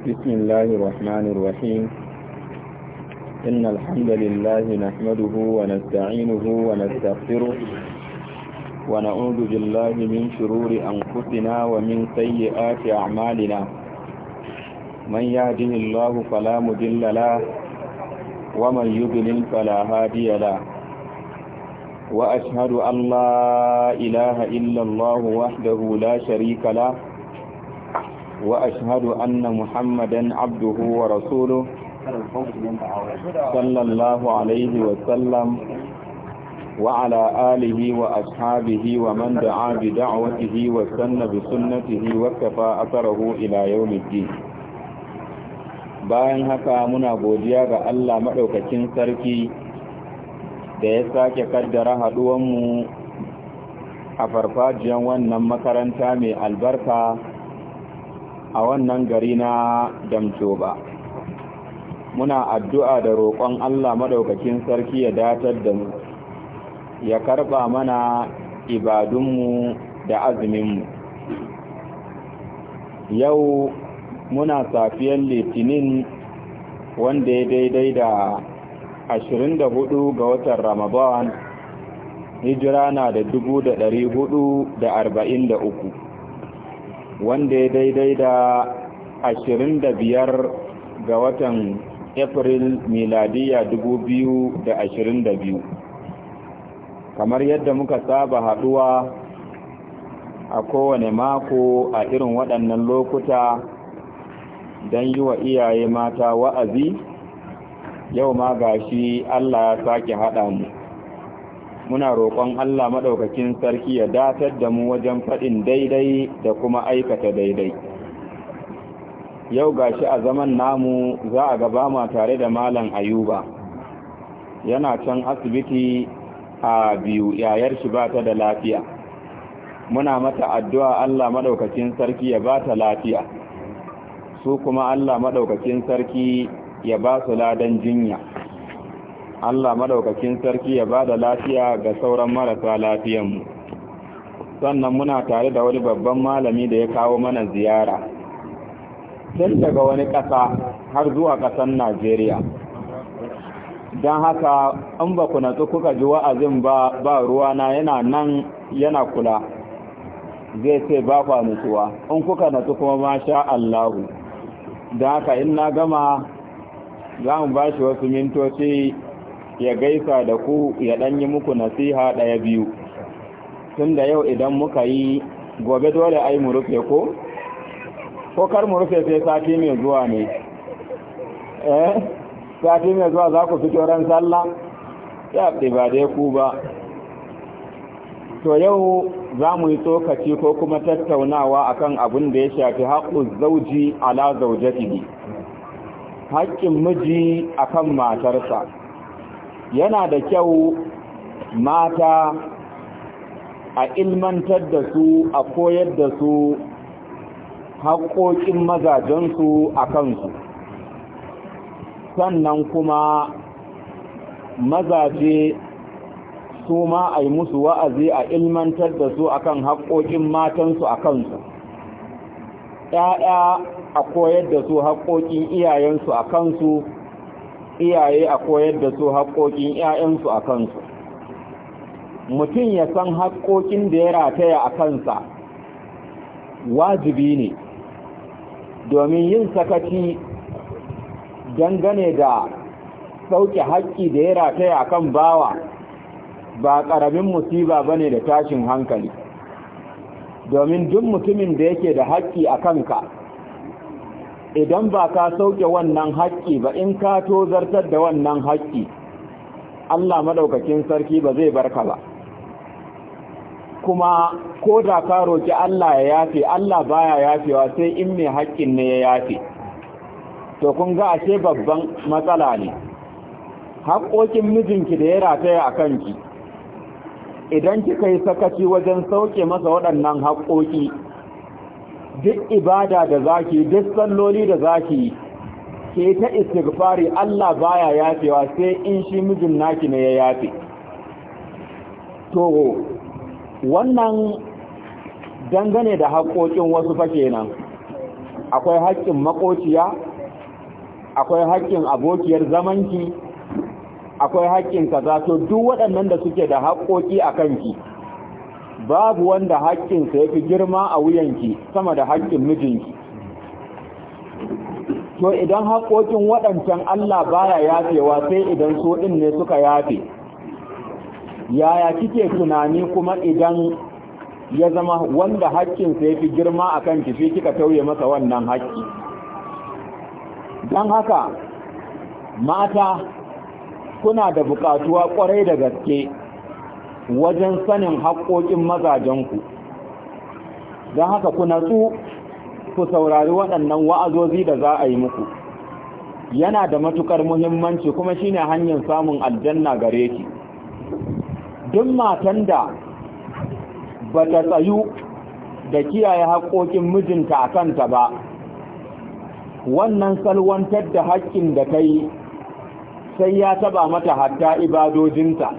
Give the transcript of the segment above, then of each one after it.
بسم الله الرحمن الرحيم إن الحمد لله نحمده ونستعينه ونستغفره ونعوذ بالله من شرور أنفسنا ومن سيئات أعمالنا من يهده الله فلا مدل له ومن يضلل فلا هادي له وأشهد أن لا إله إلا الله وحده لا شريك له وأشهد أن محمدا عبده ورسوله صلى الله عليه وسلم وعلى آله وأصحابه ومن دعا بدعوته وسن بسنته وكفى أثره إلى يوم الدين bayan haka muna godiya ga Allah maɗaukakin sarki da ya sake kaddara haɗuwanmu a farfajiyar wannan makaranta mai albarka a wannan gari na damco ba muna addu'a da roƙon Allah maɗaukakin sarki ya datar da mu ya karɓa mana ibadunmu da azuminmu yau muna safiyar litinin wanda ya daidai da 24 ga watan ramadan hijira na da 443 wanda ya daidai da ashirin da biyar ga watan april miladiya 2022 kamar yadda muka saba haduwa a kowane mako a irin waɗannan lokuta don yi wa iyaye mata wa'azi yau ma gashi allah ya sake haɗa mu muna roƙon Allah maɗaukakin sarki ya datar da mu wajen faɗin daidai da kuma aikata daidai. Yau gashi a zaman namu za a gaba ma tare da Malam Ayuba, yana can asibiti a biyu yayar shi ba ta da lafiya. Muna mata addu'a Allah maɗaukakin sarki ya ba ta lafiya, su kuma Allah maɗaukakin sarki ya ba su ladan jinya. Allah madaukakin sarki ya bada lafiya ga sauran marasa mu. sannan muna tare da wani babban malami da ya kawo mana ziyara tun daga wani ƙasa har zuwa ƙasar Najeriya don haka in ba ku natsu kuka ji wa'azin ba ba na yana nan yana kula zai ce ba ba nutsuwa in kuka natsu kuma masha Allahu don haka in na gama za mu ba shi wasu mintoci ya gaisa da ku ya ɗan yi muku nasiha ɗaya biyu Tunda yau idan muka yi gobe dole ai mu rufe ko ko kar mu rufe sai sati mai zuwa ne eh sati mai zuwa za ku fito ran sallah ya ba dai ku ba to yau za mu yi tsokaci ko kuma tattaunawa akan abin da ya shafi haƙƙun zauji ala zaujatihi haƙƙin miji akan matarsa yana da kyau mata a ilmantar da su a koyar da su haƙoƙin mazajensu a kansu sannan kuma mazaje su ma a yi musu wa'azi a ilmantar da su akan haƙoƙin matansu a kansu ‘ya'ya a koyar da su haƙoƙin iyayensu a kansu iyaye a koyar da su haƙoƙin 'ya'yansu a kansu mutum ya san haƙoƙin da ya rataya a kansa wajibi ne domin yin sakaci dangane da sauƙi haƙƙi da ya rataya a kan bawa ba ƙaramin musiba ba ne da tashin hankali domin duk mutumin da yake da haƙƙi a kanka idan ba ka sauke wannan haƙƙi ba in ka to zartar da wannan haƙƙi Allah madaukakin sarki ba zai barka ba kuma ko da ka roki Allah ya yafe Allah baya yafewa sai in mai haƙƙin ne ya yafe to kun ga ashe babban matsala ne haƙƙoƙin mijinki da ya rataya a kanki idan kika yi sakaci wajen sauke masa waɗannan haƙƙoƙi duk ibada da zaki duk salloli da zaki ke ta istighfari Allah baya yafewa sai in shi mijin naki ne ya yafe to wannan dangane da haƙoƙin wasu fa kenan akwai haƙƙin makociya akwai haƙƙin abokiyar zamanki akwai haƙƙin kaza to duk waɗannan da suke da haƙoƙi a kanki babu wanda haƙƙinsa ya fi girma a wuyanki sama da haƙƙin mijinki to idan haƙoƙin waɗancan Allah baya yafewa sai idan so ɗin ne suka yafe yaya kike tunani kuma idan ya zama wanda haƙƙinsa ya fi girma a kan kifi kika tauye masa wannan haƙƙi don haka mata kuna da buƙatuwa ƙwarai da gaske wajen sanin haƙoƙin mazajenku don haka ku natsu ku saurari waɗannan wa'azozi da za a yi muku yana da matuƙar muhimmanci kuma shi ne hanyar samun aljanna gare ki duk matan da ba ta tsayu da kiyaye haƙoƙin mijinta a kanta ba wannan salwantar da haƙƙin da ta yi sai ya taba mata hatta ibadojinta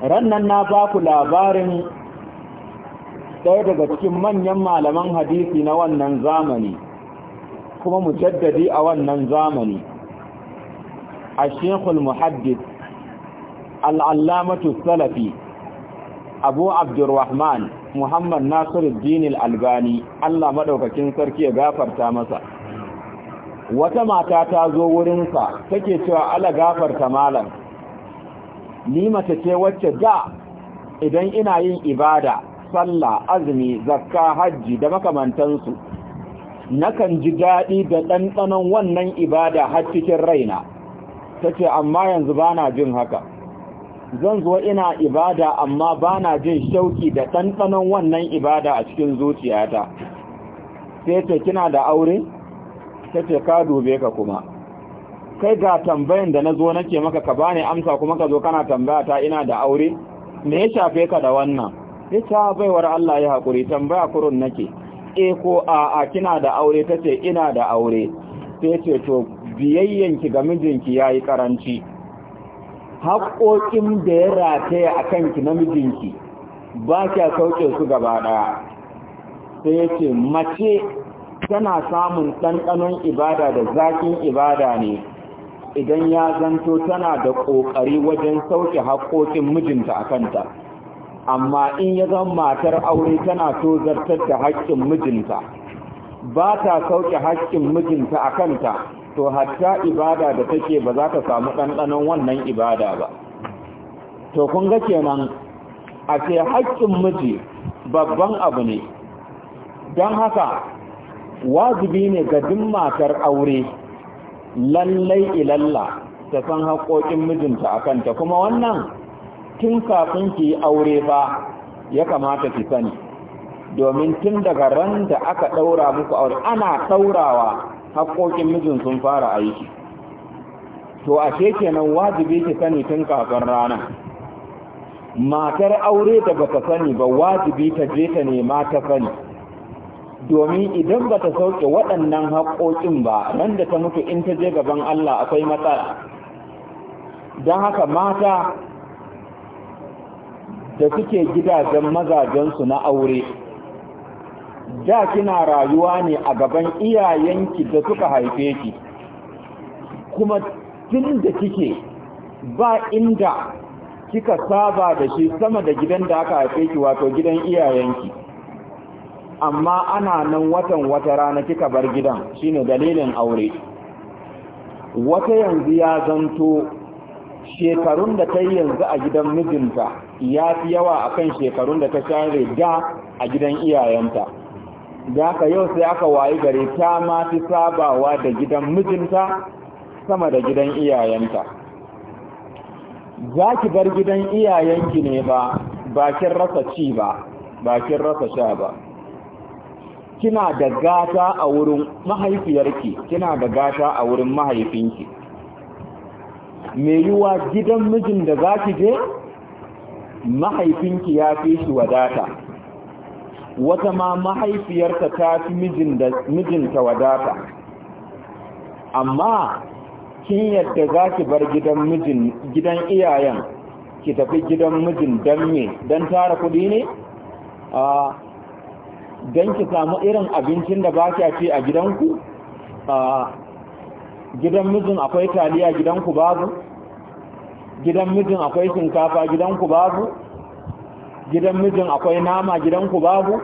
rannan na ba ku labarin ɗaya daga cikin manyan malaman hadisi na wannan zamani kuma mujaddadi a wannan zamani a shekul muhaddis al'allamatu salafi abu abdurrahman muhammad nasiruddin albani allah maɗaukakin sarki ya gafarta masa wata mata ta zo wurinsa take cewa ala gafarta malam ni mace ce wacce da idan ina yin ibada sallah azumi zakka hajji da makamantansu nakan ji daɗi da ɗanɗanon wannan ibada har cikin raina tace amma yanzu bana jin haka zan zo ina ibada amma bana jin shauki da ɗanɗanon wannan ibada a cikin zuciyata sai ce kina da aure tace ka dube ka kuma kai ga tambayan da na zo nake maka ka bani amsa kuma ka zo kana tambaya ta ina da aure me ya shafe ka da wannan ita ah, baiwar Allah ya hakuri tambaya kurun nake e ko a a kina da aure tace ina da aure sai ce to ki ga mijinki yayi karanci haƙoƙin da ya rataya a kanki na mijinki ba kya sauke su gaba ɗaya sai ya ce mace tana samun ɗanɗanon ibada da zaƙin ibada ne idan ya zanto tana da ƙoƙari wajen sauke haƙoƙin mijinta a kanta amma in ya zama matar aure tana tozartar da haƙƙin mijinta ba ta sauke haƙƙin mijinta a kanta to hatta ibada da take ba za ta samu ɗanɗanon wannan ibada ba to kun ga kenan a ce haƙƙin miji babban abu ne don haka wajibi ne ga duk matar aure lallai ilalla ta san haƙoƙin mijinta a kanta kuma wannan tun kafin ki yi aure ba ya kamata ki sani domin tun daga ran da aka ɗaura muku aure ana ɗaurawa haƙoƙin mijin sun fara aiki to a ke nan wajibi ki sani tun kafin rana matar aure da ba ta sani ba wajibi ta je ta nema ta sani domin idan ba ta sauke waɗannan haƙoƙin ba nan da ta mutu in ta je gaban Allah akwai matsala don haka mata da suke gidajen mazajensu na aure da kina rayuwa ne a gaban iyayenki da suka haife ki kuma tun da kike ba inda kika saba da shi sama da gidan da aka haife ki wato gidan iyayenki amma ana nan watan wata rana kika bar gidan shine dalilin aure wata yanzu ya zanto shekarun da ta yanzu a gidan mijinta ya fi yawa akan shekarun da ta share da a gidan iyayenta da aka yau sai aka wayi gare ta ma fi sabawa da gidan mijinta sama da gidan iyayenta za ki bar gidan iyayenki ne ba bakin rasa ci ba bakin rasa sha ba kina da gata a wurin mahaifiyarki kina da gata a wurin mahaifinki me yiwa gidan mijin da zaki je mahaifinki ya fi shi wadata wata ma mahaifiyarta ta fi mijinta wadata amma kin yadda za ki bar gidan mijin gidan iyayen ki tafi gidan mijin don me don tara kudi ne don ki samu irin abincin da ba kya ce a gidanku a gidan mijin akwai taliya gidanku babu gidan mijin akwai shinkafa gidanku babu gidan mijin akwai nama gidanku babu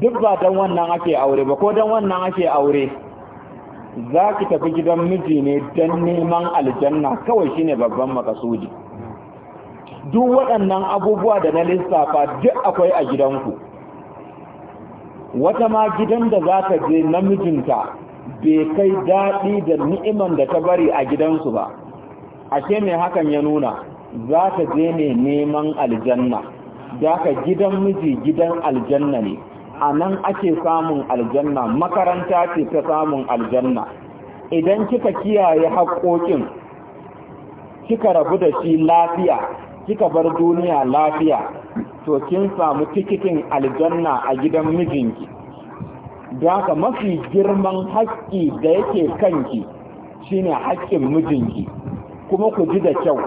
duk ba don wannan ake aure ba ko don wannan ake aure za ki tafi gidan miji ne don neman aljanna kawai shi ne babban makasudi duk waɗannan abubuwa da na lissafa duk akwai a gidanku wata ma gidan da za ta je namijinta bai kai daɗi da ni'iman da ta bari a gidansu ba ashe mai hakan ya nuna za ta je ne neman aljanna da ka gidan miji gidan aljanna ne a nan ake samun aljanna makaranta ce ta samun aljanna idan kika kiyaye haƙoƙin kika rabu da shi lafiya kika bar duniya lafiya to kin samu tikitin aljanna a gidan mijinki da ka mafi girman haƙƙi da yake kanki shine haƙƙin mijinki kuma ku ji da kyau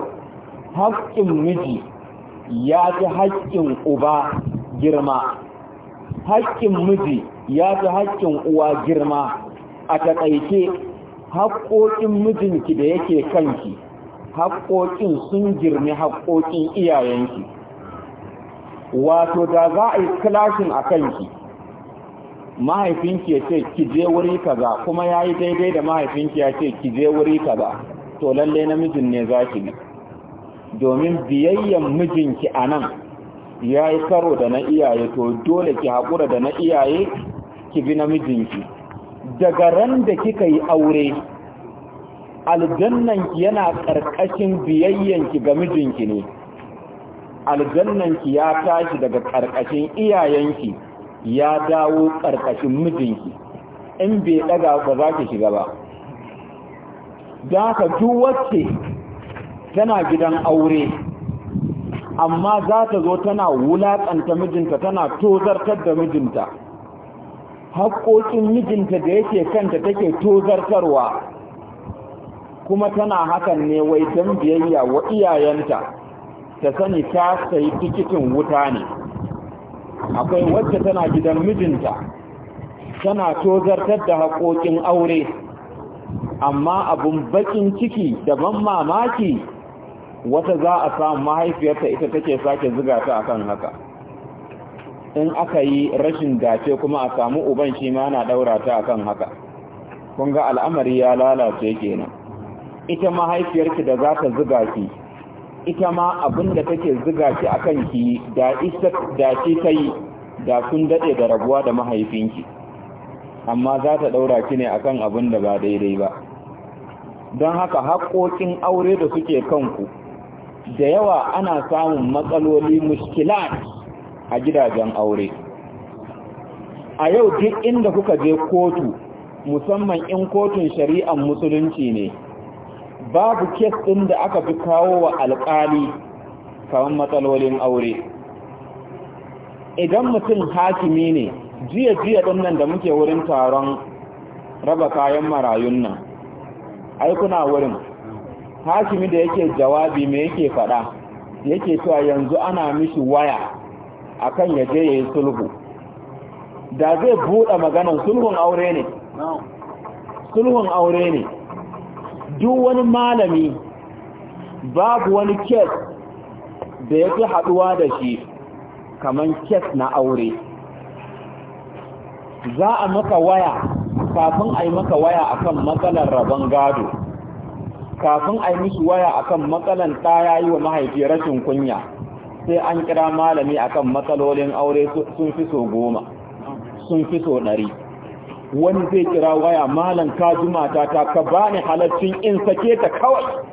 haƙƙin miji ya fi haƙƙin uba girma haƙƙin miji ya fi haƙƙin uwa girma a taƙaice haƙƙoƙin mijinki da yake kanki haƙƙoƙin sun girmi haƙƙoƙin iyayenki wato da za a yi clashin a kanki mahaifinki ya ce ki je wuri kaza kuma ya yi daidai da mahaifinki ya ce ki je wuri kaza to lalle namijin ne za ki bi domin biyayyen mijinki a nan ya yi karo da na iyaye to dole ki haƙura da na iyaye ki bi namijinki daga ran da kika yi aure aljannanki yana ƙarƙashin biyayyanki ga mijinki ne aljannanki ya tashi daga ƙarƙashin iyayenki ya dawo ƙarƙashin mijinki in bai ɗaga ba za ki shiga ba da ka wacce tana gidan aure amma za ta zo tana wulaƙanta mijinta tana tozartar da mijinta haƙoƙin mijinta da yake kanta take tozartarwa kuma tana hakan ne wai don biyayya wa iyayenta ta sani ta sayi tikitin wuta ne akwai wacce tana gidan mijinta tana tozartar da haƙoƙin aure amma abun bakin ciki da ban mamaki wata za a samu mahaifiyarta ita take sake ziga ta akan haka in aka yi rashin dace kuma a samu uban shi ma na daura ta akan haka kun ga al'amari ya lalace kenan ita mahaifiyarki da za ta ziga ki ita ma abin da take ziga ki a ki da isa da ce ta yi da kun daɗe da rabuwa da mahaifinki amma za ta ɗaura ki ne akan abin da ba daidai ba don haka haƙoƙin aure da suke kanku da yawa ana samun matsaloli muskilat a gidajen aure a yau duk inda kuka je kotu musamman in kotun shari'ar musulunci ne babu kes ɗin da aka fi kawo wa alƙali kamar matsalolin aure idan mutum hakimi ne jiya-jiya ɗin nan da muke wurin taron raba kayan marayun nan aikuna wurin hakimi da yake jawabi mai yake faɗa yake cewa yanzu ana mishi waya akan ya je ya yi sulhu da zai buɗe maganan sulhun aure ne sulhun aure ne duk wani malami babu wani kes da ya fi haɗuwa da shi kamar kes na aure za a maka waya kafin a yi maka waya akan matsalar rabon gado kafin a yi mishi waya akan matsalar ɗaya yi wa mahaifi rashin kunya sai an kira malami akan matsalolin aure sun fi so goma sun fi so ɗari wani zai kira waya malam ka juma ta ka bani halaccin in sake ta kawai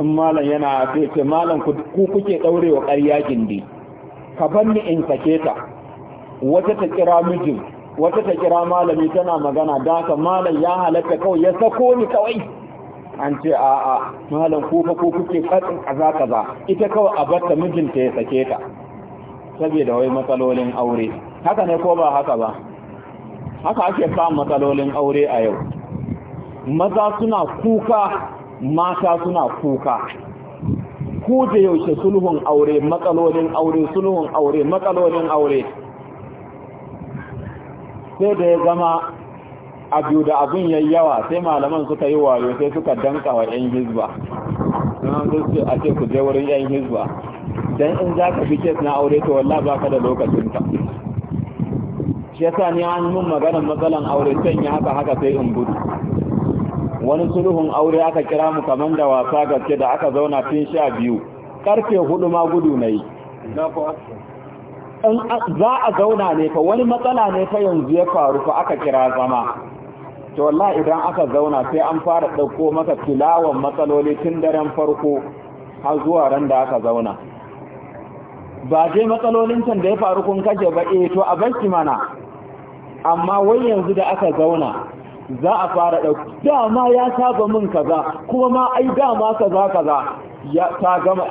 in malam yana zai ce malam ku kuke daure wa ƙarya gindi ka banni in sake ta wata ta kira mijin wata ta kira malami tana magana da ka malam ya halatta kawai ya sako ni kawai an ce a a malam ku fa ku kuke katsin kaza kaza ita kawai a barta mijinta ya sake ta saboda wai matsalolin aure haka ne ko ba haka ba haka ake sa matsalolin aure a yau maza suna kuka mata suna kuka ko da yaushe sulhun aure matsalolin aure sulhun aure matsalolin aure sai da ya zama a biyu da abin yayi yawa sai malaman suka yi wayo sai suka danka wa 'yan hizba sunan zuci a ce ku je wurin 'yan hizba don in za ka fi kes na aure to wallah ba ka da lokacinka shi yasa ni an mun maganar matsalan aure ya haka haka sai in gudu wani sulhun aure aka kira mu kaman da wasa gaske da aka zauna fin sha biyu karfe hudu ma gudu na yi za a zauna ne fa wani matsala ne fa yanzu ya faru fa aka kira zama to wallahi idan aka zauna sai an fara ɗauko maka tilawan matsaloli tun daren farko har zuwa ran da aka zauna ba je matsalolin can da ya faru kun kaje ba eh to a bar mana amma wai yanzu da aka zauna za a fara ɗauki dama ya saba min kaza kuma ma ai dama kaza kaza ya ta gama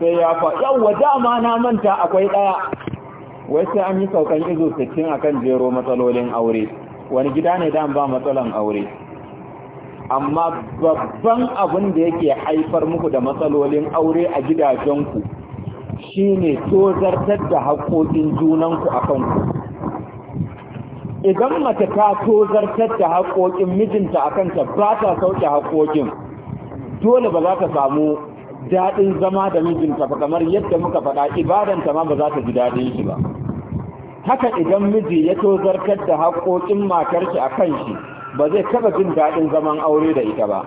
sai ya fa yawa dama na manta akwai ɗaya wai sai an yi saukan izo 60 akan jero matsalolin aure wani gida ne da ba matsalan aure amma babban abin da yake haifar muku da matsalolin aure a gidajen ku shine tozartar da haƙoƙin junanku a kanku idan mace ta tozartar da haƙoƙin mijinta a kanta ba ta sauke haƙoƙin dole ba za ta samu daɗin zama da mijinta ba kamar yadda muka faɗa ibadanta ma ba za ta ji daɗin shi ba haka idan miji ya tozartar da haƙoƙin matar shi a kan shi ba zai taɓa jin daɗin zaman aure da ita ba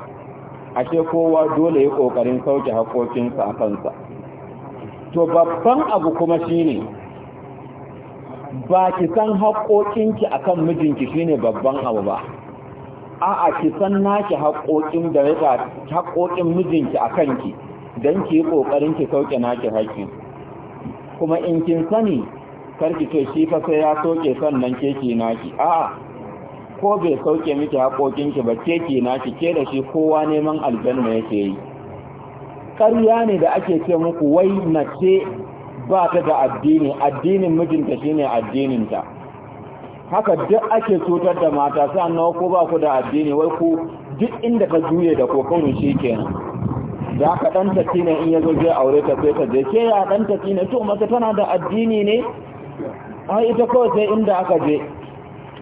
ashe kowa dole ya ƙoƙarin sauke haƙoƙinsa a kansa to babban abu kuma shi ne. ba ki san haƙoƙinki kan mijinki shi ne babban abu ba a'a ki san naki haƙoƙin da ya haƙoƙin mijinki a ki, don ki yi ƙoƙarin ki sauke naki haƙƙi kuma in kin sani karki ce shi fa sai ya sauke sannan ke ki naki a'a ko bai sauke miki ki ba ke ki naki ke da shi kowa neman aljanna yake yi ƙarya ne da ake ce muku wai na ce ba ta da addini addinin mijinta shine addininta haka duk ake cutar da mata nawa ko ba ku da addini wai ku duk inda ka juye da kokon shi kenan da ka dan ne in yazo zai aure ta sai ta je ke ya dan ne? to mata tana da addini ne ai ita kawai sai inda aka je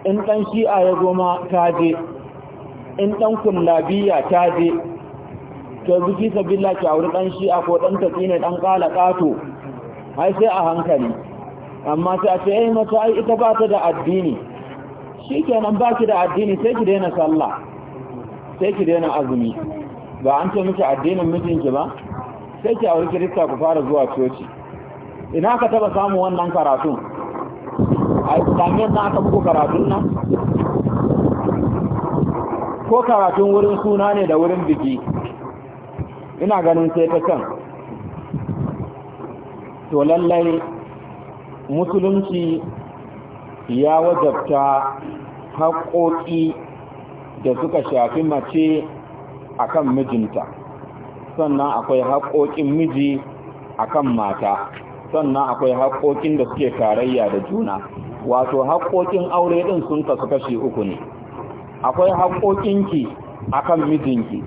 in dan shi'a ya zo ma ta je in dan kullabiya ta je to biki sabilla ki aure dan shi'a ko dan ne dan kala kato ai sai a hankali amma sai a ce eh mata ai ita ba ta da addini Shi kenan ba ki da addini sai ki daina sallah sai ki daina azumi ba an ce miki addinin mijinki ba sai ki aure kirista ku fara zuwa coci ina ka taba samu wannan karatun a islamiyyar na aka muku karatun nan ko karatun wurin suna ne da wurin biki ina ganin sai ta kan to lallai musulunci ya wajabta haƙoƙi da suka shafi mace kan mijinta sannan akwai haƙoƙin miji kan mata sannan akwai haƙoƙin da suke tarayya da juna wato haƙoƙin aure ɗin sun kasu kashi uku ne akwai haƙoƙinki akan mijinki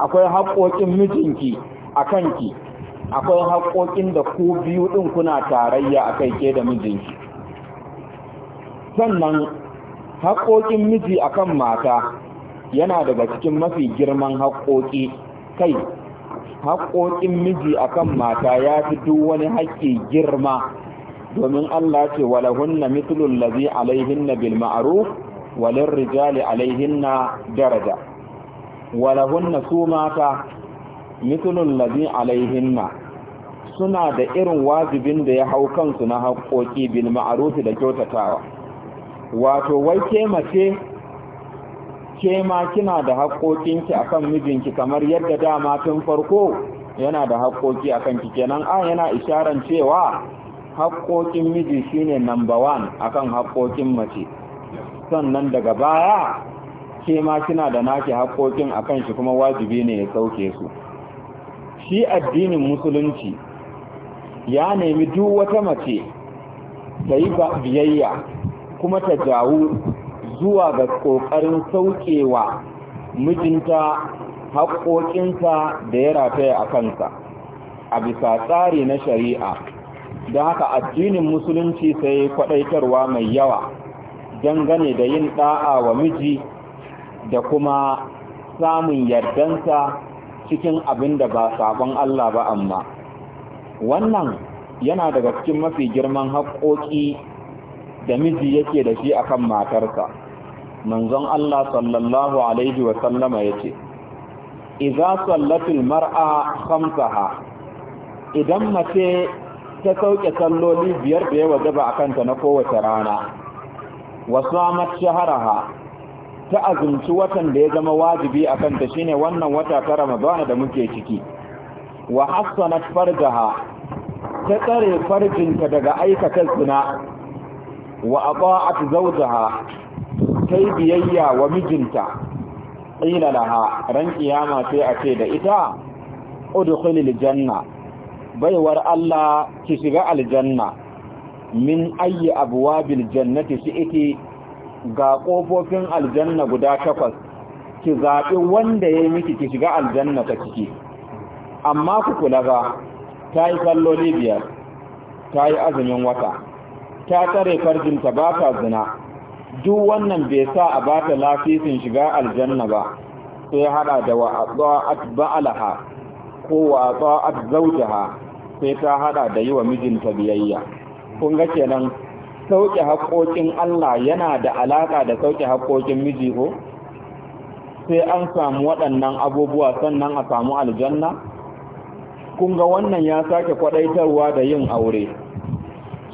akwai haƙoƙin mijinki akan ki akwai haƙoƙin da ku biyu ɗin kuna tarayya a kai ke da mijinki sannan haƙoƙin miji akan mata yana daga cikin mafi girman haƙoƙi kai haƙoƙin miji akan mata ya fi duk wani haƙƙi girma domin Allah ce walahunna mitlul ladhi alaihinna bil ma'ruf walin rijali alaihinna daraja walahunna su mata mitulun labi alaihinna suna da irin wajibin da ya hau kansu na haƙoƙi bil ma'arufi da kyautatawa wato wai ke mace ke ma kina da haƙoƙinki akan mijinki kamar yadda dama tun farko yana da haƙoƙi akan ki kenan a yana isharan cewa haƙoƙin miji shine number a akan haƙoƙin mace sannan daga baya ke ma kina da naki haƙoƙin akan shi kuma wajibi ne ya sauke su shi addinin musulunci ya nemi duk wata mace ta yi biyayya kuma ta jawo zuwa ga ƙoƙarin sauƙewa mijinta haƙoƙinsa da ya rataya a kansa a bisa tsari na shari'a Da haka addinin musulunci sai kwaɗaitarwa mai yawa dangane da yin ɗa'a wa miji da kuma samun yardansa cikin abin da ba sabon Allah ba amma wannan yana daga cikin mafi girman haƙoƙi da miji yake da shi akan matarsa manzon Allah sallallahu alaihi wa sallama yace idza mar'a khamsaha idan mace ta sauke salloli biyar da ya wajaba akan ta na kowace rana wa samat shahraha ta azumci watan da ya zama wajibi a kanta shine wannan wata ta ramadana da muke ciki wa hassanat farjaha ta tsare farjinta daga aikata zina wa ata'at zawjaha ta yi biyayya wa mijinta qila laha ran kiyama sai a ce da ita udkhilil janna baiwar Allah ki shiga aljanna min ayyi abwabil jannati shi'ti ga ƙofofin aljanna guda takwas ki zaɓi wanda ya yi miki ki shiga aljanna ta ciki amma ku kula ba ta yi salloli biyar ta yi azumin wata ta tare farjinta ba ta zina duk wannan bai sa a ba ta lafisin shiga aljanna ba sai hada da wa'ata'at ba'alaha ko wa'ata'at zawjaha sai ta hada da yi wa mijinta biyayya kun ga kenan sauke haƙoƙin Allah yana da alaƙa da sauke haƙoƙin miji ko sai an samu waɗannan abubuwa sannan a samu aljanna kun ga wannan ya sake kwadaitarwa da yin aure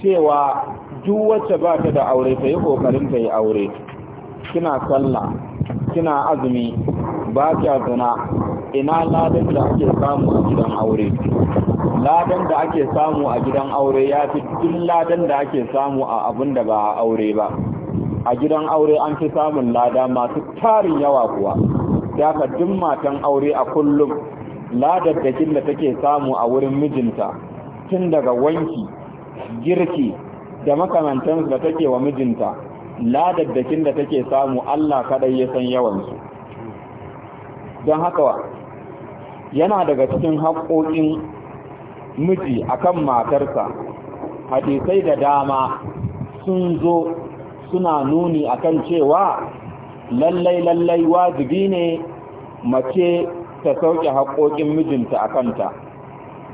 cewa duk wacce ba ta da aure ta yi ƙoƙarin ta yi aure kina sallah kina azumi ba kya zina ina ladan da ake samu a gidan aure ladan da ake samu a gidan aure ya fi duk ladan da ake samu a abin da ba aure ba a gidan aure an fi samun lada masu tarin yawa kuwa ya ka duk matan aure a kullum ladaddakin da kin da take samu a wurin mijinta tun daga wanki girki da makamantansu da take wa mijinta ladaddakin da take samu Allah kadai ya san yawansu don haka yana daga cikin haƙoƙin miji akan matarsa hadisai da dama sun zo suna nuni akan cewa lallai lallai wajibi ne mace ta sauke haƙoƙin mijinta a kanta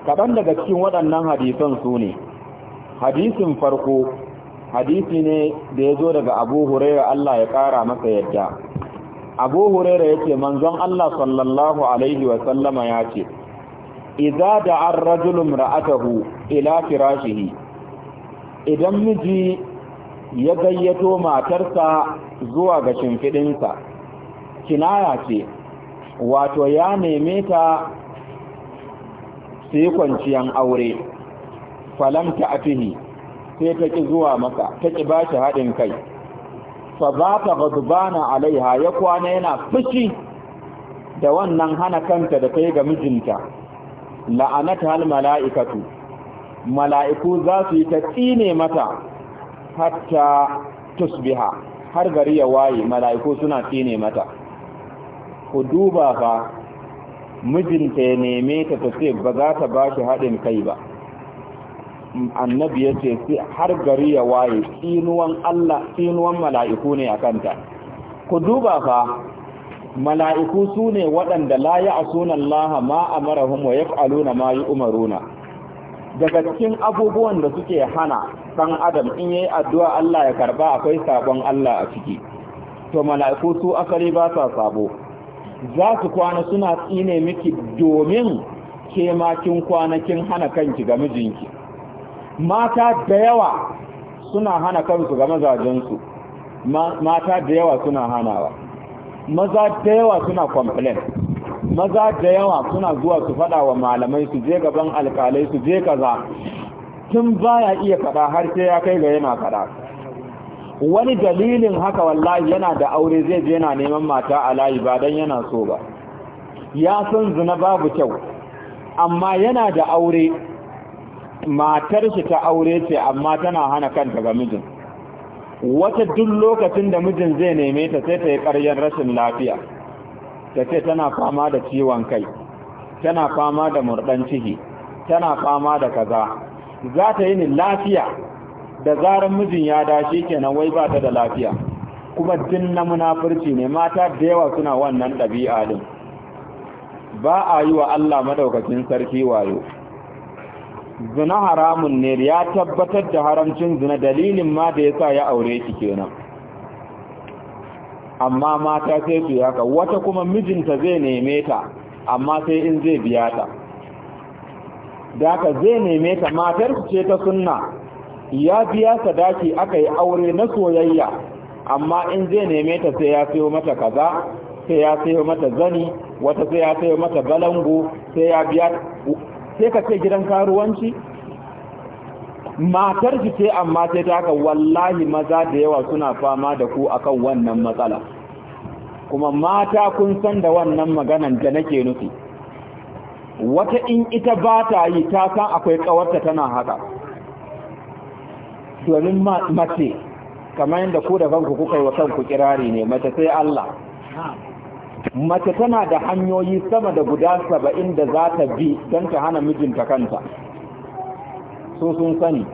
kaɗan daga cikin waɗannan hadisan su ne hadisin farko hadisi ne da ya zo daga abu hurairu Allah ya ƙara masa yadda abu huraira ce, manzon Allah sallallahu alaihi wa sallama ya ce idza da'a ar-rajulu ra'atahu ila firashihi idan miji ya gayyato matarsa zuwa ga shimfidinsa kinaya ce wato ya neme ta su yi kwanciyan aure falamta afihi sai ta ki zuwa maka ta ki bashi haɗin kai fa za alaiha ya kwana yana fushi da wannan hana kanta da ta ga mijinta la'anat hal mala'ikatu mala'iku za su yi ta tsine mata hatta tusbiha har gari ya waye mala'iku suna tsine mata ku duba fa mijinta ya neme ta ta ce ba za ta bashi haɗin kai ba annabi ya ce har gari ya waye tsinuwan Allah tsinuwan mala'iku ne a kanta ku duba fa mala'iku su ne waɗanda la a sunan laha ma a marahun wa ya ma yi umaruna daga cikin abubuwan da suke hana ɗan adam in yi addu'a Allah ya karba akwai sabon Allah a ciki to mala'iku su asali ba sa sabo za su kwana suna tsine miki domin ke kwana kin hana kanki ga mijinki mata da yawa suna hana kansu ga mazajensu mata da yawa suna hanawa maza da yawa suna complain maza da yawa suna zuwa su fada wa malamai su je gaban alkalai su je kaza tun baya iya fada har sai ya kai ga yana fada wani dalilin haka wallahi yana da aure zai je yana neman mata a layi ba dan yana so ba ya san zina babu kyau amma yana da aure matar shi ta aure ce amma tana hana kanta ga mijin wata duk lokacin da mijin zai neme ta sai ta yi ƙaryar rashin lafiya ta ce tana fama da ciwon kai tana fama da murɗan ciki tana fama da kaza za ta yi ni lafiya da zarar mijin ya dashi kenan wai ba ta da lafiya kuma din na munafurci ne mata da yawa suna wannan ɗabi'a din ba a yi wa Allah madaukakin sarki wayo zina haramun ne ya tabbatar da haramcin zina dalilin ma da yasa ya aure shi kenan amma mata sai su yaka wata kuma mijinta zai neme ta amma sai in zai biya ta daka zai neme ta matar ce ta sunna ya biya sadaki aka yi aure na soyayya amma in zai neme ta sai ya sayo mata kaza sai ya sayo mata zani wata sai ya sayo mata balangu sai ya biya sai ka ce gidan karuwanci matar ki ce amma sai ta ga wallahi maza da yawa suna fama da ku akan wannan matsala kuma mata kun san da wannan maganan da nake nufi wata in ita ba ta yi ta san akwai kawarta tana haka domin mace kamar yadda ku da kanku kuka yi wa kanku kirari ne mace sai Allah mace tana da hanyoyi sama da guda saba'in da za ta bi don ta hana mijinta kanta so sun sani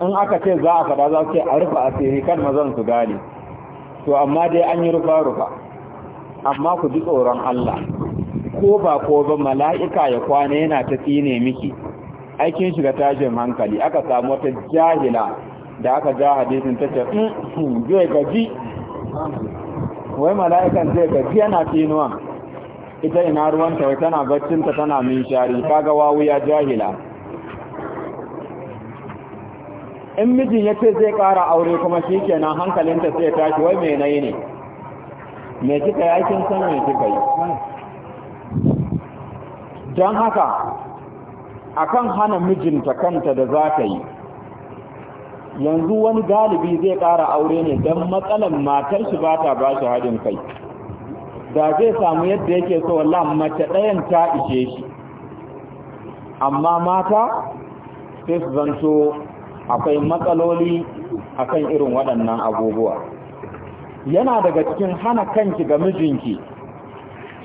in aka ce za a faɗa za su ce a rufa asiri kan mazan su gane to amma dai an yi rufa-rufa amma ku ji tsoron Allah ko ba ko ba mala'ika ya kwana yana ta tsine miki aikin shiga tajin hankali aka samu wata jahila da aka ja hadisin ta ce mm, zai gaji wai mala'ikan zai gaji yana tinuwa ita ina ruwanta wai tana baccinta tana min shari kaga wawu ya jahila in mijin ya ce zai kara aure kuma shi kenan hankalinta sai tashi wai mai nayi ne mai kika yakin san mai kika yi don haka akan hana mijinta kanta da za ta yi yanzu wani galibi zai ƙara aure ne don matsalan matar shi ba ta ba shi haɗin kai da zai samu yadda yake so wallah mace ɗayan ta ishe shi amma mata sai su zanto akwai matsaloli akan irin waɗannan abubuwa yana daga cikin hana kanki ga mijinki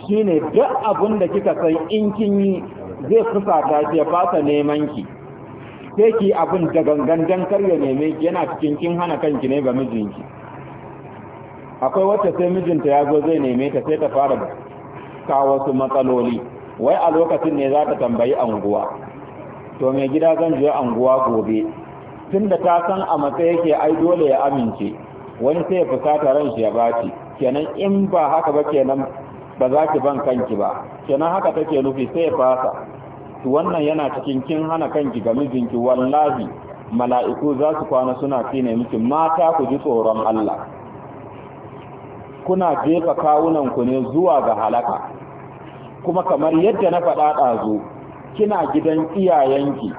shine duk abin da kika san in kin yi zai fusata shi ya fasa neman ki sai ki abin da gangan dan kar ya neme yana cikin kin hana kanki ne ba mijinki akwai wata sai mijinta ya zo zai neme ta sai ta fara kawo wasu matsaloli wai a lokacin ne za ta tambayi anguwa to mai gida zan je anguwa gobe tunda ta san a matsayi yake ai dole ya amince wani sai ya fusata ran shi ya baci kenan in ba haka ba kenan ba za ki ban kanki ba kenan haka take nufi sai ya fasa to wannan yana cikin kin hana kanki ga mijinki wallahi mala'iku za su kwana suna tsine miki mata ku ji tsoron Allah kuna jefa kawunan ku ne zuwa ga halaka kuma kamar yadda na faɗa ɗazu kina gidan iyayenki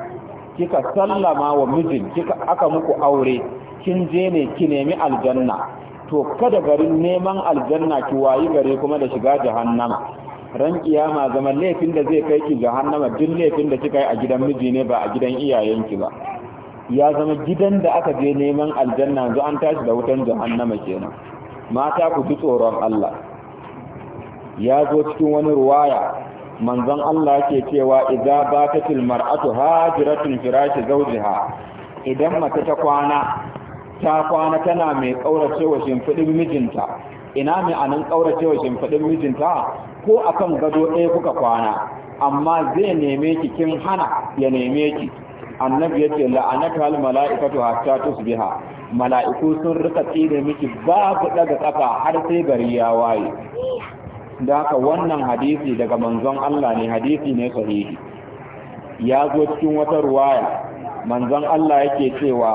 kika sallama wa mijin kika aka muku aure kin je ne ki nemi aljanna to kada garin neman aljanna ki wayi gare kuma da shiga jahannama ran kiyama zaman laifin da zai kai ki jahannama duk laifin da kika yi a gidan miji ne ba a gidan iyayenki ba ya zama gidan da aka je neman aljanna zo an tashi da wutan jahannama kenan mata ku ji tsoron Allah ya zo cikin wani ruwaya manzon Allah ke cewa idza batatil mar'atu hajiratun firashi zawjiha idan mace ta kwana ta kwana tana mai wa shimfidin mijinta ina mai anan wa shimfidin mijinta ko kan gado ɗaya kuka kwana amma zai neme ki kin hana ya neme ki annabi yace la'anatu al mala'ikatu hatta tusbiha mala'iku sun rika tsire miki babu daga tsaka har sai gari ya waye da haka wannan hadisi daga manzon Allah ne hadisi ne sahihi ya zo cikin wata ruwaya manzon Allah yake cewa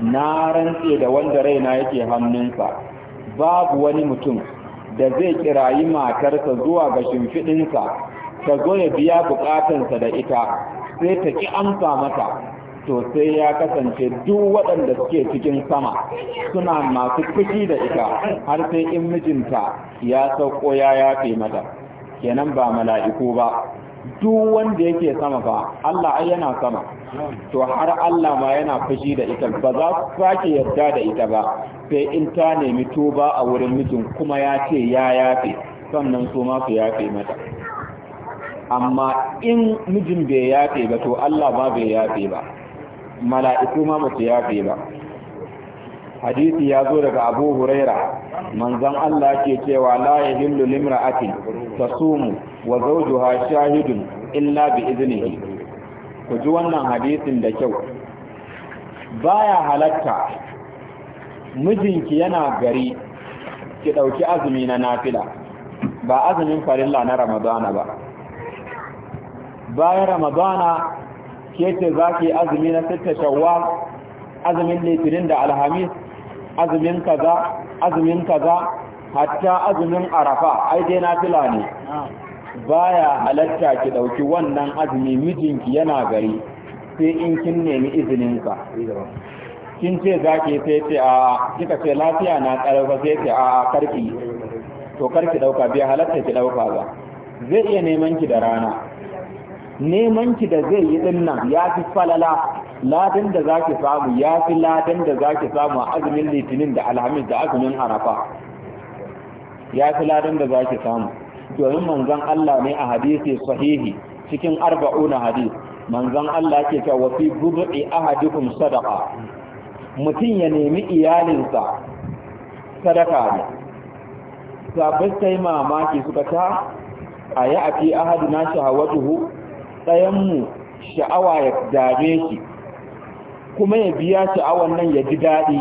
na rantse da wanda raina yake hannunsa babu wani mutum da zai kirayi matarsa zuwa ga shimfiɗinsa ta zo ya biya bukatansa da ita sai ta ƙi amsa mata to sai ya kasance duk waɗanda suke cikin sama suna masu fushi da ita har sai in mijinta ya sauko ya yafe mata kenan ba mala'iku ba duk wanda yake sama ba Allah ai yana sama to har Allah ma yana fushi da ita ba za su sake yarda da ita ba sai in ta nemi tuba a wurin mijin kuma ya ce ya yafe sannan so ma su yafe mata amma in mijin bai yafe ba to Allah ba bai yafe ba mala'iku ma ba su yafe ba hadisi ya zo daga abu huraira manzon Allah ke cewa la ake limra'atin mu wa zawjuha shahidun illa bi iznihi ku ji wannan hadisin da kyau baya halatta mijinki yana gari ki ɗauki azumi na nafila ba azumin farilla na ramadana ba bayan ramadana ke ce za ki azumi na sitta shawwal azumin litinin da alhamis azumin kaza azumin kaza hatta azumin arafa ai dai nafila ne baya halatta ki dauki wannan azumi mijinki yana gari sai in kin nemi izinin ka kin ce zaki sai ce a kika ce lafiya na karfa sai ce a karki to karki dauka bai halatta ki dauka ba zai iya neman ki da rana neman ki da zai yi dinnan ya fi falala ladan da zaki samu ya fi ladan da zaki samu a azumin litinin da alhamis da azumin harafa. ya fi ladan da zaki samu domin manzon Allah ne a hadisi sahihi cikin arba'una hadis manzon Allah ke cewa wa fi bubi ahadikum sadaqa mutum ya nemi iyalinsa sadaka ne sabbin sai mamaki suka ta a yi a fi ahadina shahawatuhu ɗayanmu sha'awa ya dame shi kuma ya biya a nan ya ji daɗi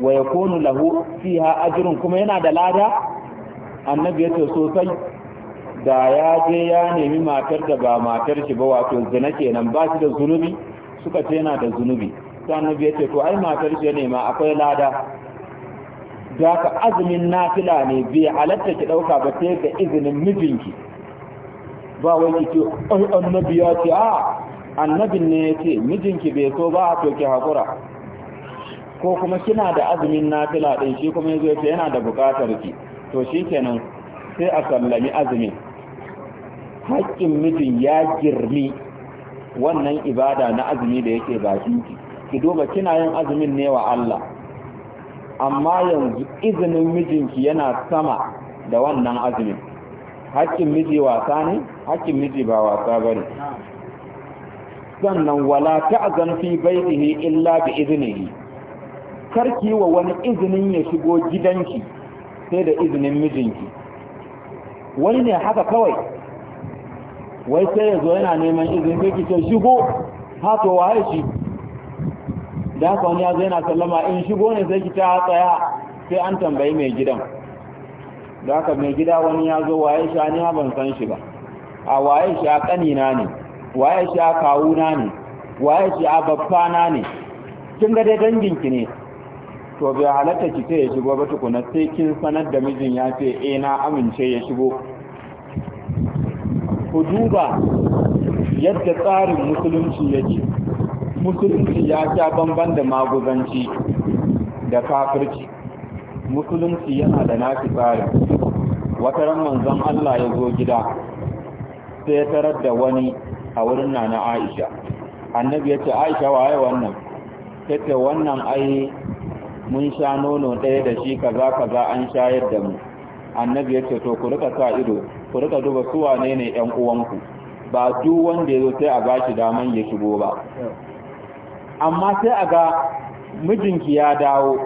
wa ya konu lahu ha ajirin kuma yana da lada annabi ya ce sosai da ya je ya nemi matar da ba matar shi ba wato zina kenan ba shi da zunubi suka ce yana da zunubi ta annabi ya ce to ai matar shi ne ma akwai lada da ka azumin nafila ne bai halatta ki ɗauka, ba sai da izinin mijinki ba wai ki ce ai annabi ya ce a ah, annabin ne ya ce mijinki bai so ba to ki haƙura ko kuma kina da azumin nafila ɗin shi kuma ya ce yana da buƙatar ki to shi kenan sai a sallami azumin haƙƙin mijin ya girmi wannan ibada na azumi da yake bakinki ki duba kina yin azumin ne wa Allah amma yanzu izinin mijinki yana sama da wannan azumin haƙƙin miji wasa ne haƙƙin miji ba wasa bane sannan wala ta'zan fi baitihi illa bi iznihi karki wa wani izinin ya shigo gidanki sai da izinin mijinki wani ne haka kawai wai sai ya zo yana neman izin sai ki ce shigo haka waye shi da haka wani ya zo yana sallama in shigo ne sai ki ta tsaya sai an tambayi mai gidan da haka mai gida wani ya zo waye shi ne ban san shi ba a waye shi a kanina ne waye shi a kawuna ne waye shi a babbana ne kin ga dai ki ne to bai halatta ki ce ya shigo ba tukuna sai kin sanar da mijin ya ce eh na amince ya shigo ku duba yadda tsarin musulunci yake musulunci ya sha bamban da maguzanci da kafirci musulunci yana da nashi tsarin wata ran manzon Allah ya zo gida sai ya tarar da wani a wurin nana Aisha annabi ya ce Aisha waye wannan tace wannan ai mun sha nono ɗaya da shi kaza kaza an shayar da mu annabi ya ce to ku rika sa ido ku rika duba su wane ne ɗan uwanku ba duk wanda ya zo sai a ba shi daman ya shigo ba amma sai a ga mijinki ya dawo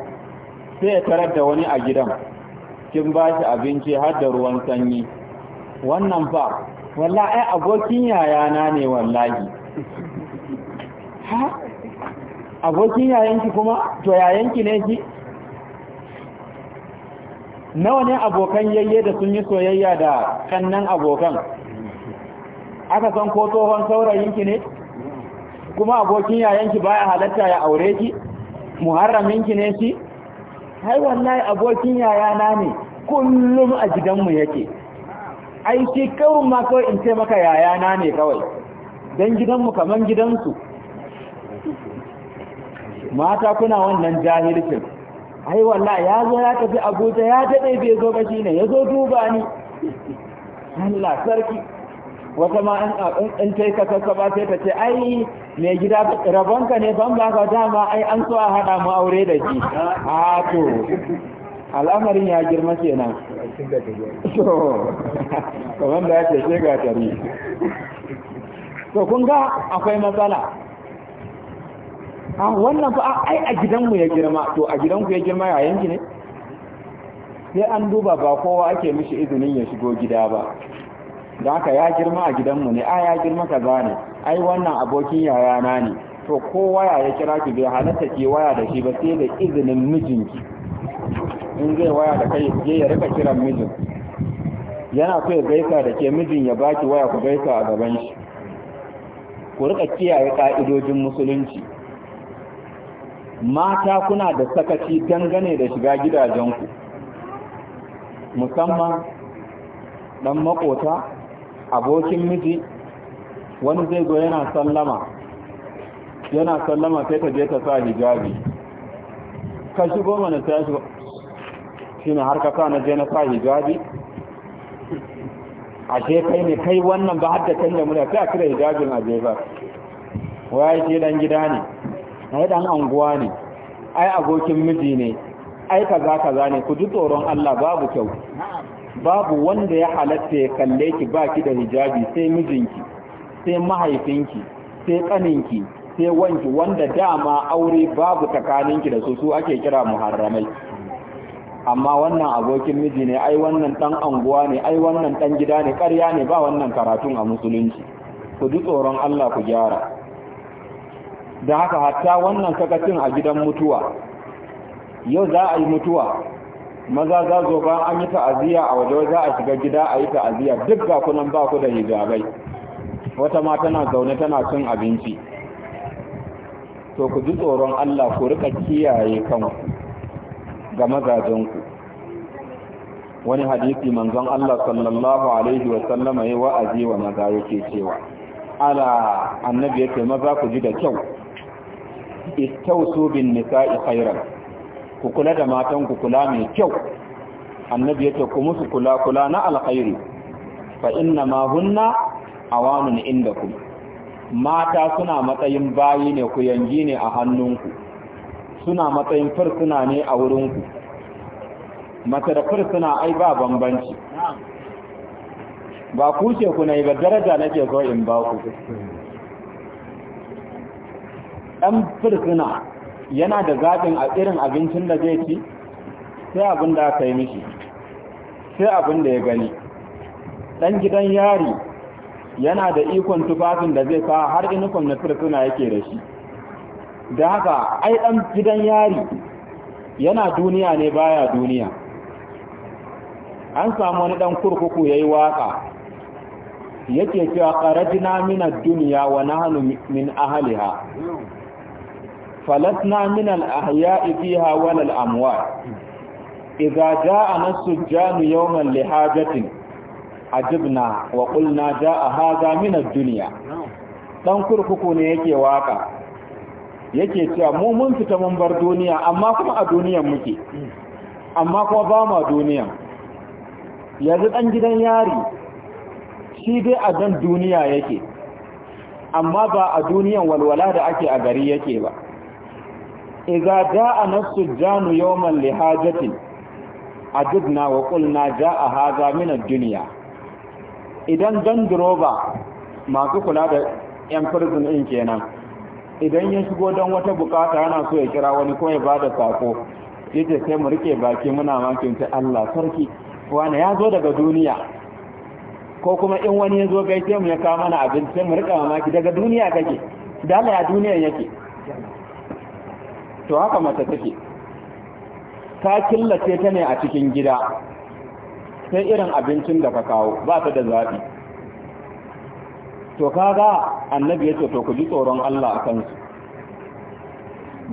sai ya tarar da wani a gidan kin ba shi abinci har da ruwan sanyi wannan ba. wallahi ai abokin yayana ne wallahi ha abokin yayanki kuma to yayanki ne ki? nawa ne abokan yayye da sun yi soyayya da kannan abokan aka san ko tsohon saurayinki ne kuma abokin yayanki baya halatta ya aure ki muharraminki ne shi hai wallahi abokin yayana ne kullum a gidanmu yake ai ce kawun ma kawai in ce maka yayana ne kawai don gidanmu kaman gidansu mata kuna wannan jahilcin ai walla ya zo ya tafi abuja ya daɗe bai zo ba ne, ya zo duba ni Allah sarki wata ma in ta yi kasarsa ba sai ta ce ai mai gida rabonka ne ban ba ka dama ai an so a haɗa mu aure da shi a to al'amarin ya girma kenan kamar da yake ce ga tari to kun ga akwai matsala a ah, wannan fa ah, ai a gidanku ya girma to a gidanku ya girma yayin ki ne sai an duba ba kowa ake mishi izinin ya shigo gida ba da haka ya girma a gidanmu ne a ah, ya girma kaza ne ai wannan abokin yayana ne to ko waya ya kira ki bai halatta ki waya da shi ba sai da izinin mijinki in zai waya da kai je ya rika kiran mijin yana so ya gaisa da ke mijin ya baki waya ku gaisa a gaban shi ku rika kiyaye ka'idojin musulunci mata kuna da sakaci dangane da shiga gidajenku musamman dan makota abokin miji wani zai zo yana sallama yana sallama sai ta je ta sa hijabi ka shigo mana ta shine har ka sa na je na sa hijabi ashe kai ne kai wannan ba hadda kan da murya a kira hijabin a ba. waye shi dan gida ne ai dan anguwa ne ai abokin miji ne ai kaza kaza ne ku ji tsoron Allah babu kyau babu wanda ya halatta ya kalle ki baki da hijabi sai mijinki sai mahaifinki sai kaninki sai wanki wanda dama aure babu tsakaninki da su su ake kira muharramai amma wannan abokin miji ne ai wannan dan anguwa ne ai wannan dan gida ne ƙarya ne ba wannan karatun a musulunci ku ji tsoron Allah ku gyara da haka hatta wannan sakacin a gidan mutuwa yau za a yi mutuwa maza za zo ba an yi ta'aziyya a waje za a shiga gida a yi ta'aziyya duk ga kunan ba ku da hijabai wata ma tana zaune tana cin abinci to ku ji tsoron Allah ku rika kiyaye kanku ga mazajenku wani hadisi manzon Allah sallallahu alaihi wa sallama yayi wa'azi wa maza yake cewa ala annabi yake maza ku ji da kyau su bin nisa'i khairan ku kula da matan ku kula mai kyau annabi yake ku musu kula kula na alkhairi fa inna ma hunna awanun ku. mata suna matsayin bayi ne ku yangi ne a hannunku suna matsayin fursuna ne a wurinku mace da fursuna ai ba bambanci ba ku ce ku na yi ba daraja nake zo in ba ku ɗan fursuna yana da zaɓin a irin abincin da zai ci sai abin da aka yi mishi sai abin da ya gani ɗan gidan yari yana da ikon tufafin da zai sa har inukon na fursuna yake da shi da haka ai dan gidan yari yana duniya ne baya duniya an samu wani dan kurkuku yayi waka yake cewa qarajna min ad-dunya wa nahnu min ahliha falatna min al-ahya'i fiha wal amwat idza jaa nas yawman li hajatin ajibna wa qulna jaa hadha min ad-dunya dan kurkuku ne yake waka yake cewa mu mun fita mun bar duniya amma kuma a duniyan muke amma kuma ba mu a duniyan yanzu dan gidan yari shi dai a dan duniya yake amma ba a duniyan walwala da ake a gari yake ba idza da'a nafsu janu yawman lihajatin ajidna wa qulna jaa hadha min ad-dunya idan dan droba masu kula da yan prison din kenan idan ya shigo don wata bukata yana so ya kira wani ko ya bada sako yace sai mu rike baki muna makin ta Allah sarki wani ya zo daga duniya ko kuma in wani ya zo gaishe mu ya kawo mana abinci sai mu rika mamaki daga duniya kake da Allah ya duniyan yake to haka mace take ta killace ta ne a cikin gida sai irin abincin da ka kawo ba ta da zaɓi to kaga annabi yace to ku ji tsoron Allah akan su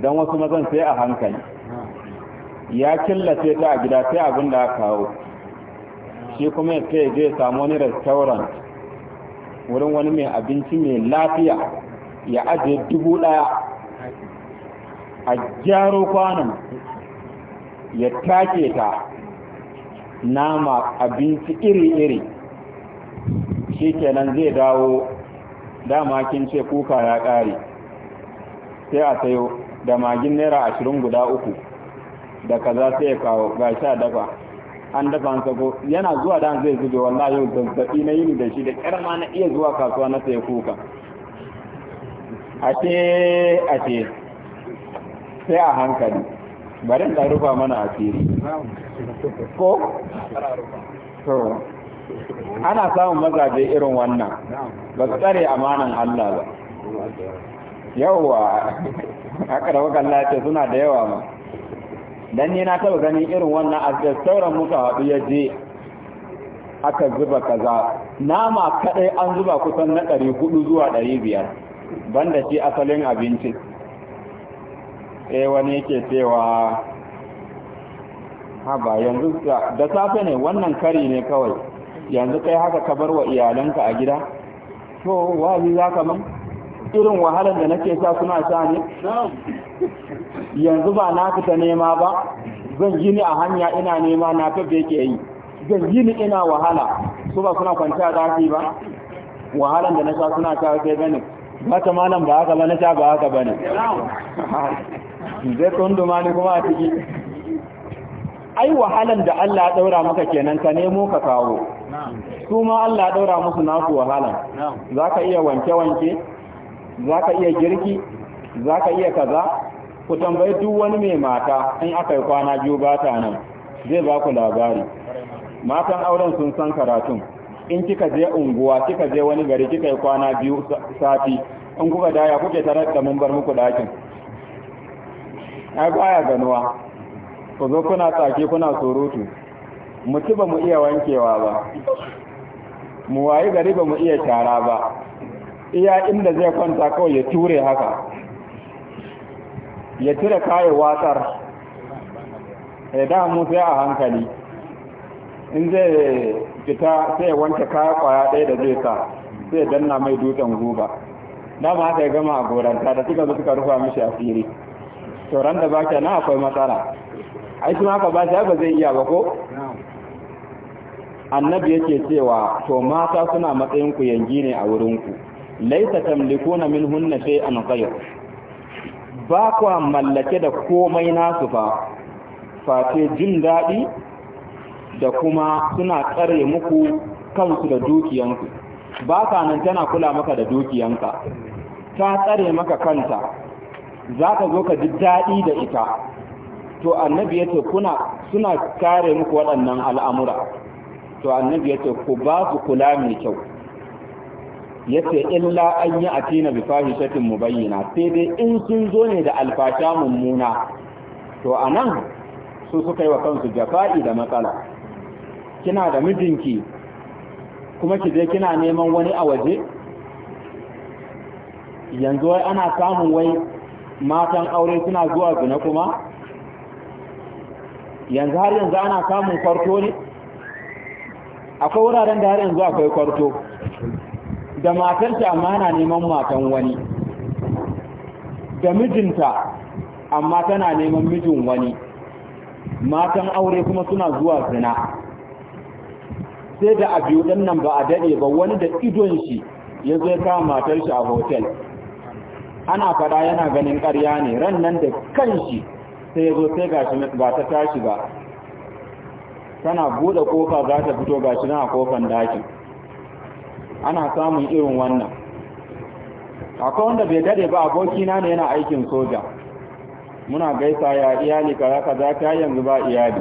dan wasu mazan sai a hankali ya killace ta a gida sai abin da aka kawo shi kuma sai je samu wani restaurant wurin wani mai abinci mai lafiya ya ajiye dubu daya a gyaro kwanan ya take ta nama abinci iri-iri nan zai dawo dama kin ce kuka ya ƙare sai a sayo da magin naira ashirin guda uku da kaza sai ya kawo ga sha dafa an dafa an sako yana zuwa dan zai zube wallahi yau zazzabi na yini da shi da ƙyar ma na iya zuwa kasuwa na sai kuka ashe ashe sai a hankali bari da rufa mana asiri ko to ana samun mazaje irin wannan ba su tsare amanan Allah ba yawwa haka da wakan lafiya suna da yawa ma dan ni na taba ganin irin wannan a sauran muka haɗu ya je aka zuba kaza nama kadai an zuba kusan na ɗari hudu zuwa ɗari biyar banda shi asalin abinci eh wani yake cewa haba yanzu da safe ne wannan kari ne kawai yanzu kai haka ka bar wa iyalanka a gida to wani za ka man irin wahalar da nake sa suna sa ne yanzu ba na fita nema ba zan yi ni a hanya ina nema na kafa yake yi zan yi ni ina wahala su ba suna kwanciya daki ba wahalar da na sa suna sa sai gani ba ta malam ba haka ba na sha ba haka ba ne zai ma ni kuma a ciki ai wahalan da Allah ya daura maka kenan ka nemo ka kawo su ma Allah ɗaura musu nasu wahala za ka iya wanke-wanke za ka iya girki za ka iya kaza ku tambayi duk wani mai mata in aka yi kwana biyu ba ta nan zai ba ku labari matan auren sun san karatun in kika je unguwa kika je wani gari kika yi kwana biyu sati in kuka daya kuke tarar da mun bar muku dakin ai baya ganuwa ku zo kuna tsake kuna surutu mutu ba mu iya wankewa ba mu wayi gari ba mu iya tara ba iya inda zai kwanta kawai ya ture haka ya cire kayan watsar ya eh, damu sai a hankali in zai fita sai ya wanke kaya kwaya ɗaya da zai sa sai danna mai dutsen guba dama haka ya gama a goranta da suka zo suka rufa mishi asiri to ran da baka na akwai matsala ai shi ma ka ba shi ba zai iya ba ko annabi yake cewa to mata suna matsayin ku yangi ne a wurin ku laisa tamlikuna minhunna shay'an ghayr ba kwa mallake da komai nasu fa face jin daɗi da kuma suna tsare muku kansu da dukiyanku ba ka nan tana kula maka da dukiyanka ta tsare maka kanta za ka zo ka ji daɗi da ita to annabi ya ce suna kare muku waɗannan al'amura to annabi ya ce ku ba su kula mai kyau ya ce illa an yi atina bi fahishatin mubayyana sai dai in sun zo ne da alfasha mummuna to anan su suka yi wa kansu jafa'i da matsala kina da mijinki kuma ki je kina neman wani a waje yanzu wai ana samun wai matan aure suna zuwa zina kuma yanzu har yanzu ana samun farko ne akwai wuraren da har yanzu akwai kwarto da matarta amma yana neman matan wani da mijinta amma tana neman mijin wani matan aure kuma suna zuwa zina sai da abiyu ɗin nan ba a daɗe ba wani da idon shi ya zai kama matar shi a hotel ana fada yana ganin ƙarya ne ran nan da kanshi sai ya zo sai ga shi ba ta tashi ba tana bude kofa za ta fito ga shi na kofan dakin ana samun irin wannan akwai wanda bai dade ba abokina ne yana aikin soja muna gaisa ya iyali kaza kaza ta yanzu ba iyali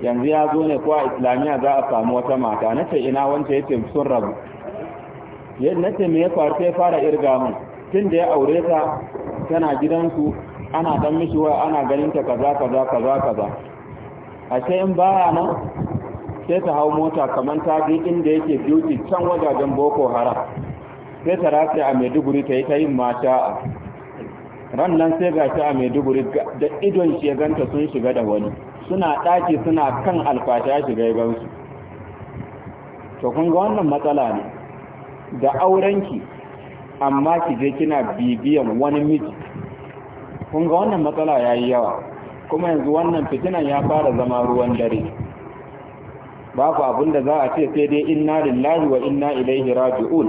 yanzu ya zo ne ko a islamiya za a samu wata mata na ce ina wanda yace sun rabu na ce me ya faru sai fara irga mun tun da ya aure ta tana gidansu ana dan mishi wa ana ganin ta kaza kaza kaza kaza a sai in baya nan sai ta hau mota kamar ta je inda yake duty can wajajen boko haram sai ta rafi a maiduguri ta yi ta yin mata ran nan sai ga shi a maiduguri da idon shi sun shiga da wani suna ɗaki suna kan alfasha shiga ya gansu to kun wannan matsala ne da aurenki amma ki je kina bibiyan wani miji kun wannan matsala ya yi yawa kuma yanzu wannan fitinan ya fara zama ruwan dare babu abin da za a ce sai dai inna lillahi wa inna ilaihi raji'un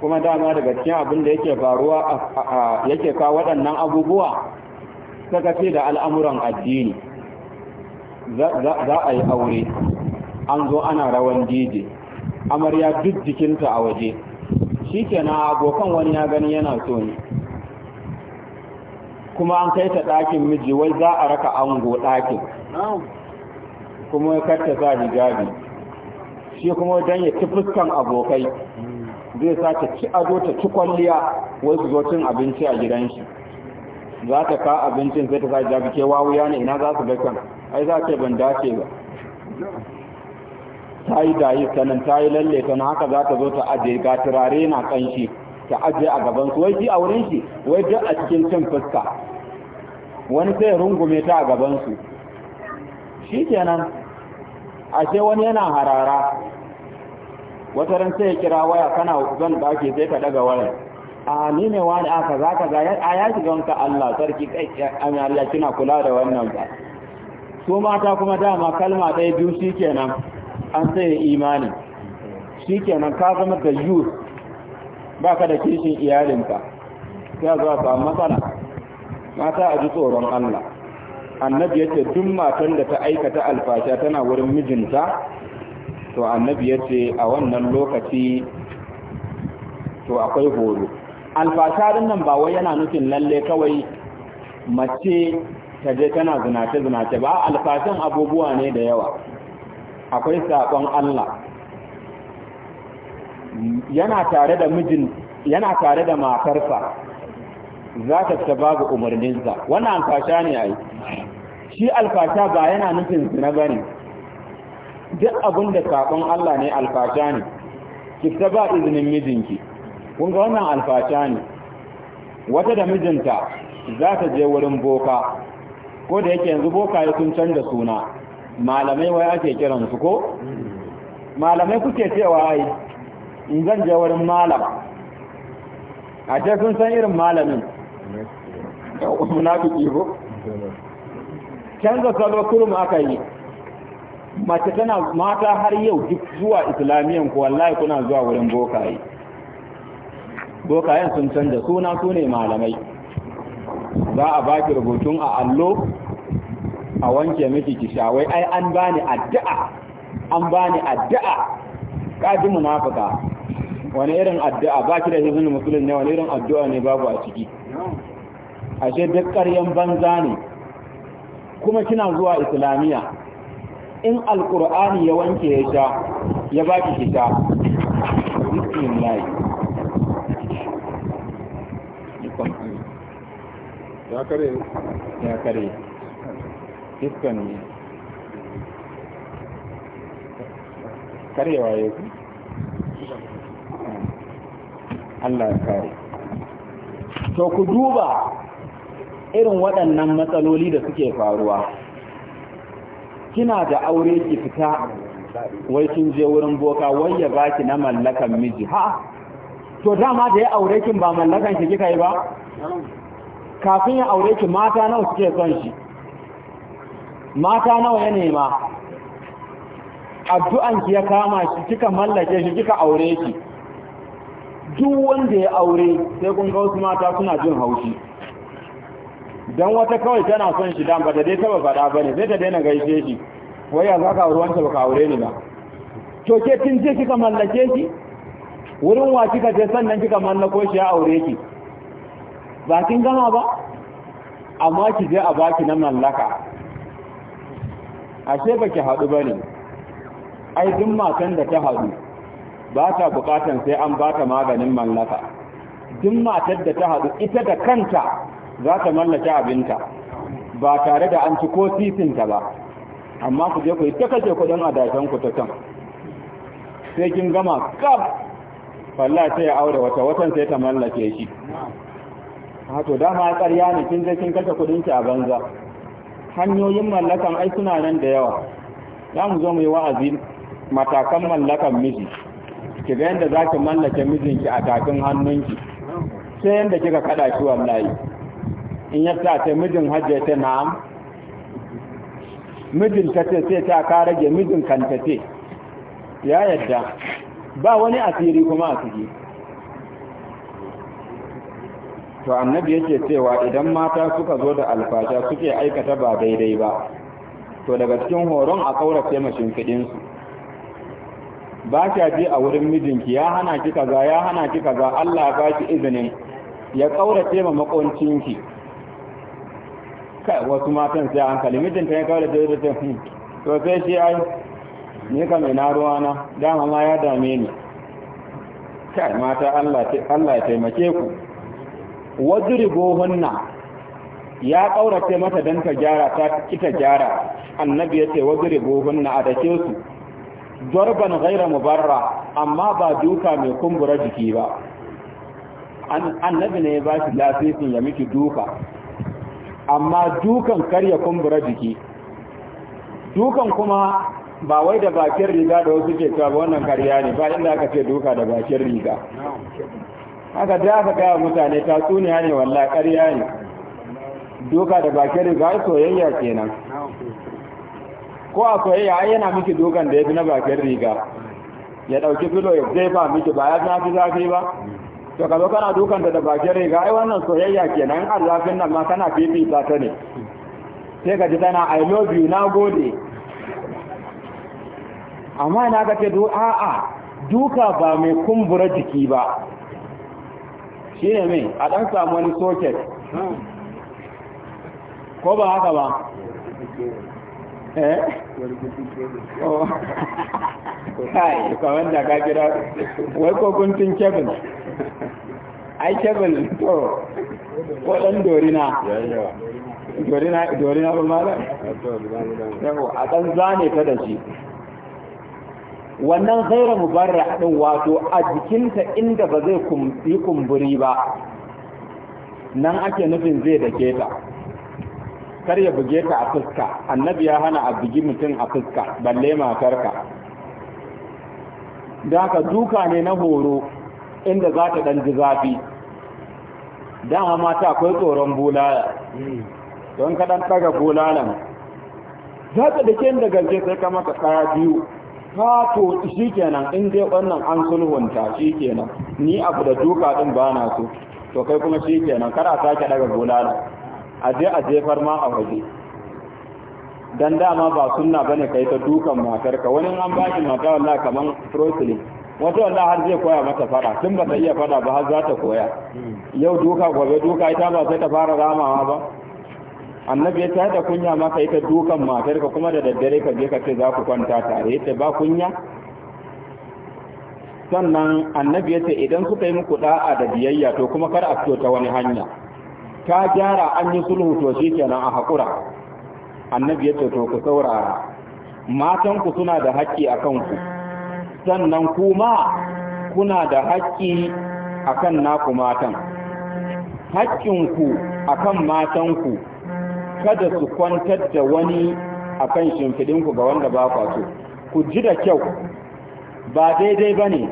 kuma dama daga cikin abin da yake faruwa yake ka waɗannan abubuwa saka ce da al'amuran addini za a yi aure an zo ana rawan jiji amarya duk jikinta a waje shi kenan abokan wani ya gani yana so ne kuma an kai ta ɗakin miji wai za a raka ango ɗakin kuma ya karta za hijabi shi kuma don ya ci fuskan abokai zai sake ci ado ta ci kwalliya wai su zo cin abinci a gidan shi za ta ka abincin sai ta sa hijabi ke wawuya ne ina za su ga kan ai za ce ban dace ba ta yi dayi sanan ta yi lalle sanan haka za ta zo ta ajiye ga turare na kanshi ta ajiye a gaban su wai ji a wurin shi wai duk a cikin cin fuska wani sai rungume ta a gaban su shikenan ashe wani yana harara wata ran sai ya kira waya kana zan dake sai ka daga waya a ni ne wani aka za ka ga a ya shiga wanka Allah sarki kai Allah kina kula da wannan ba su mata kuma dama kalma ɗaya biyu shikenan an sai imani shikenan ka zama da youth ba ka da kishin iyalinka ya zuwa samu matsala mata a ji tsoron Allah annabi yace duk matan da ta aikata alfasha tana wurin mijinta to annabi yace a wannan lokaci to akwai horo alfasha din nan ba wai yana nufin lalle kawai mace ta je tana zinace zinace ba alfashin abubuwa ne da yawa akwai sakon Allah yana tare da mijin yana tare da matarsa za ta ta babu umarninsa wannan alfasha ne ai shi alfasha ba yana nufin zina bane duk abin da sakon Allah ne alfasha ne ki ta ba izinin mijinki kun ga wannan alfasha ne wata da mijinta za ta je wurin boka ko da yake yanzu boka ya sun canza suna malamai wai ake kiransu ko malamai kuke cewa ai in zan je wurin malam a ce sun san irin malamin Na fi ko canza salo kurum aka yi mace tana mata har yau duk zuwa islamiyan ko wallahi kuna zuwa wurin bokaye bokayen sun canza suna su ne malamai za a baki rubutun a allo a wanke miki kishawai ai an bani addu'a an bani addu'a kaji munafika wani irin addu'a ba ki da hizbul musulun ne wani irin addu'a ne babu a ciki ashe duk ƙaryan banza ne kuma kina zuwa islamiyya in alkur'ani ya wanke ya sha ya baki ki sha bismillah ya kare ya kare iskan ne karyawa ya ku Allah ya kare to ku duba irin waɗannan matsaloli da suke faruwa kina da aure ki fita wai kin je wurin boka wai ya baki na mallakan miji ha to dama da ya aure kin ba mallakan shi kika yi ba kafin ya aure ki mata nawa suke son shi mata nawa ya nema addu'anki ya kama shi kika mallake shi kika aure shi duk wanda ya aure sai kun ga wasu mata suna jin haushi Don wata kawai tana son shi dan bata dai taba fada bane sai ta daina gaishe shi waya za ka aure wanda baka aure ni ba to ke tin je kika mallake shi wurin wa kika je sannan kika mallako shi ya aure ki ba kin gama ba amma ki je a baki na mallaka ashe baki haɗu bane ai duk matan da ta haɗu ba ta buƙatan sai an ba ta maganin mallaka duk matar da ta haɗu ita da kanta za ta mallaki abinta ba tare da an ci ko titinta ba amma ku je ku yi ta kashe kudin adashen ku ta can sai kin gama kaf falla sai ya aure wata watan sai ta mallake shi to dama ƙarya ne kin je kin kashe kudin ki a banza hanyoyin mallakan ai suna nan da yawa za mu zo mu yi wa'azi matakan mallakan miji ki ga yadda za ki mallake mijinki a tafin hannunki sai yadda kika kada shi wallahi in ya sa ta mijin hajjai ta na'am mijin ta ce sai ta ka rage mijin kanta ce ya yadda ba wani asiri kuma a to annabi yake cewa idan mata suka zo da alfasha suke aikata ba daidai ba to daga cikin horon a kaurace mashin fidinsu ba kya je a wurin mijinki ya hana ki kaza ya hana ki kaza Allah ba ki izinin ya kaurace ma makoncinki kai wasu matan sai an kalli. mijinta ya kaurace da ta hin hmm, to sai shi ai ni kam ina ruwa na dama ma ya dame ni kai mata Allah Allah ya taimake ku hunna ya kaurace mata dan ta gyara ta kita gyara annabi yace hunna a dake su darban gaira mubarra amma ba duka mai kumbura jiki ba annabi ne ya ba shi lafisin ya miki duka amma dukan karya kumbura jiki dukan kuma ba wai da bakin riga da wasu ke cewa wannan karya ne ba inda aka ce duka da bakin riga haka da aka kawo mutane tatsuniya ne wallah karya ne duka da bakin riga soyayya kenan ko a soyayya ai yana miki dogon da ya fi na bakin riga ya ɗauki filo ya zai ba miki ba ya fi zafi ba to ka zo kana dogon da bakin riga ai wannan soyayya kenan an zafin nan ma kana fifita ta ne sai ka ji tana i love you na gode amma na ga ce a'a duka ba mai kumbura jiki ba shi ne mai a ɗan samu wani soket ko ba haka ba Eh? kai wanda ka kira wai ko guntun kebin ai kebin to ko dorina dorina ba a zane ta da shi wannan ghaira mubarra ɗin wato a jikinta inda ba zai yi kumburi ba nan ake nufin zai dake ta kar ya buge ka a fuska annabi ya hana a bugi mutum a fuska balle ka. da ka duka ne na horo inda za ta ɗan ji zafi dama mata akwai tsoron bulala don ka ɗan ɗaga bulalan za ta da ke da gaske sai ka maka ɗaya biyu ta shi kenan in dai wannan an sulhunta shi kenan ni abu da duka ɗin ba na so to kai kuma shi kenan kada sake ɗaga bulala a je a jefar ma a waje dan dama ba sunna bane kai ta dukan matarka wani an ba shi mata wallahi kaman protein wata wallahi har zai koya mata fara tun ba ta iya fara ba har za ta koya yau duka gobe duka ita ba sai ta fara ramawa ba annabi ya tada kunya maka ita dukan matarka kuma da daddare ka je ka ce za ku kwanta tare ta ba kunya sannan annabi ya ce idan suka yi muku da'a da biyayya to kuma kar a fito ta wani hanya ka gyara an yi sulhu to shi kenan a haƙura annabi ya ce to ku saurara matanku suna da haƙƙi a kanku sannan kuma kuna da haƙƙi a kan naku matan haƙƙinku a kan matanku kada su kwantar da wani a kan shimfidinku ga wanda ba kwaso. ku ji da kyau ba daidai ba ne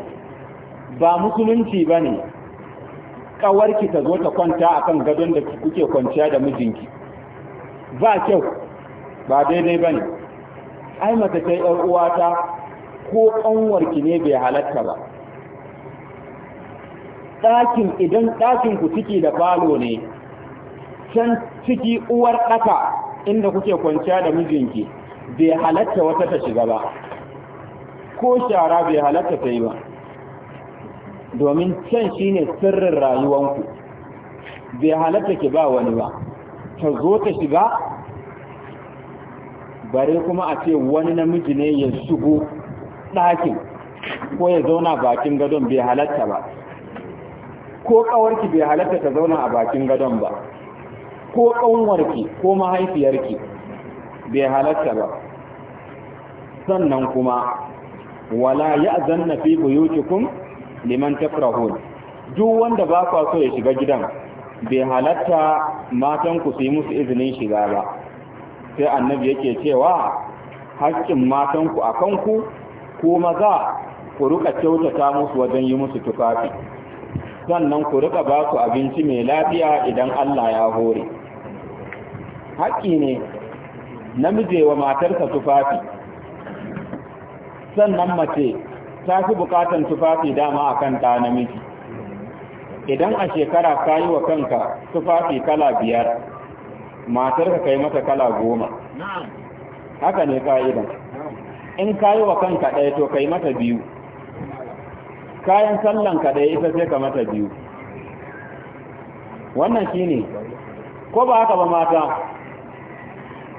ba musulunci ba ne Kawarki ta zo ta kwanta a kan gadon da kuke kwanciya da mijinki ba kyau ba daidai ba ne ai mata ta ‘yar uwata ko ki ne bai halatta ba ɗakin idan ɗakin ku ciki da falo ne can ciki uwar ɗaka inda kuke kwanciya da mijinki bai halatta wata ta shiga ba ko shara bai halatta ta yi ba domin can shine sirrin rayuwanku bai halatta ki ba wani ba ta zo ta shiga bare kuma a ce wani namiji ne ya shigo ɗakin ko ya zauna bakin gadon bai halatta ba ko ƙawarki bai halatta ta zauna a bakin gadon ba ko ƙanwarki ko mahaifiyarki bai halatta ba sannan kuma wala ya zanna fi buyukikum liman takrahun duk wanda ba kwa so ya shiga gidan bai halatta matan ku su yi musu izinin shiga ba sai annabi yake cewa haƙƙin matan ku akan ku ko maza ku rika kyautata musu wajen yi musu tufafi sannan ku rika ba su abinci mai lafiya idan Allah ya hore haƙƙi ne namije wa matarsa tufafi sannan mace ta fi bukatan tufafi dama a kan ta namiji idan a shekara ka yi wa kanka tufafi kala biyar matarka ka yi mata kala goma haka ne ka'idan in ka yi wa kanka ɗaya to ka yi mata biyu kayan sallan ka ɗaya ita sai ka mata biyu wannan shi ne ko ba haka ba mata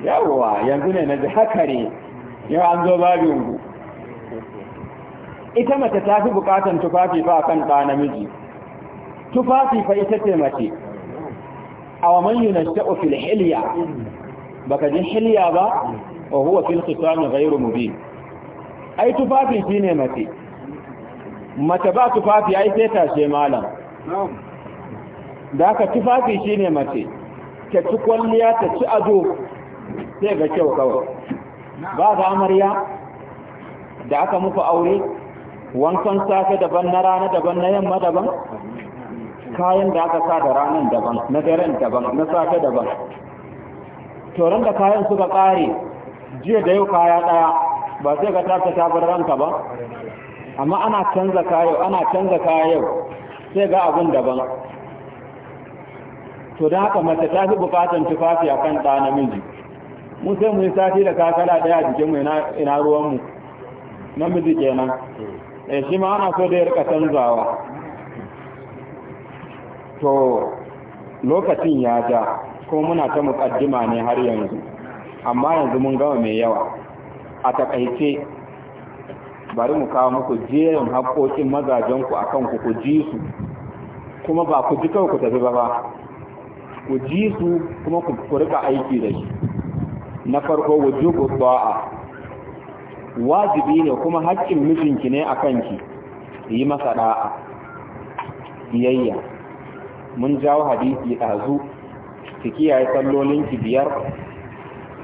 Yawowa, yanzu ne na ji haka yau an zo babin ita mace ta fi bukatan tufafi fa kan ɗa namiji tufafi fa ita ce mace a wa man yunasha'u fil hilya ka ji hilya ba wa huwa fil khisam ghayru mubi ai tufafi shine mace mace ba tufafi ai sai ta ce malam da aka tufafi shine mace ta ci kwalliya ta ci ado sai ga kyau kawai ba ga amarya da aka muku aure wankan safe daban na rana daban na yamma daban kayan da aka sa da ranar daban na daren daban na safe daban ran da kayan suka ƙare jiya da yau kaya ɗaya ba sai ka tafi ta bar ranka ba amma ana canza kayo ana canza kayo sai ga abun daban to da haka mace ta fi bukatan tufafi a kan ɗana namiji mu sai mu yi sati da kakala ɗaya a jikinmu ina ruwanmu namiji kenan eh shi ma ana so da ya rika canzawa to lokacin ya ja kuma muna ta muƙaddima ne har yanzu amma yanzu mun gama mai yawa a takaice bari mu kawo muku jerin haƙoƙin mazajenku a kanku ku ji su kuma ba ku ji kawai ku tafi ba ba ku ji su kuma ku rika aiki da shi na farko wujubu ba'a wajibi ne kuma haƙƙin mijinki ne a kanki yi masa da'a biyayya mun jawo hadisi ɗazu ki kiyaye sallolinki biyar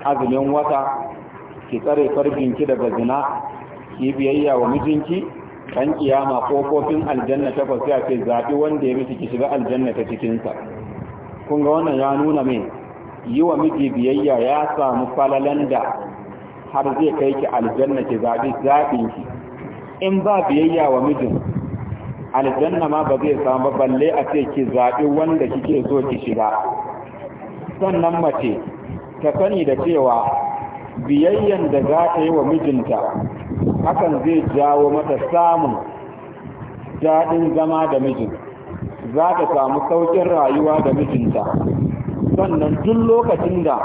azumin wata ki tsare farjinki daga zina ki biyayya wa mijinki kan kiyama kofofin aljanna ta sai ce wanda ya miki ki shiga aljanna ta cikinsa kun ga wannan ya nuna mai yi wa miji biyayya ya samu falalan da har zai kai ki aljanna ki zaɓi zaɓin in ba biyayya wa mijin aljanna ma ba zai samu balle a ce ki zaɓi wanda kike so ki shiga sannan mace ta sani da cewa biyayyan da za ta yi wa mijinta hakan zai jawo mata samun daɗin zama da mijin za ta samu saukin rayuwa da mijinta sannan duk lokacin da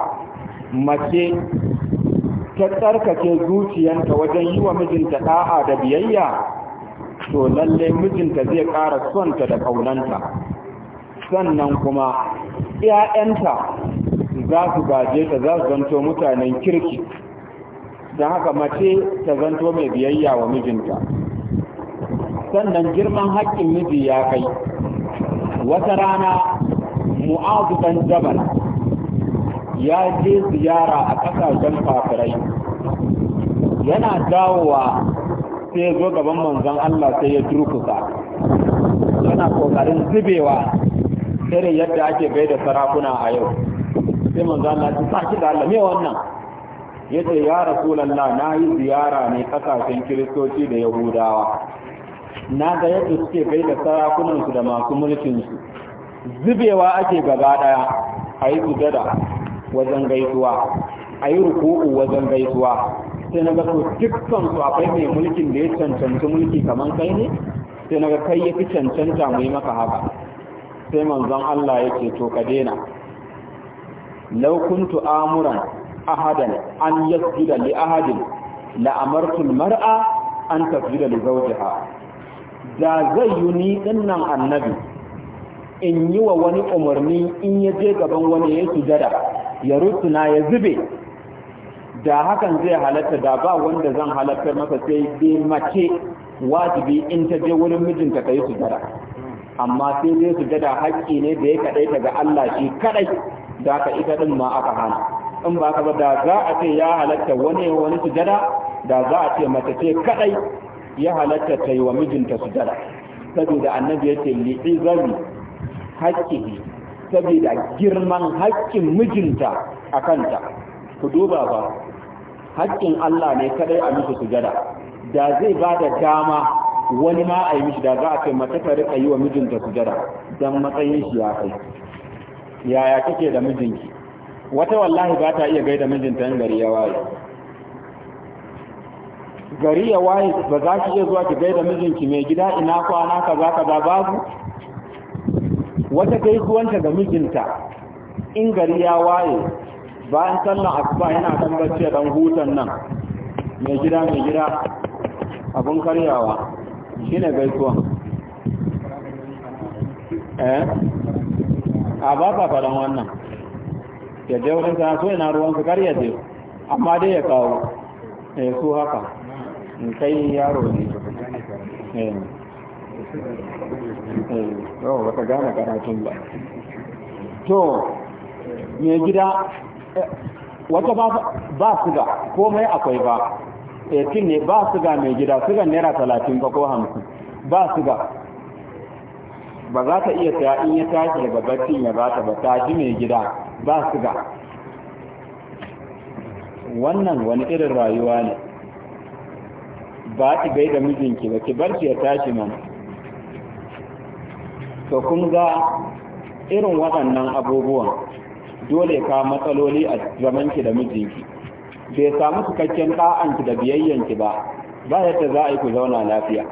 mace ta tsarkake zuciyanta wajen yi wa mijinta da'a da biyayya to lalle mijinta zai ƙara sonta da ƙaunanta sannan kuma ‘ya'yanta za su gaje ta za su zanto mutanen kirki don haka mace ta zanto mai biyayya wa mijinta sannan girman haƙƙin miji ya kai wata rana mu'azu ɗan jabal ya je ziyara a kasashen fafirai yana dawowa sai zo gaban manzon Allah sai ya durkusa yana kokarin zubewa irin yadda ake bai da sarakuna a yau sai manzon Allah ya saki da Allah me wannan yace ya rasulullah na yi ziyara ne ƙasashen kiristoci da yahudawa na ga yadda suke bai da sarakunansu da masu mulkinsu zubewa ake gaba ɗaya a yi sujada wajen gaisuwa a yi ruku'u wajen gaisuwa sai na ga dukkan su akwai mai mulkin da ya cancanci mulki kamar kai ne sai na ga kai ya fi cancanta mu yi maka haka sai manzon Allah ya ce to ka daina law kuntu amuran ahadan an yasjuda li ahadin la amartu mar'a an tasjuda li zawjiha da zai yi ni dinnan annabi in yi wa wani umarni in ya je gaban wani ya dada. ya na ya zube da hakan zai halatta da ba wanda zan halatta masa sai dai mace wajibi in ta je wurin mijinta kai yi sujada amma sai dai dada haƙƙi ne da ya kaɗai ga Allah shi kaɗai da ka ita ɗin ma aka hana in ba ka ba da za a ce ya halatta wani wani su sujada da za a ce mace ce kaɗai ya halatta ta yi wa mijinta su sujada saboda annabi ya ce li'izari haƙƙi. saboda girman haƙƙin mijinta a kanta ku duba ba haƙƙin Allah ne kadai a miki sujada da zai ba da dama wani ma a yi mishi da za a kai mace ta rika yi wa mijinta sujada don matsayin shi ya kai yaya kake da mijinki wata wallahi ba ta iya gaida mijinta yin gari ya waye gari ya waye ba za ki iya zuwa ki gaida mijinki mai gida ina kwana kaza kaza babu wata kuwanta ga mijinta in gari ya waye bayan sallan asuba yana kan bacci ɗan hutun nan mai gida mai gida Abin karyawa shine gaisuwa eh a ba ka faɗan wannan ya je wurin sana so yana ruwan kar ya je amma dai ya kawo ya eh, su haka in kai yaro ne eh yau baka gane karatun ba to me gida wata ba su ga komai akwai ba etin eh, ne ba su ga mai gida su ga naira talatin ba ko hamsin ba su ga ba za ta iya saya in ya tashi daga barcin ya ta ba tashi mai gida ba su ga wannan wani irin rayuwa ne ba ki bai da mijinki ba ki bar ki ya tashi mana to kun ga irin waɗannan abubuwan dole ka matsaloli a zamanki da mijinki bai samu cikakken ɗa'anki da biyayyanki ba ba yadda za a yi ku zauna lafiya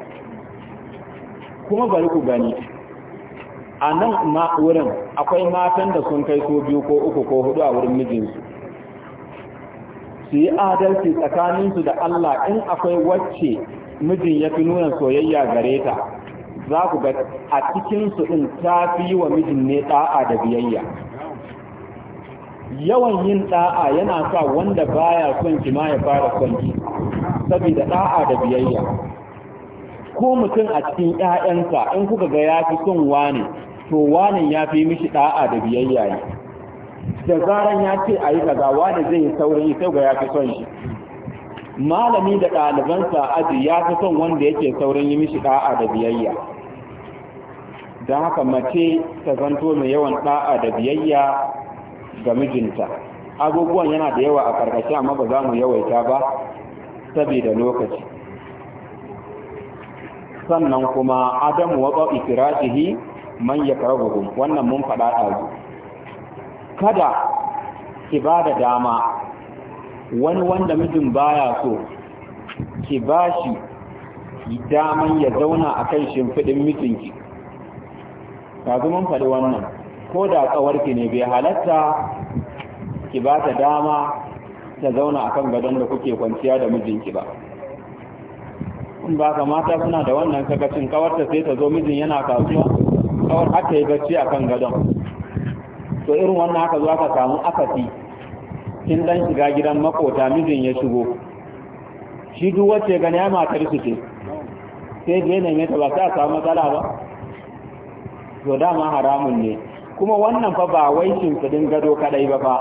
kuma bari ku gani a nan ma wurin akwai matan da sun kai so biyu ko uku ko hudu a wurin mijinsu su yi adalci tsakaninsu da Allah in akwai wacce mijin ya fi nuna soyayya gare ta za ku ga a cikinsu ɗin ta fi wa mijin ne ɗa'a da biyayya yawan yin ɗa'a yana sa wanda baya son ki ma ya fara son ki saboda ɗa'a da biyayya ko mutum a cikin ƴaƴansa in kuka ga ya fi son wani to wani ya fi mishi ɗa'a da biyayya ne da zaran ya ce a yi kaza wani zai yi saurayi sai ga ya fi son shi malami da ɗalibansa aji ya fi son wanda yake saurin yi mishi ɗa'a da biyayya don haka mace ta zanto mai yawan ɗa'a da biyayya ga mijinta abubuwan yana da yawa a ƙarƙashi amma ba za mu yawaita ba saboda lokaci sannan kuma adamu wa ikirajihi man ya wannan mun faɗa ɗazu kada ki ba da dama wani wanda mijin baya so ki bashi shi daman ya zauna a kan shimfiɗin mijinki kazu mun faɗi wannan ko da tsawarki ne bai halatta ki ba ta dama ta zauna a kan gadon da kuke kwanciya da mijinki ba in ba ka mata suna da wannan kakacin kawarta sai ta zo mijin yana kasuwa kawar aka yi bacci a gadon to irin wannan haka zuwa ka samu akasi kin dan shiga gidan makota mijin ya shigo shi duk wacce gani ya matar su ce sai je ne ta ba sai a samu matsala ba to dama haramun ne kuma wannan fa ba wai shimfidin gado kadai ba ba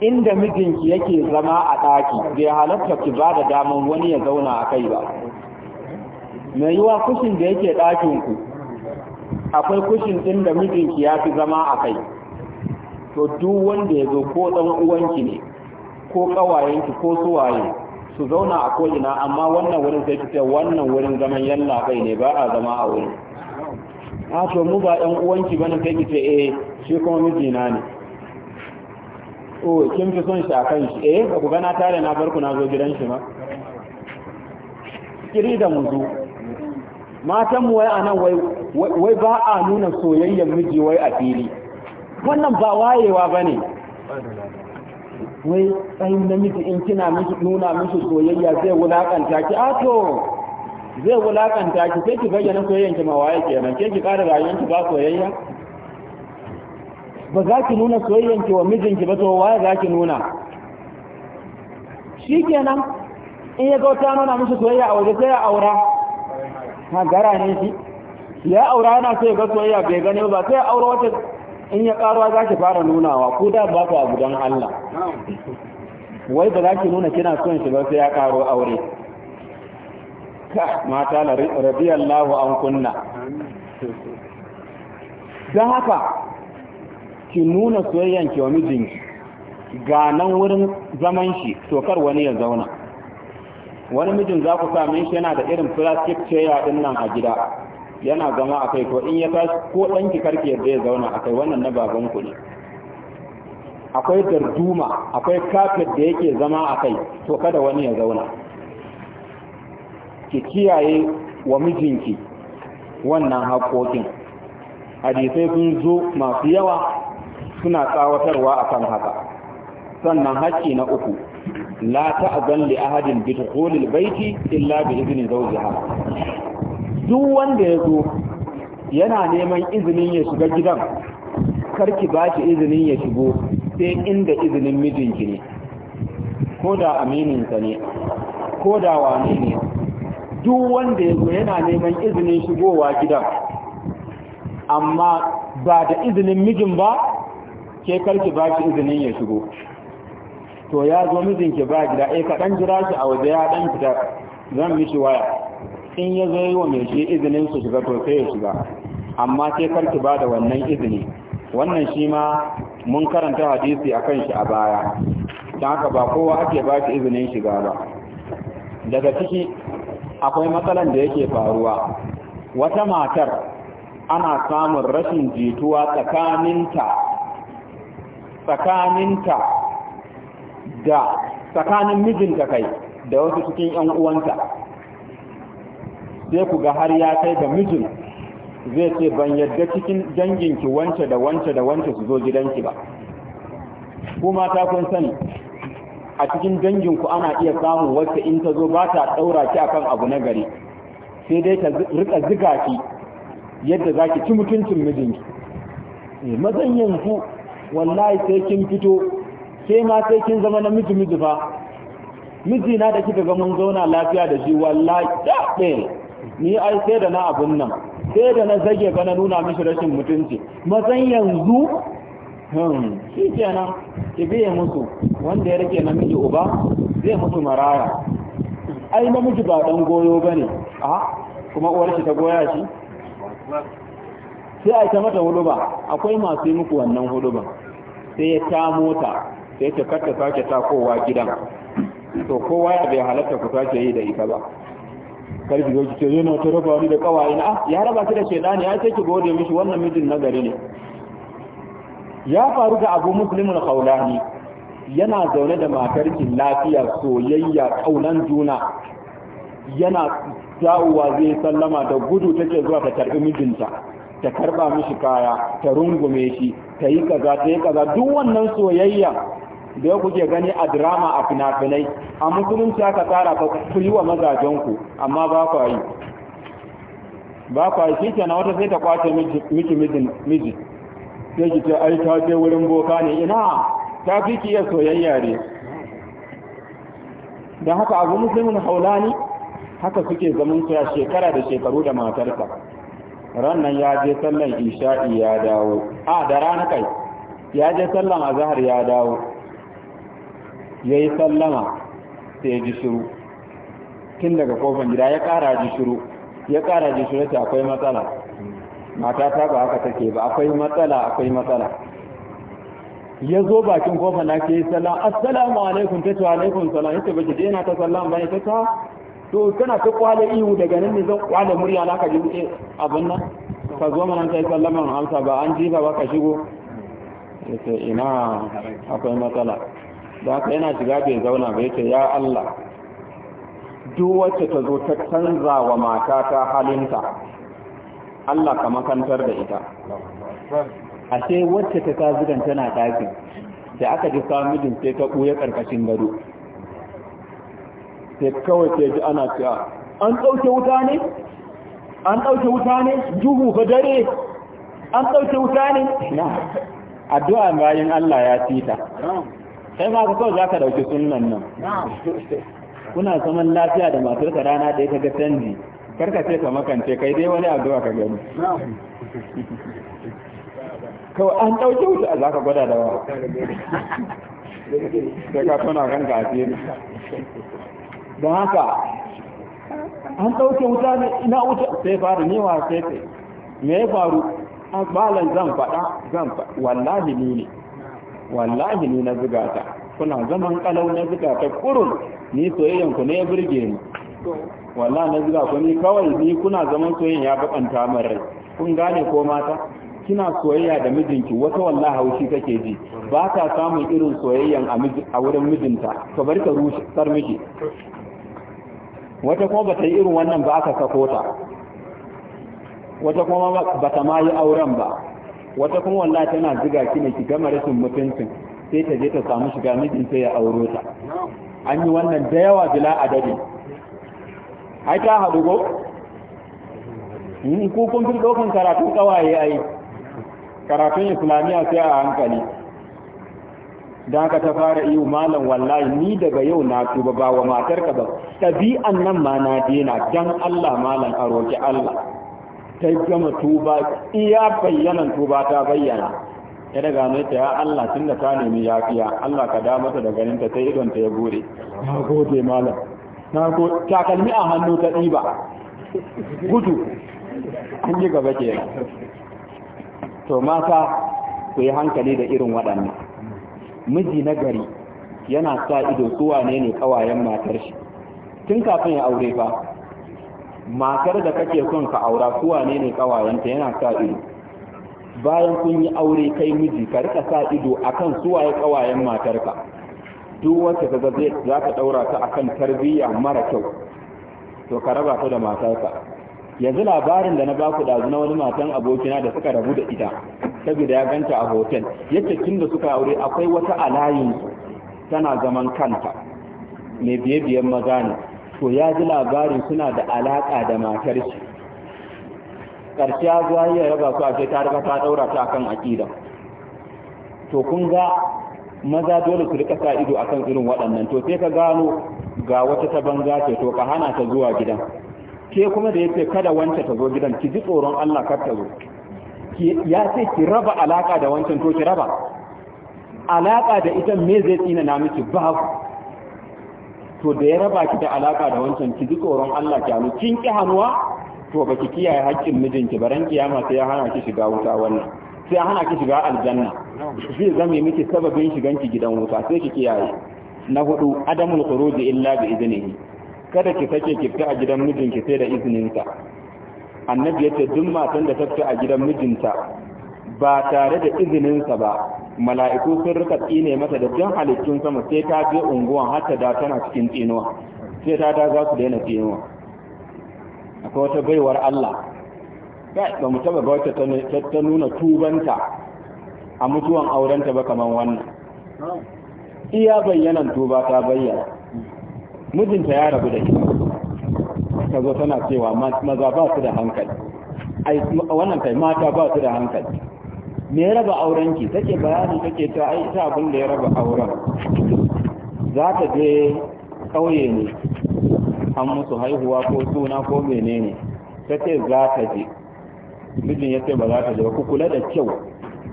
inda mijinki yake zama a ɗaki bai halatta ki ba da daman wani ya zauna a kai ba mai yiwa kushin da yake ɗakinku akwai kushin ɗin da mijinki ya fi zama a kai to duk wanda ya zo ko ɗan uwanki ne ko ƙawayenki ko suwaye su zauna a ko'ina amma wannan wurin sai ki ce wannan wurin zaman yalla kai ne ba a zama a wurin a to mu ba ɗan uwanki ba na kai ce eh shi kuma mijina ne o kin fi son shi a kan shi eh ba ku gana tare na barku na zo gidan shi ma kiri da mu zo matan mu wai anan wai wai ba a nuna soyayyar miji wai a fili wannan ba wayewa bane wai tsayin namiji in kina miki nuna miki soyayya zai wulakanta ki a to zai wulakanta ki sai ki bayyana soyayyen ki mawaye kenan ke ki ƙara rayuwar ki ba soyayya ba za ki nuna soyayyen ki wa mijinki ba to waye za ki nuna shi kenan in ya ga wata nuna mishi soyayya a waje sai ya aura ha gara ne shi ya aura yana so ya ga soyayya bai gane ba sai ya aura wata in ya karuwa za ki fara nunawa ko da ba ku a gudan Allah wai ba za ki nuna kina son shi ba sai ya karo aure mata na radiyallahu an kunna don haka ki nuna soyayyan ki wa mijinki ga nan wurin zaman shi tokar wani ya zauna wani mijin za ku same shi yana da irin plastic chair din nan a gida yana zama a kai ko in ya tashi ko ɗanki karki yadda ya zauna a kai wannan na baban ku ne akwai darduma akwai kafet da yake zama a kai to kada wani ya zauna ki kiyaye wa mijinki wannan haƙoƙin hadisai sun zo masu yawa suna tsawatarwa akan haka sannan haƙƙi na uku la ta'zan li ahadin bi dukhulil baiti illa bi izni zawjiha duk wanda yazo yana neman izinin ya shiga gidan karki ba shi izinin ya shigo sai inda izinin mijinki ne ko da amininsa ne ko da wane ne duk wanda ya zo yana neman izinin shigowa gidan amma ba da izinin mijin ba ke karki ba shi izinin ya shigo to ya zo mijinki ba gida eh kaɗan jira shi a waje ya dan fita zan mishi waya in ya zo yi wa mai shi izinin su shiga to sai ya shiga amma sai karki ba da wannan izini wannan shi ma mun karanta hadisi a kan shi a baya don haka ba kowa ake ba shi izinin shiga ba daga ciki akwai matsalan da yake faruwa wata matar ana samun rashin jituwa tsakaninta tsakaninta da tsakanin mijinta kai da wasu cikin 'yan uwanta sai ku ga har ya kai da mijin zai ce ban yadda cikin danginki wance da wance da wance su zo gidanki ba kuma ta kun sani a cikin danginku ana iya samun wacce in ta zo ba ta ɗaura ki akan abu na gari sai dai ta rika ziga ki yadda za ki ci mutuncin mijinki eh, mazan yanzu wallahi sai kin fito sai ma sai kin zama na miji miji fa miji na da kika ga mun zauna lafiya da shi wallahi da ni ai sai da na abun nan sai da na zage ga na nuna mishi rashin mutunci mazan yanzu Hmm, shi ke kenan ke biya musu wanda ya rike namiji uba zai mutu maraya ai namiji ba dan goyo bane a kuma uwar shi ta goya shi sai a ta mata huluba akwai masu yi muku wannan huluba sai ya ta mota sai ta karta sake ta kowa gidan to kowa ya bai halatta ku sake yi da ita ba kar ki goji ce yana ta raba wani da kawai na ah, ya raba shi da shaidani ya sai ki gode mishi wannan mijin nagari ne ya faru da abu muslimin kaulani yana zaune da matarkin lafiya soyayya kaunan juna yana da'uwa zai sallama da gudu take zuwa ta karbi mijinta ta karba mishi kaya ta rungume shi ta yi kaza ta yi kaza duk wannan soyayya da kuke gani a drama a fina-finai a musulunci aka tsara ku yi wa mazajenku amma ba ku yi ba ku yi shi kenan wata sai ta kwace miji miji sai ki ce ai ta je wurin boka ne ina ta fi ki ya soyayya ne da haka abu musulmin haulani haka suke zaman su a shekara da shekaru da matarsa rannan ya je sallan isha'i ya dawo a da rana kai ya je sallan azhar ya dawo yayi sallama sai ya ji shiru tun daga kofin gida ya kara ji shiru ya kara ji shiru ta akwai matsala Mata ta ba haka take ba akwai matsala akwai matsala ya zo bakin kofa na ke salam assalamu alaikum ta ce alaikum salam yace baki je na ta salam bane ta ta to kana ta kwale ihu daga nan ne zan kwale murya na ka ji abin nan ka zo mana kai sallama amsa ba an jifa ba ka shigo yace ina akwai matsala da haka yana shiga bai zauna ba yace ya Allah duk wacce ta zo ta canza wa ta halinta Allah ka makantar da ita ashe wacce ta tazidan tana ɗakin da aka ji samijin sai ta ɓuya ƙarƙashin gado sai kawai sai ji ana cewa an ɗauke wuta ne an ɗauke wuta ne juhu ga dare an ɗauke wuta ne na addu'a bayan Allah ya ta. sai ma ka kawai za ka ɗauki sunan nan kuna zaman lafiya da matarka rana ɗaya ta ga canji karka ce ka makance kai dai wani addu'a ka gani kawai an ɗauke wuta a za ka gwada da wa sai ka tona kanka a fiye don haka an ɗauke wuta ne, ina wuta sai faru ne wa sai sai me ya faru balan zan faɗa zan faɗa wallahi ni ne wallahi ni na zuga ta kuna zaman kalau na zuga ta kurun ni soyayyanku ne ya burge ni wallah na zuga ku ni kawai ni kuna zaman soyayya ya bakanta min rai kun gane ko mata kina soyayya da mijinki wata wallahi haushi kake ji ba ta samun irin soyayyan a wurin mijinta to bari ka rushe sar miki wata kuma bata yi irin wannan ba aka sako ta wata kuma bata ma yi auren ba wata kuma wallahi tana ziga ki ne ki gama rashin mutuncin sai ta je ta samu shiga mijin sai ya auro ta an yi wannan da yawa bila adadi ai ta haɗu ko hmm, ku kun fi ɗaukan karatun ƙawaye ai karatun islamiyya sai a hankali don ka ta fara iyo malam wallahi ni daga yau na tuba ba wa matarka ba ɗabi'an nan ma na dena don Allah malam a roƙi Allah ta gama tuba iya bayyanan tuba ta bayyana ya daga mai ta ya Allah tun da ta nemi yafiya Allah ka da mata da ganin ta sai idon ta ya gode na gode malam na ko takalmi a hannu ta ɗiba gudu an yi gaba ke to mata ku yi hankali da irin waɗannan miji na gari yana sa ido suwa ne ne kawayen matar shi tun kafin ya aure ba matar da kake son ka aura suwa ne ne kawayenta yana sa ido bayan kun yi aure kai miji ka rika sa ido akan suwaye kawayen matarka duk wacce ka ga za ka daura ta akan tarbiyya mara kyau to ka raba ta da matarka yanzu labarin da na ba ku dazu na wani matan abokina da suka rabu da ita saboda ya ganta a hotel yace tun da suka aure akwai wata alayin tana zaman kanta mai biye-biyen maza ne to ya ji labarin suna da alaka da matar shi ƙarshe ya zuwa ya raba su a ta riga ta daura ta akan aƙida to kun ga maza dole su rika sa ido akan irin waɗannan to sai ka gano ga wata ta banza ce to ka hana ta zuwa gidan ke kuma da yace kada wancan ta zo gidan ki ji tsoron Allah kar ta zo ya ce ki raba alaka da wancan to ki raba alaka da ita me zai tsina na miki babu to da ya raba ki da alaka da wancan ki ji tsoron Allah ki halu kin ki hanuwa to baki kiyaye haƙƙin mijinki baran kiyama sai ya hana ki shiga wuta wannan sai hana ki shiga aljanna zai zame miki sababin shigan ki gidan wuta sai ki kiyaye na hudu adamul khuruji illa bi iznihi kada ki sake ki fita a gidan mijinki sai da izininsa annabi yace duk matan da ta fita a gidan mijinta ba tare da izininsa ba mala'iku sun rika tsine mata da jan halittun sama sai ta je unguwan har ta da tana cikin tsinuwa sai ta da za su daina tsinuwa akwai wata baiwar Allah ba mu taba bauta wata ta nuna tubanta a mutuwan aurenta ba kaman wannan iya bayyanan tuba ta bayyana mijinta ya rabu da shi ta zo tana cewa maza ba su da hankali ai wannan kai mata ba su da hankali me ya raba aurenki take bayani take ta ai ta abin da ya raba auren za ta je kauye ne an musu haihuwa ko suna ko menene ta ce za ta je mijin ya ce ba za ta je ba ku kula da kyau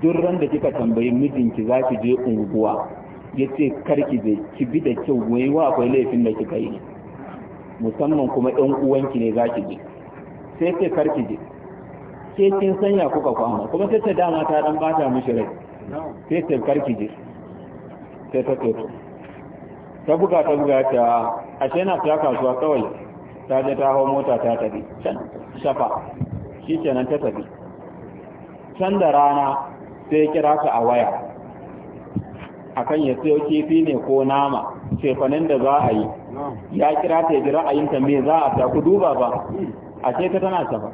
duk ran da kika tambayi mijinki za ki je unguwa ya ce karki je ki bi da kyau wai wa akwai laifin da kika yi musamman kuma ɗan uwanki ne za ki je sai ce karki je ke kin sanya kuka kwana kuma sai ta dama ta dan bata mishi rai sai ce karki je sai ta toto ta buga ta buga ta ashe na ta kasuwa kawai ta je ta hau mota ta tafi shafa shi nan ta tafi can da rana sai kira ka a waya akan ya sayo kifi ne ko nama cefanin da za a yi ya kira ta ji ra'ayinta me za a ta ku duba ba a ce ta tana ta ba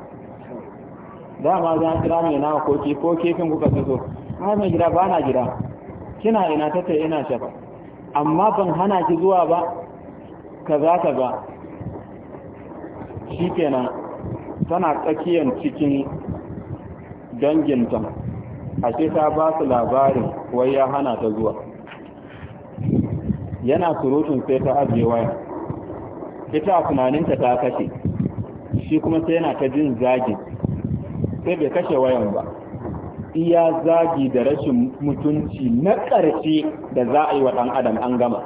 dama za a kira mai nama ko ko kifin kuka fi so har mai gida ba na gida kina ina ta ta ina shafa amma ban hana ki zuwa ba ka za ta ba shi kenan tana tsakiyar cikin danginta ashe ta ba su labarin wai ya hana ta zuwa yana surutun sai ta ajiye waya ita tunaninta ta kashe shi kuma sai yana ta jin zagi. sai bai kashe wayan ba iya zagi da rashin mutunci na ƙarshe da za a yi wa ɗan adam an gama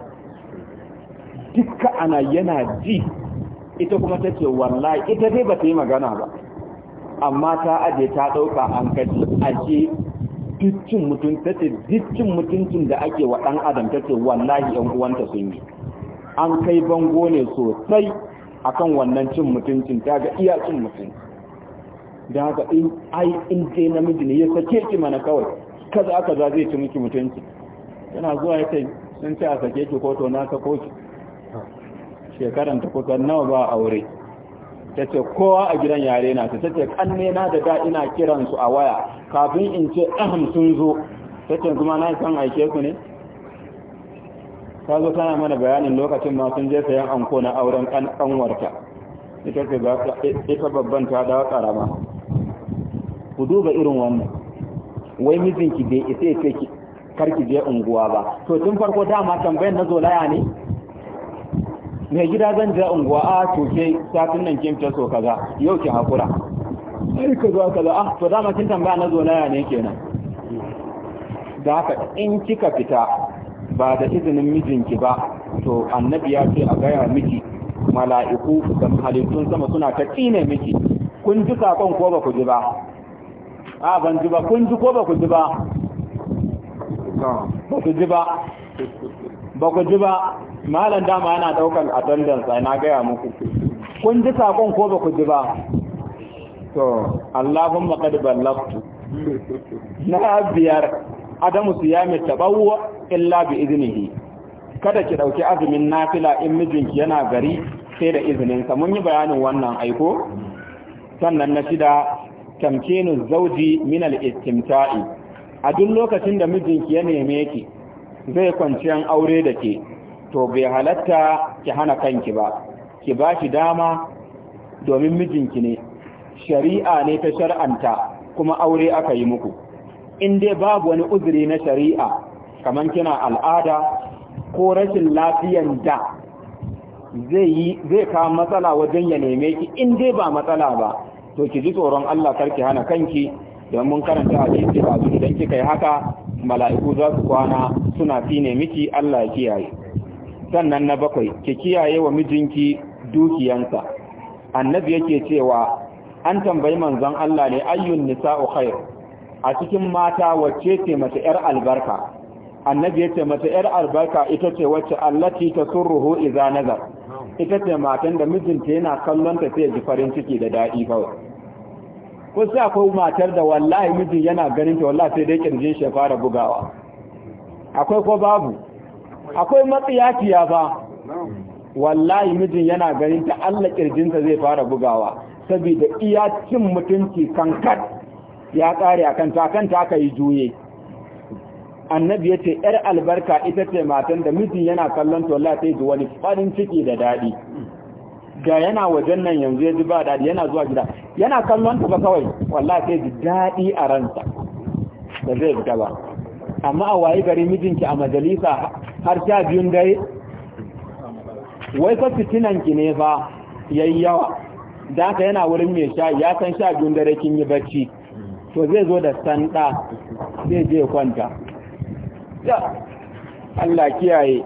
duka ana yana ji ita kuma ta ce wallahi ita dai ba ta yi magana ba amma ta aje ta ɗauka an kaji ce dukkin mutum ta ce dukkin mutuncin da ake wa ɗan adam ta ce wallahi ‘yan uwanta sun yi an kai bango ne sosai a kan wannan cin mutuncin ta ga iya cin mutum da haka in ai in dai namiji ne ya sake ki mana kawai kaza kaza zai ci miki mutunci yana zuwa ya ce sun ce a sake ki ko to na sako ki shekaran ta kusan nawa ba aure ta ce kowa a gidan yare na ta ce kanne na da da ina kiran su a waya kafin in ce aham sun zo ta ce kuma na san aike ku ne ta zo tana mana bayanin lokacin ma sun je sayan anko na auren kanwarta ita ce ita babban ta dawo karama ku duba irin wannan wai mijinki bai isa ya ce karki je unguwa ba to tun farko dama tambayar na zolaya ne mai gida zan je unguwa a ah, toke satin nan kin fita so kaza yau ki hakura sai ka zo kaza ah to dama kin tambaya na zo na ne kenan da haka in kika fita ba da izinin mijinki ba to annabi ya ce a gaya miki mala'iku da halittun sama suna ta tsine miki kun ji sakon ko ba ku ji ba a ban ji ba kun ji ko ba ku ji ba ba ku ji ba ba ku ji ba malam dama yana daukan attendance na gaya muku kun ji sakon ko ba ku ji ba to allahumma qad ballagtu na biyar adamu siyami tabawwa illa bi iznihi kada ki dauki azumin nafila in mijinki yana gari sai da izinin sa mun yi bayanin wannan aiko sannan na shida tamkinu zauji min al-istimta'i a duk lokacin da mijinki ya neme ki zai kwanciyan aure da ke to bai halatta ki hana kanki ba ki ba shi dama domin mijinki ne shari'a ne ta shar'anta kuma aure aka yi muku in dai babu wani uzuri na shari'a kamar kina al'ada ko rashin lafiyan da zai yi zai kawo matsala wajen ya neme ki in dai ba matsala ba to ki ji tsoron Allah karki hana kanki don mun karanta hadisi ba su idan kika yi haka mala'iku za su kwana suna fine miki Allah ya kiyaye sannan na bakwai ki kiyaye wa mijinki dukiyansa annabi yake cewa an tambayi manzon Allah ne ayyun nisa'u khair a cikin mata wacce ce mata yar albarka annabi yace mace yar albarka ita ce wacce allati tasurruhu idza nazar ita ce matan da mijinta yana kallon ta sai ji farin ciki da dadi ba ko sai akwai matar da wallahi mijin yana ganin ta wallahi sai dai kirjin shi ya fara bugawa akwai ko babu akwai matsiyaciya ba wallahi mijin yana ganin ta Allah kirjinsa zai fara bugawa saboda iya cin mutunci kankat ya kare akan ta kan ta aka yi juye annabi yace yar albarka ita ce matan da mijin yana kallon ta yi sai ji wani farin ciki da dadi ga yana wajen nan yanzu ya ji ba dadi yana zuwa gida yana kallon ta ba kawai wallahi sai ji dadi a ransa da zai fita ba amma a waye gari mijinki a majalisa har sha biyun dai wai fa ki ne fa yayi yawa da ka yana wurin mai sha ya san sha biyun dare kin yi bacci to zai zo da sanda zai je kwanta Ya Allah kiyaye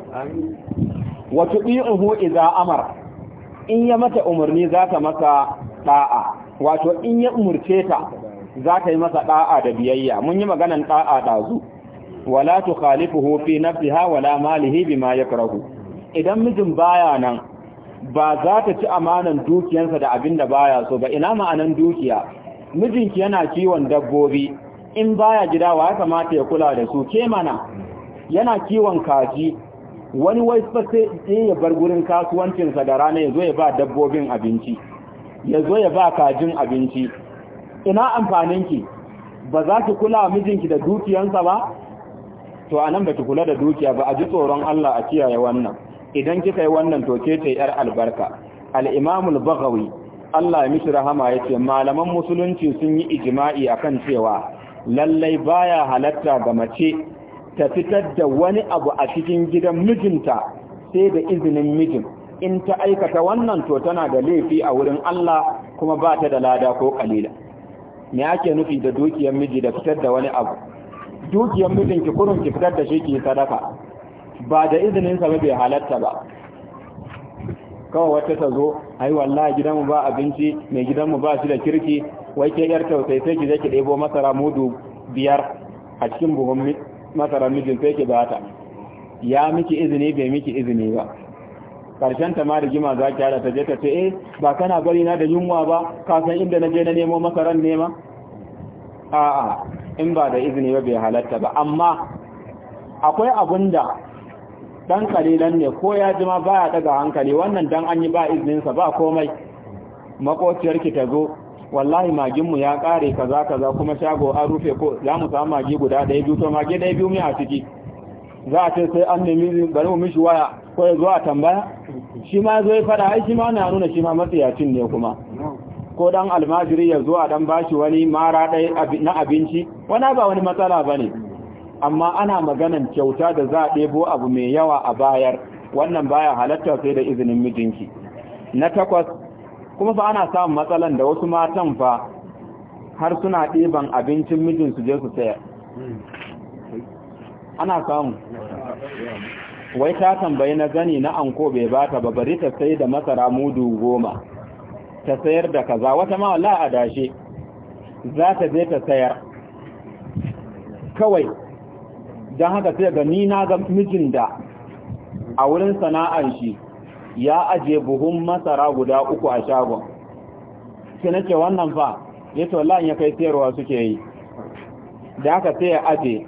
wa tu'ihu idza amara in ya mata umarni zaka masa da'a wato in ya umurce ta zaka yi masa da'a da biyayya mun yi maganan da'a dazu wala tukhalifuhu fi nafsiha wala malihi bima yakrahu idan mijin baya nan ba za ta ci amanan dukiyarsa da abin da baya so ba ina ma'anan dukiya mijinki yana kiwon dabbobi in baya gida wa ya kamata ya kula da su ke mana yana kiwon kaji wani wai sai ya bar gurin kasuwancinsa da rana ya zo ya ba dabbobin abinci ya zo ya ba kajin abinci ina amfaninki ba za ki kula mijinki da dukiyansa ba to a nan baki kula da dukiya ba a ji tsoron Allah a kiyaye wannan idan kika yi wannan to ke ce yar albarka al-imamul baghawi Allah ya mishi rahama yace malaman musulunci sun yi ijma'i akan cewa lallai baya halatta ga mace ta fitar da wani abu a cikin gidan mijinta sai da izinin mijin in ta aikata wannan to tana da laifi a wurin Allah kuma ba ta da lada ko kalila me ake nufi da dukiyar miji da fitar da wani abu dukiyar mijinki kurun ki fitar da shi ki sadaka ba da izinin sa bai halatta ba kawai wata ta zo ai wallahi gidanmu ba abinci mai gidanmu ba shi da kirki wai ke yar tausayi sai ki je ki ɗebo masara mudu biyar a cikin buhun masara mijin sai ki bata ya miki izini bai miki izini ba karshen ta ma rigima za ki hada ta je ta ce eh ba kana bari na da yunwa ba ka san inda na je na nemo masaran nema a'a in ba da izini ba bai halatta ba amma akwai abun da dan kalilan ne ko ya jima ba ya daga hankali wannan dan an yi ba izininsa ba komai makociyarki ta zo wallahi maginmu ya kare kaza kaza kuma shago an rufe ko za mu samu magi guda ɗaya biyu to magi ɗaya biyu mai a ciki za a ce sai an nemi bari mu mishi waya ko ya zo a tambaya shi ma zo fada ai shi ma na nuna shi ma matsiyacin ne kuma ko dan almajiri ya zo a dan bashi wani mara dai na abinci wani ba wani matsala bane ne amma ana maganan kyauta da za a ɗebo abu mai yawa a bayar wannan baya halatta sai da izinin mijinki na takwas kuma fa ana samun matsalan da wasu matan fa har suna ɗeban abincin mijinsu je su sayar ana samu wai ta tambayi na gani na anko bai bata ba bari ta sai da masara mudu goma ta sayar da kaza wata ma wala a dashe za ta je ta sayar kawai don haka sai ga ni na ga mijin da a wurin sana'ar shi ya aje buhun masara guda uku a shagon na nace wannan fa yace wallahi ya kai sayarwa suke yi da haka sai ya aje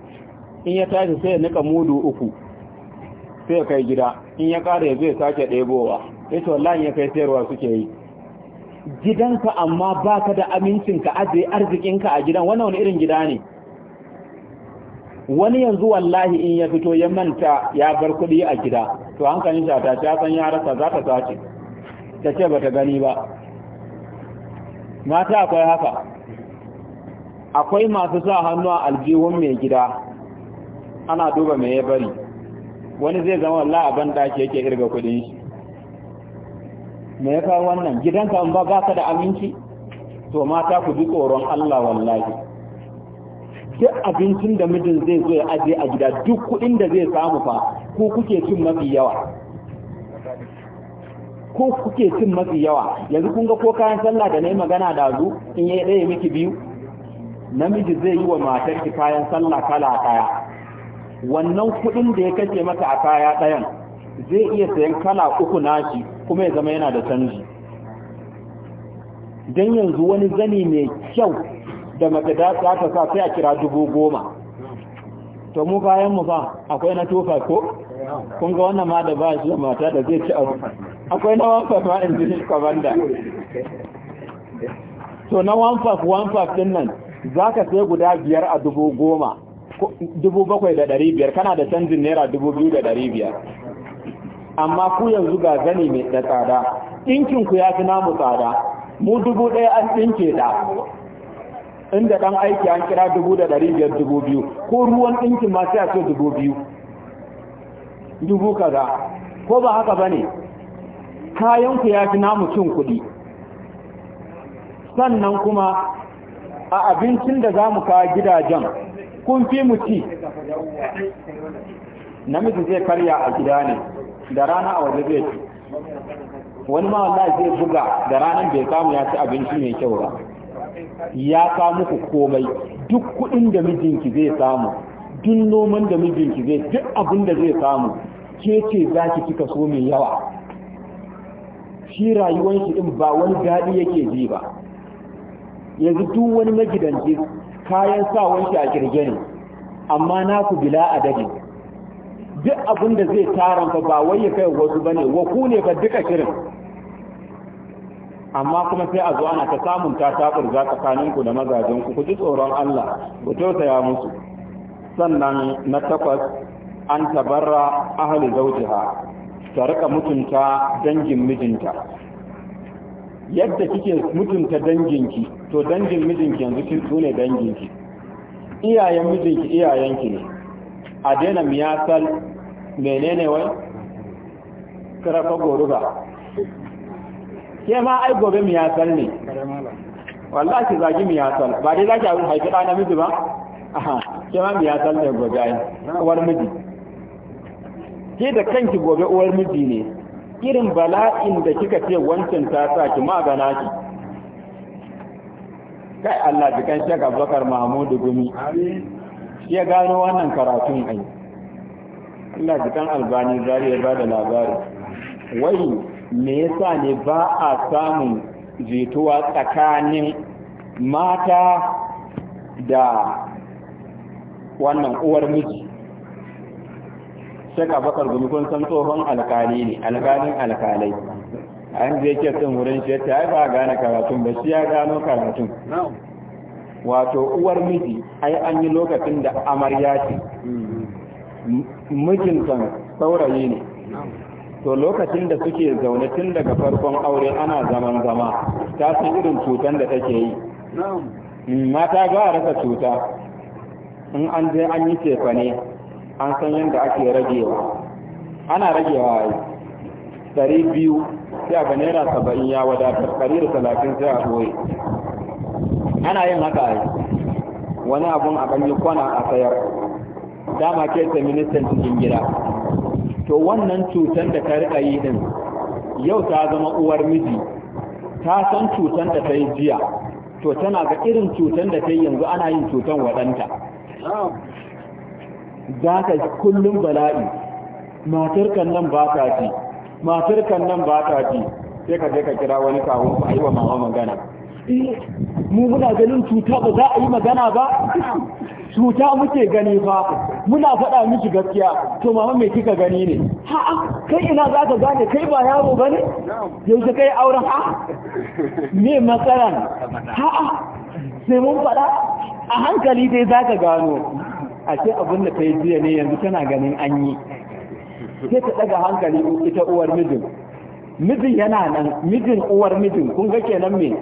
in ya tashi sai ya nika mudu uku sai ya kai gida in ya kare zai sake ɗebowa yace wallahi ya kai sayarwa suke yi gidanka amma ba ka da amincin ka ajiye arzikinka a gidan wannan wani irin gida ne wani yanzu wallahi in ya fito ya manta ya bar kuɗi a gida to hankalin shi ta ta san ya rasa za ta sace ta ce ba ta gani ba mata akwai haka akwai masu sa hannu a aljihun mai gida ana duba mai ya bari wani zai zama wallahi a ban daki yake irga kuɗin shi me ya kawo wannan gidanka ba ba ka da aminci to mata ku ji tsoron Allah wallahi duk abincin da mijin zai zo ya aje a gida duk kuɗin da zai samu fa ko kuke cin mafi yawa ko kuke cin mafi yawa yanzu kun ga ko kayan sallah da nayi magana da zu in yayi ɗaya miki biyu namiji zai yi wa matar ki kayan sallah kala kaya wannan kuɗin da ya kace mata a kaya ɗayan zai iya sayan kala uku nashi kuma ya zama yana da canji don yanzu wani zani mai kyau da mace za ta sa sai a kira dubu goma to mu bayan mu ba akwai na tofa ko kun ga wannan ma da ba shi da mata da zai ci abu akwai na wanfaf ma in ji kwamanda to na wanfaf wanfaf din nan za ka sai guda biyar a dubu goma dubu bakwai da ɗari biyar kana da canjin naira dubu biyu da ɗari biyar amma ku yanzu ga gani mai da tsada ɗinkin ku ya fi namu tsada mu dubu ɗaya an ɗinke ɗa inda ɗan aiki an kira dubu da ɗari biyar dubu biyu ko ruwan ɗinkin ma sai a ce dubu biyu dubu kaza ko ba haka ba ne kayan ku ya fi namu cin kuɗi sannan kuma a abincin da za mu kawo gidajen kun fi mu ci namiji zai karya a gida ne da rana a waje zai ci wani ma wallahi zai buga da ranar bai samu ya ci abinci mai kyau ba ya ka muku komai duk kuɗin da mijinki zai samu duk noman da mijinki zai duk abin da zai samu ke ce za ki kika so mai yawa shi rayuwar shi din ba wani daɗi yake ji ba yanzu duk wani magidanci kayan sawan shi a kirge ne amma ku bila adadin duk abin da zai tara fa ba wai ya kai wasu bane wa ku ne ba duka shirin amma kuma sai a zo ana ta samun ta taburza tsakanin ku da mazajen ku ku ji tsoron Allah ku tausaya musu sannan na takwas an tabarra ahli zaujiha, ta rika mutunta dangin mijinta yadda kike mutunta danginki to dangin mijinki yanzu kin sune danginki iyayen mijinki iyayenki ne a daina miyasal menene wai karafa goruba ke ma ai gobe mu ya san ne wallahi zagi mu ya san ba dai zaki abin haifi da namiji ba aha ke ma mu ya san ne gobe ai uwar miji ke da kanki gobe uwar miji ne irin bala'in da kika ce wancan ta sa ki magana ki kai Allah kan Sheikh Abubakar Mahmudu Gumi amin ya gano wannan karatun ai Allah jikan albani zari ya bada labari wai me yasa ne ba a samun jituwa tsakanin mata da wannan uwar miji shaka bakar kun san tsohon alkali ne alkalin alkalai an zai ke sun wurin shi ta ba gane karatun ba shi ya gano karatun wato uwar miji ai an yi lokacin da amarya ce mijinta saurayi ne to lokacin da suke zaune tun daga farkon aure ana zaman zama ta san irin cutan da take yi mm, mata ga a rasa cuta in an je an yi cefa ne an san yadda ake ragewa ana ragewa yi ɗari biyu sai a naira saba'in ya wadatar ɗari da talatin sai a ɓoye ana yin haka yi wani abun a ɗanyi kwana a sayar dama ke ta ministan cikin gida to wannan cutar da ka riƙa yi din yau ta zama uwar miji ta san cutar da ta yi jiya to tana ga irin cutar da ta yi yanzu ana yin cutar waɗanta za ka kullum bala'i matarkan nan ba ta ci matarkan nan ba ta ji sai ka je ka kira wani kawun ku a yi wa mama magana mu muna ganin cuta ba za a yi magana ba cuta muke gani fa muna faɗa miki gaskiya to mama mai kika gani ne ha kai ina za ka gane kai ba yaro ba ne? yaushe kai auren ha me matsalan ha sai mun faɗa a hankali dai za ka gano a ce abin da ta yi jiya ne yanzu tana ganin an yi sai ta ɗaga hankali ita uwar mijin mijin yana nan mijin uwar mijin kun ga kenan me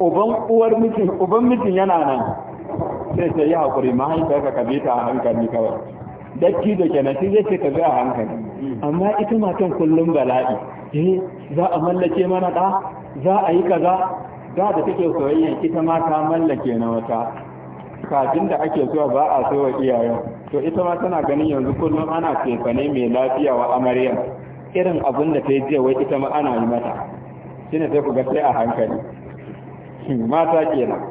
uban uwar mijin uban mijin yana nan sai sai ya hakuri mahaifiyarka ka bi ta a hankali kawai dakki da ke shi zai ce ka bi a hankali amma ita matan kullum bala'i eh za a mallake mana da za a yi kaza da da take soyayya ita ma ta mallake na wata kafin da ake so ba a so wa iyayen to ita ma tana ganin yanzu kullum ana ne mai lafiya wa amarya irin abin da ta yi jiya wai ita ma ana yi mata shine sai ku ga sai a hankali mata kenan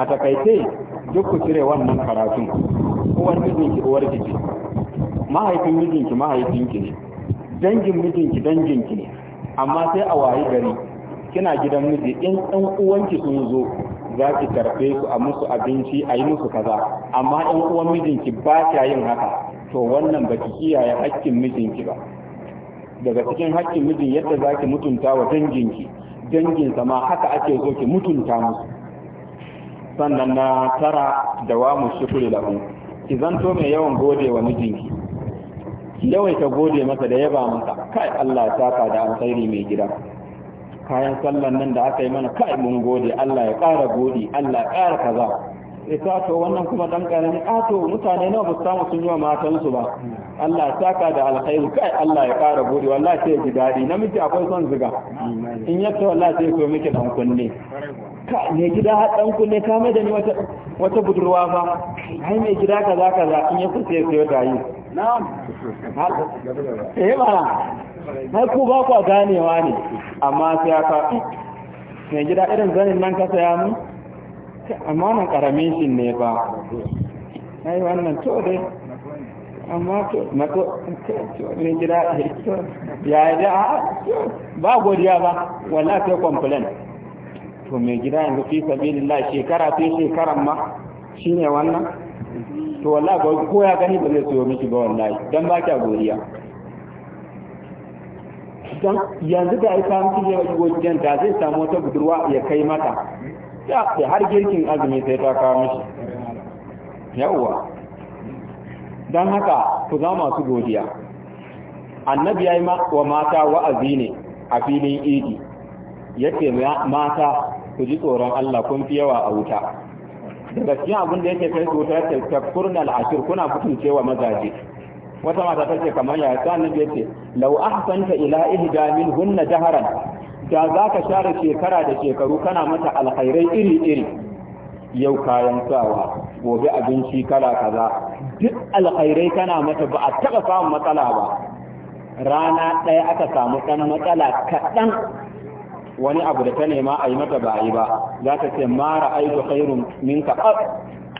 a takaice duk ku cire wannan karatun uwar mijinki uwar ki mahaifin mijinki mahaifinki ne dangin mijinki danginki ne amma sai a wayi gari kina gidan miji in ɗan uwanki sun zo za ki karfe su a musu abinci a yi musu kaza amma ɗan uwan mijinki ba kya yin haka to wannan ba ki kiyaye hakkin mijinki ba daga cikin hakkin mijin yadda za ki mutunta wa danginki danginsa sama haka ake so ki mutunta musu sannan na tara da wa mu shukuri lahu ki zanto mai yawan gode wa mijinki ki yawaita gode masa da yaba masa kai Allah ya saka da alkhairi mai gida kayan sallan nan da aka yi mana kai mun gode Allah ya ƙara gode Allah ya ƙara kaza ita to wannan kuma dan karamin to mutane nawa ba samu sun yi wa matansu ba Allah ya saka da alkhairu kai Allah ya kara gode wallahi sai ji dadi namiji akwai son ziga in ya to wallahi sai ko miki dan kunne ka ne gida har dan kunne ka mai da ni wata wata budurwa ba ai mai gida kaza kaza in ya kusa sai ta yi na'am eh ba har ku ba ku ganewa ne amma sai aka mai gida irin zanin nan ka saya mu amma nan ƙaramin shi ne ba na yi wannan to dai amma to na to ne gida a hito ya yi a ba godiya ba wala sai complain to mai gida yanzu fi sabilillah shekara sai shekaran ma shine wannan to wala ko ya gani ba zai soyo miki ba wallahi dan ba kya godiya yanzu da ai samu yi wajen da zai samu wata budurwa ya kai mata ya har girkin azumi sai ta kawo mishi yawwa don haka ku za masu godiya annabi ya yi wa mata wa'azi ne a filin idi yake mata ku ji tsoron Allah kun fi yawa a wuta da cikin abin da yake kai wuta ta tafkurna al'ashir kuna fitincewa mazaje wata mata take kamar ya sa annabi yace law ahsanta ila ihda hunna Jaharan. da za ka share shekara da shekaru kana mata alkhairai iri-iri yau kayan sawa gobe abinci kala kaza duk alkhairai kana mata ba a taɓa samun matsala ba rana ɗaya aka samu ɗan matsala kaɗan wani abu da ta nema a yi mata ba yi ba za ta ce mara aiku khairun minka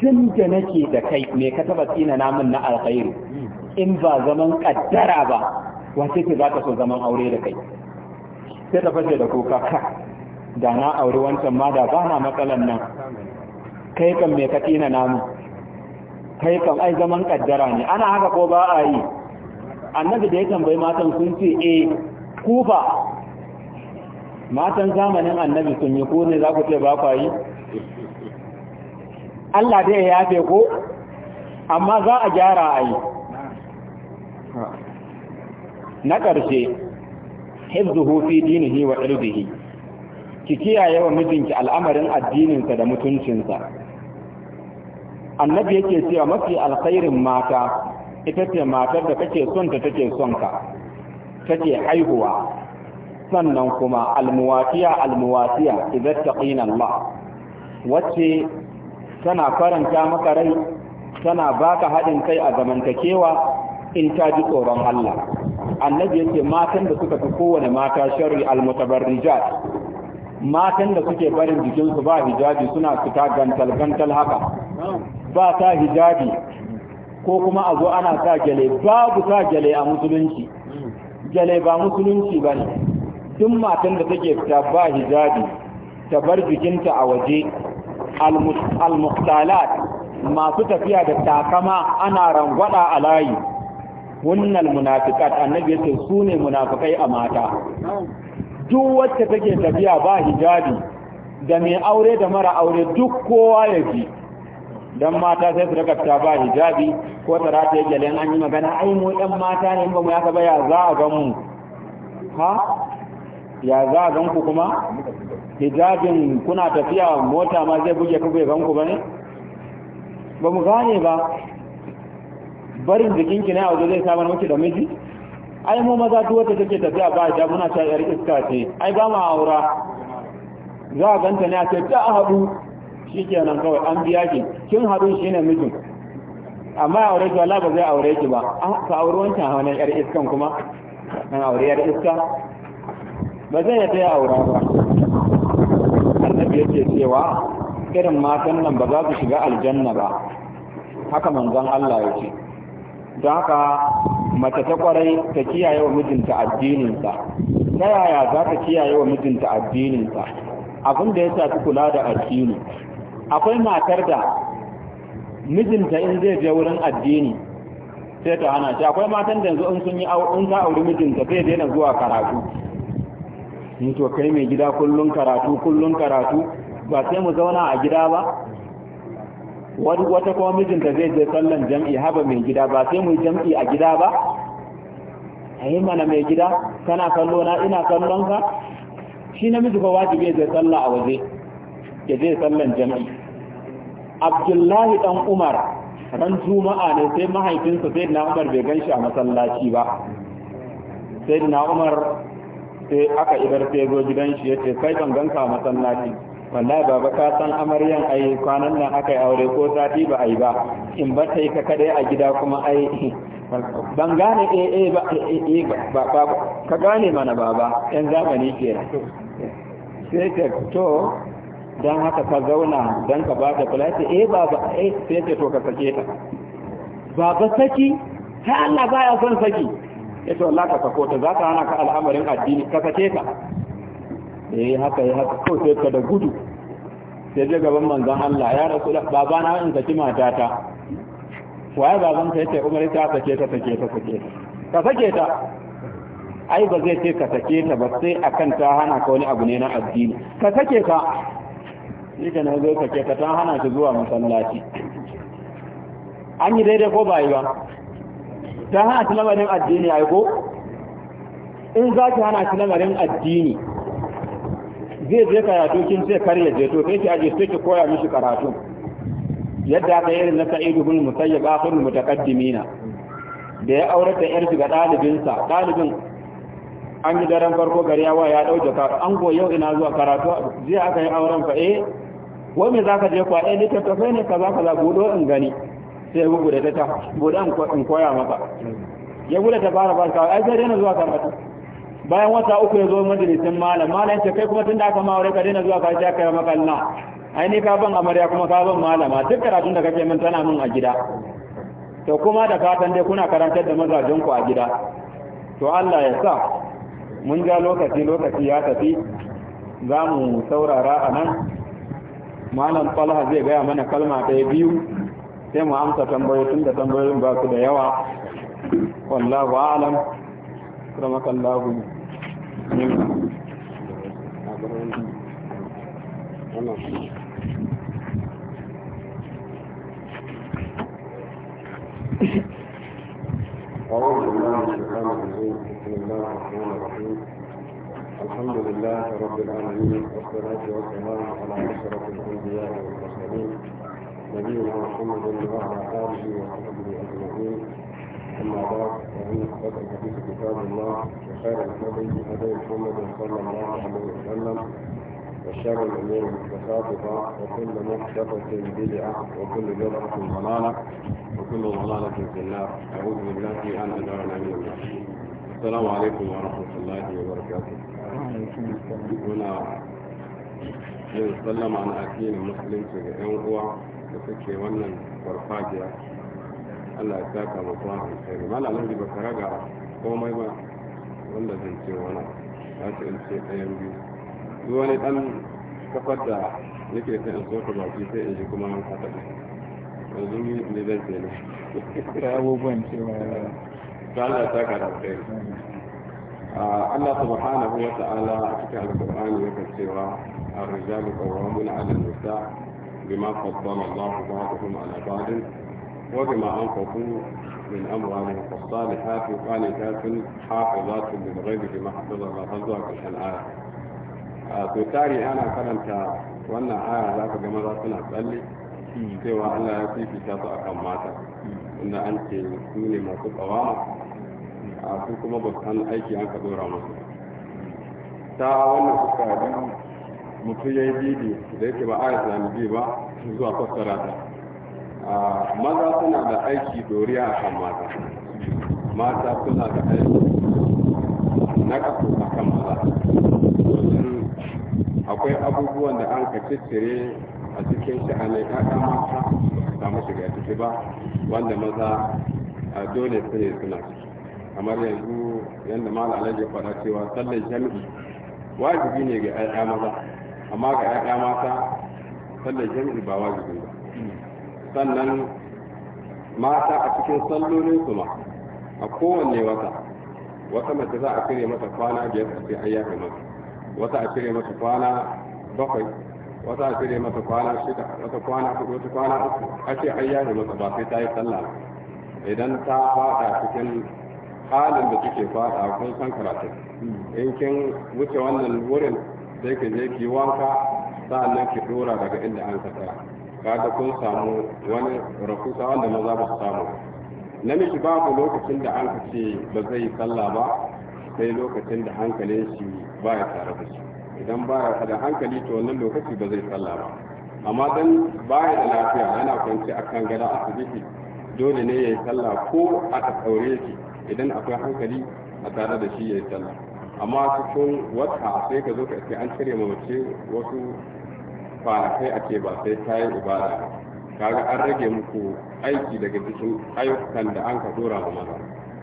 tun da nake da kai me ka taɓa tsina namun na alkhairu in ba zaman ƙaddara ba wace ce za ka so zaman aure da kai sai ta fashe da kuka ka da na auri wancan ma da ba na matsalan nan kai kan mai ka na namu kai kan ai zaman kaddara ne ana haka ko ba a yi annabi da ya tambayi matan sun ce e? Eh, kufa matan zamanin annabi sun yi ko ne za ku ce ba ku yi Allah dai ya yafe ko amma za a gyara a yi na ƙarshe hifzuhu fi dinihi wa irdihi ki kiyaye wa mijinki al'amarin addininsa da mutuncinsa annabi yake cewa mafi alkhairin mata ita ce matar da kake son ta take son ka take haihuwa sannan kuma almuwatiya almuwatiya idan taqina Allah wacce tana faranta maka rai tana baka haɗin kai a zamantakewa in ta ji tsoron Allah annabi yake matan da suka fi kowane mata sharri almutabarrijat matan da suke barin su ba hijabi suna fita gantal gantal haka ba sa hijabi ko kuma a zo ana sa gele. babu sa gele a musulunci Gele ba musulunci ba ne duk matan da take fita ba hijabi ta bar jikinta a waje almuhtalat masu tafiya da takama ana rangwada a layi hunnal munafiqat annabi yace su ne munafikai a mata duk wacce take tafiya ba hijabi da mai aure da mara aure duk kowa ya ji dan mata sai su rakata ba hijabi ko tara ta yake an yi magana ai mu ɗan mata ne ba mu ya ba ya za a gan mu ha ya za a gan kuma hijabin kuna tafiya mota ma zai buge ku bai gan ku ba mu gane ba barin jikinki na waje zai samar miki da miji ai mu maza duk wata take tafiya ba ja muna ta yar iska ce ai ba mu aura za a ganta ne a ce ta haɗu shikenan kawai an biya ki kin haɗu shine mijin amma ya aure ki wallahi ba zai aure ki ba ah, ka aure wancan hawan yar iskan kuma an aure yar iska ba zai ya ta aura ba annabi yake cewa irin matan nan ba za su shiga aljanna ba haka manzon Allah ya ce don haka mace ta kwarai ta kiyaye wa mijinta addininsa ta yaya za ta kiyaye wa mijinta addininsa abin da ya shafi kula da addini akwai matar da mijinta in zai je wurin addini sai ta hana shi akwai matan da yanzu in sun yi in ta auri mijinta zai daina zuwa karatu ni to kai mai gida kullun karatu kullun karatu ba sai mu zauna a gida ba wata kuma mijinta zai je sallan jam'i haba mai gida ba sai mu jam'i a gida ba ayi mana mai gida kana kallo na ina kallon ka shi namiji fa wajibi zai salla a waje ya je sallan jam'i Abdullahi dan Umar ran juma'a ne sai mahaifinsa sai na Umar bai ganshi a masallaci ba sai na Umar sai aka idar sai gidan shi yace kai ban ganka a masallaci wallahi baba ka san amaryan ai kwanan nan aka yi aure ko sati ba ai ba in ba ta yi ka kadai a gida kuma ai ban gane eh eh, eh eh ba ba ba ka gane mana baba yan zamani ke sai ta to dan haka ka zauna dan ka ba ta kula eh baba eh sai ta to ka sake ta baba saki sai Allah baya son saki to Allah ka sako ta zaka hana ka al'amarin addini ka sake ta da ya yi haka ya eh, haka kawai sai ka da gudu sai ga gaban manzon Allah ya rasu da baba na in saki matata waye baban ka yace Umar ta sake ta sake ta sake ta ka sake ta ai ba zai ce ka sake ta ba sai akan ta hana ka wani abu ne na addini ka sake ka ni da na zo sake ka ta hana ka zuwa masallaci an yi daidai ko ba yi ba ta hana shi lamarin addini ai ko in za ki hana shi lamarin addini zai je karatu kin ce kar ya je to sai ki aje sai ki koya mishi karatu yadda aka yi na sa'idu bin musayyib akhirul mutaqaddimina da ya aure da yar ga dalibin sa dalibin an yi daren farko gari yawa ya dauke ka an go yau ina zuwa karatu zai aka yi auren fa eh wai me zaka je kwa eh tafai ne kaza kaza gudo in gani sai bugu da ta ta ko in koya maka ya bude ta fara ba ka ai sai dai na zuwa karatu bayan wata uku ya zo majalisin malam malam ce kai kuma tun da aka mawar ka daina zuwa kashi aka yi makalla ai ni ka ban amarya kuma ka ban malama duk karatun da kake min tana min a gida to kuma da fatan dai kuna karantar da mazajen ku a gida to Allah ya sa mun ga lokaci lokaci ya tafi za mu saurara a nan malam falha zai gaya mana kalma ɗaya biyu sai mu amsa tambayoyin da tambayoyin ba su da yawa wallahu a'lam رمك الله أعوذ بالله من الشيطان الرجيم بسم الله الرحمن الرحيم الحمد لله رب العالمين والصلاة والسلام على أشرف الأنبياء والمرسلين نبينا محمد وعلى آله وصحبه أما بعد فإن أصدق الحديث كتاب الله وخير الهدي هدي محمد صلى الله عليه وسلم وشر الأمور محدثاتها وكل محدثة بدعة وكل بدعة ضلالة وكل ضلالة في النار أعوذ بالله أن أدعو من السلام عليكم ورحمة الله وبركاته هنا نتكلم عن أكيد المسلم في الأنقوى وفكي ونن والفاجئة Allah ya saka mu kuma alkhairi malamin da baka raga komai ba wanda zan ce wani za ta in ce ɗayan biyu duk wani ɗan kafar da yake ta in soka baki sai in ji kuma an kata ne yanzu ni ne zan ce ne ta abubuwan ce ma ta Allah ya saka da alheri Allah subhanahu wa ta'ala a cikin alkur'ani yake cewa الرجال 'ala an النساء bima faddala Allahu ba'dahum 'ala بعض وبما أنفقوا من أموالهم فالصالحات قانتات حافظات للغيب بما حفظ الله عز وجل الآية to tare ana karanta wannan aya za ka ga maza suna tsalle cewa Allah ya fifita su akan mata inda an ce su ne masu tsawama a su kuma ba san aiki an ka dora musu ta wannan mutum ya yi da yake ba aya ba zuwa fassara maza suna da aiki doriya a kan mata mata suna da aiki na kasu a kan maza akwai abubuwan da an ka ciccire a cikin mai kaka mata samu shiga ciki ba wanda maza dole su ne suna kamar yanzu yadda mala alaji fara cewa sallan jami'i wajibi ne ga 'ya'ya maza amma ga 'ya'ya mata sallan jami'i ba wajibi sannan mata a cikin sallolin su ma a kowanne wata wata mace za a cire mata kwana biyar a ce ayyafi mata wata a cire mata kwana bakwai wata a cire mata kwana shida wata kwana hudu wata kwana uku a ce ayyafi mata ba sai ta yi sallah idan ta fada cikin halin da take fada kun san karatu in kin wuce wannan wurin sai ki je ki wanka sa'annan ki dora daga inda an ka tsaya kaga kun samu wani rakusa wanda maza ba su samu namiji babu lokacin da an ce ba zai yi sallah ba sai lokacin da hankalin shi ba ya tare da shi idan ba ya da hankali to wannan lokaci ba zai sallah ba amma dan ba ya da lafiya yana kwanci kan gada asibiti dole ne ya yi sallah ko a tsaure shi idan akwai hankali a tare da shi ya yi sallah amma cikin wata sai ka zo ka ce an cire mace wasu kwanakai a ce ba sai kayan ibada kaga an rage muku aiki daga cikin ayyukan da an ka dora wa maza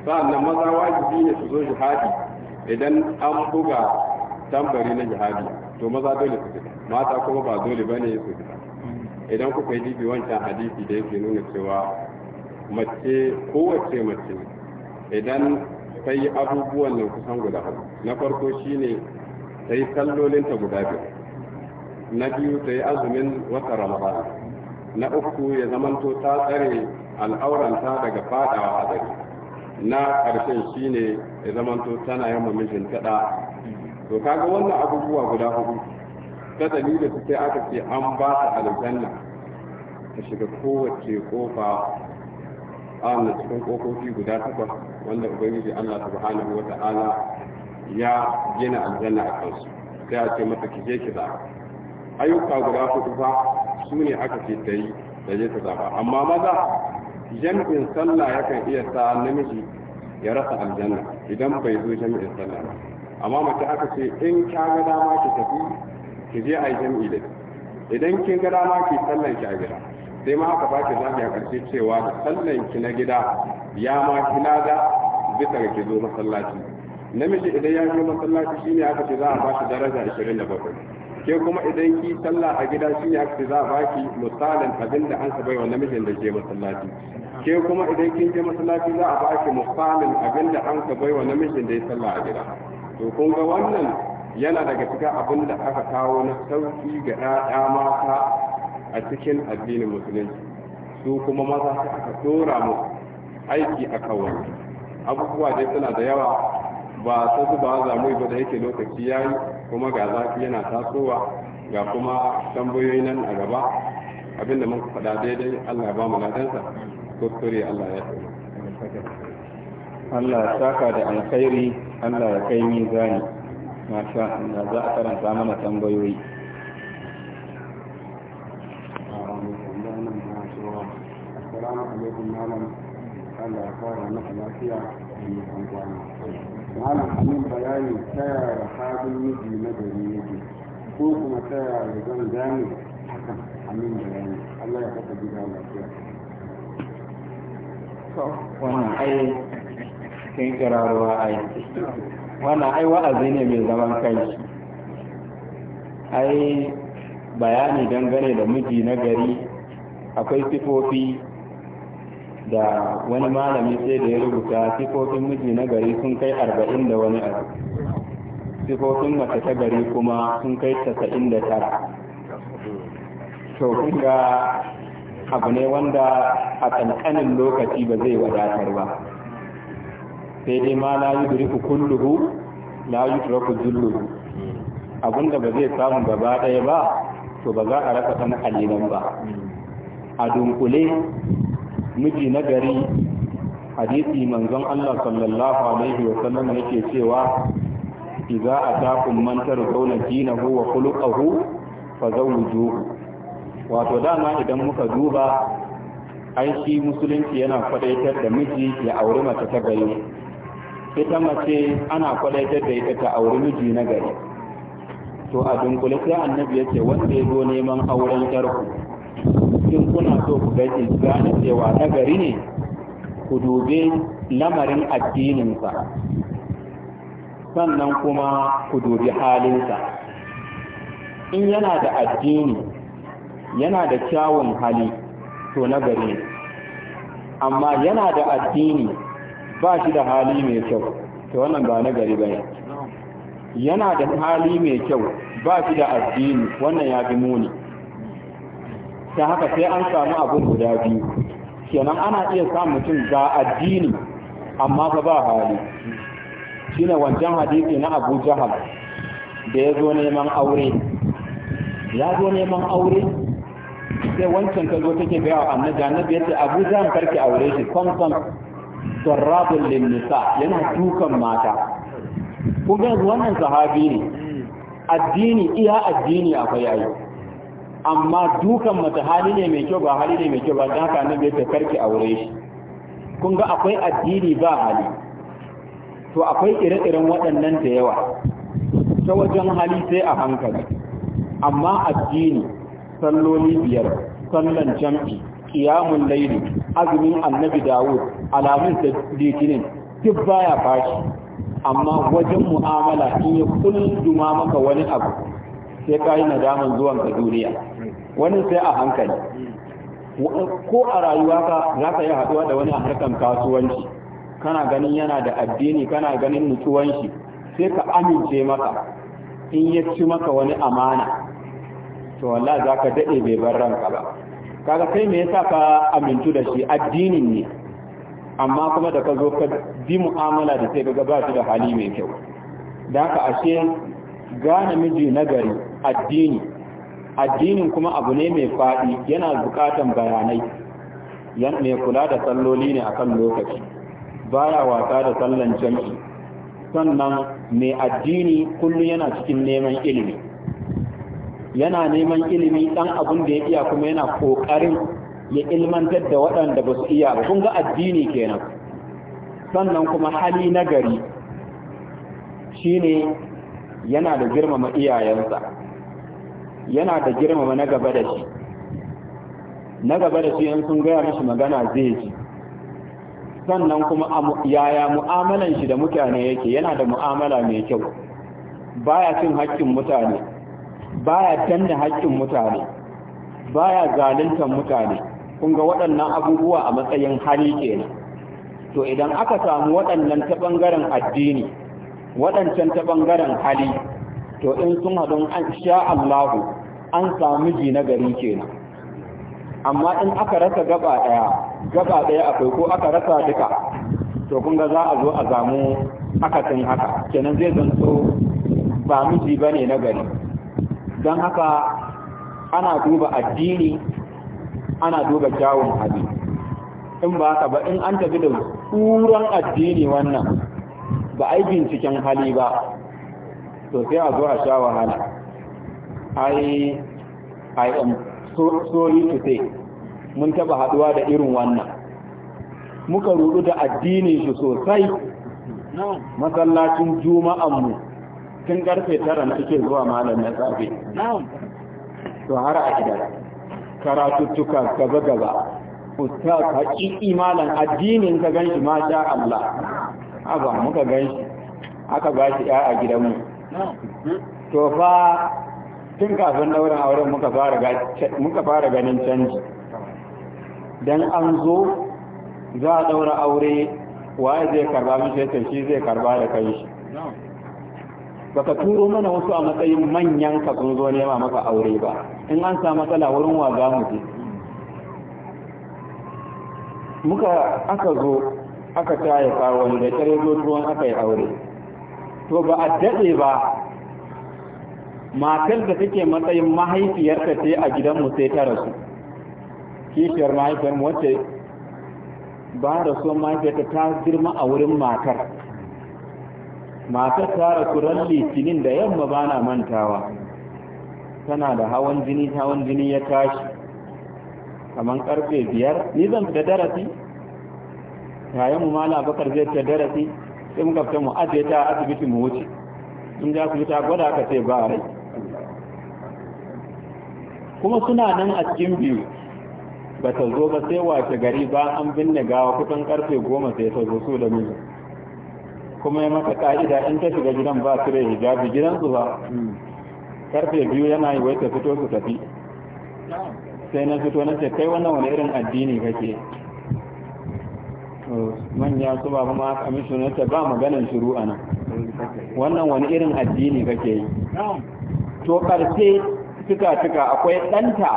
sa'annan maza wajibi ne su zo jihadi idan an buga tambari na jihadi to maza dole su fita mata kuma ba dole bane su fita idan kuka yi dibi wancan hadisi da yake nuna cewa mace kowace mace idan ta yi abubuwan nan kusan guda hudu na farko shine ta yi sallolinta guda biyu na biyu ta yi azumin wata ramadan na uku ya zamanto ta tsare al'auranta daga fadawa dare na ƙarshen shine ya zamanto tana yin mijin taɗa to kaga wannan abubuwa guda hudu ta dalilin su sai aka ce an ba ta aljanna ta shiga kowace kofa a cikin kofofi guda takwas wanda ubangiji Allah subhanahu wa ta'ala ya gina aljanna a kansu sai a ce mata ki je ki za ayyuka guda hudu fa su ne aka ce ta yi da je ta zaba amma maza jami'in sallah ya kan iya sa namiji ya rasa aljanna idan bai zo jami'in sallah ba amma mace aka ce in ka ga dama ki tafi ki je a yi jami'i da idan kin ga dama ki sallan ki a gida sai ma aka baki zafi a ƙarshe cewa da sallan ki na gida ya ma ki ga bisa ga ki zo masallaci namiji idan ya zo masallaci shine aka ce za a ba shi daraja 27 ke kuma idan ki sallah a gida shi ya aka za a baki misalin abin da an sabai wa namijin da ke masallaci ke kuma idan kin je masallaci za a baki misalin abin da an sabai wa namijin da ya sallah a gida to kun ga wannan yana daga cikin abin da aka kawo na sauki ga ɗaya mata a cikin addinin musulunci su kuma maza aka tora mu aiki akan wani abubuwa dai suna da yawa ba sai su ba za mu ba da yake lokaci ya yi kuma ga zafi yana tasowa ga kuma tambayoyi nan a gaba abinda mun faɗa daidai Allah ya ba mu ladansa kuskure Allah ya tsoro Allah ya saka da alkhairi Allah ya kai mizani masha Allah za a karanta mana tambayoyi Assalamu alaikum malam Allah ya fara maka lafiya da mai amfani. malam amin bayani ta yaya halin miji na gari yake ko kuma ta yaya zan gane hakan amin bayani Allah ya kafa gida lafiya wannan ai kin kiraruwa ai wannan ai wa'azi ne mai zaman kai ai bayani dangane da miji na gari akwai sifofi da wani malami sai da ya rubuta sifofin miji na gari sun kai arba'in da wani abu sifofin mace ta gari kuma sun kai tasa'in da tara to kun ga abu ne wanda a kankanin lokaci ba zai wadatar ba sai dai ma na yi duriku kulluhu na yi turaku zullu abinda ba zai samu gaba ɗaya ba to ba za a rasa ɗan kalilan ba a dunkule miji na hadisi manzon Allah sallallahu alaihi wa sallam yake cewa idza atakum man tarzauna dinahu wa khuluquhu fazawwijuhu wato dama idan muka duba ai shi musulunci yana fadaitar da miji ya auri mace ta gari ita mace ana fadaitar da ita ta auri miji na gari to a dunkule sai annabi yace wanda ya zo neman auren yarku in kuna so ku gaji gane cewa nagari ne ku dube lamarin addininsa sannan kuma ku dubi halinsa in yana da addini yana da kyawun hali to nagari ne amma yana da addini ba shi da hali mai kyau to wannan ba nagari ba yana da hali mai kyau ba shi da addini wannan ya fi muni ta haka sai an samu abin guda biyu kenan ana iya samun mutum ga addini amma fa ba hali shine wancan hadisi na Abu Jahal da ya zo neman aure ya zo neman aure sai wancan ta zo take gaya annabi annabi yace Abu Jahal karki aure shi kwamfam sarrabul linnisa yana dukan mata kun ga wannan sahabi ne addini iya addini akwai ayi amma dukan mata hali ne mai kyau ba hali ne mai kyau ba don haka bai ya karki aure shi kun ga akwai addini ba hali to akwai ire-iren waɗannan da yawa ta wajen hali sai a hankali amma addini salloli biyar sallan jam'i kiyamun laili azumin annabi dawud alamun da litinin duk baya fashi amma wajen mu'amala in ya kullum maka wani abu sai ka yi nadaman zuwan ka duniya wani sai a hankali ko a rayuwa ka za ka yi haɗuwa da wani a harkar kasuwanci kana ganin yana da addini kana ganin nutsuwan sai ka amince maka in ya ci maka wani amana to wallah za ka daɗe bai bar ranka ba kaga kai me yasa ka amintu da shi addinin ne amma kuma da ka zo ka bi mu'amala da sai ga ba shi da hali mai kyau da haka ashe gane miji nagari addini addinin kuma abu ne mai faɗi yana bukatan bayanai mai kula da salloli ne akan lokaci baya wasa da sallan jam'i sannan mai addini kullum yana cikin neman ilimi yana neman ilimi dan abun da ya iya kuma yana kokarin ya ilmantar da waɗanda ba su iya ba kun ga addini kenan sannan kuma hali nagari shine yana da girmama iyayensa yana da girmama na gaba da shi na gaba da shi in sun gaya mishi magana zai ji sannan kuma yaya mu'amalan shi da mutane yake yana da mu'amala mai kyau baya cin haƙƙin mutane baya canza haƙƙin mutane baya zaluntar mutane kun ga waɗannan abubuwa a matsayin hali kenan to idan aka samu waɗannan ta ɓangaren addini waɗancan ta ɓangaren hali to in sun haɗu an sha Allah an samu ji na gari kenan amma in aka rasa gaba ɗaya gaba ɗaya akwai ko aka rasa duka to kun ga za a zo a samu akasin haka kenan zai zanto ba miji ba ne na gari don haka ana duba addini ana duba kyawun hadi in ba haka ba in an tafi da tsuron addini wannan ba aibin cikin hali ba to sai a zo a sha wahala ai ai am sorry to say mun taba haduwa da irin wannan muka rudu da addinin shi sosai masallacin juma'an mu tun karfe tara na ake zuwa malam na safe to har a gida karatuttuka gaba gaba usta haƙiƙi malam addinin ka ganshi ma sha Allah haba muka ganshi aka ba shi ya a gidanmu to fa tun kafin daurin auren muka fara ganin canji don an zo za a daura aure waye zai karba mishi shi zai karba da kai shi baka turo mana wasu a matsayin manyan ka sun zo nema maka aure ba in an sa matsala wurin wa za mu je muka aka zo aka ta kawo wani da kare zo tuwon aka yi aure to ba a daɗe ba matar da take matsayin mahaifiyarta ce a gidanmu sai ta rasu kishiyar mahaifiyarmu wacce ba da so mahaifiyarta ta girma a wurin matar matar ta rasu ran litinin da yamma ba na mantawa tana da hawan jini hawan jini ya tashi kamar karfe biyar ni zan fita darasi yayin mu mala bakar zai fita darasi sai muka fita mu ajiye ta asibiti mu wuce in ja su ta gwada ka sai ba rai kuma suna nan a cikin biyu ba ta zo ba sai wace gari ba an binne gawa kusan karfe goma sai ta zo su da miji kuma ya maka ka'ida in ta shiga gidan ba su rai hijabi gidan su ba karfe biyu yana yi wai ta fito su tafi sai na fito na ce kai wannan wani irin addini kake manya su ba kuma ce ba maganan shiru a nan wannan wani irin addini kake yi to karfe tuka-tuka akwai ɗanta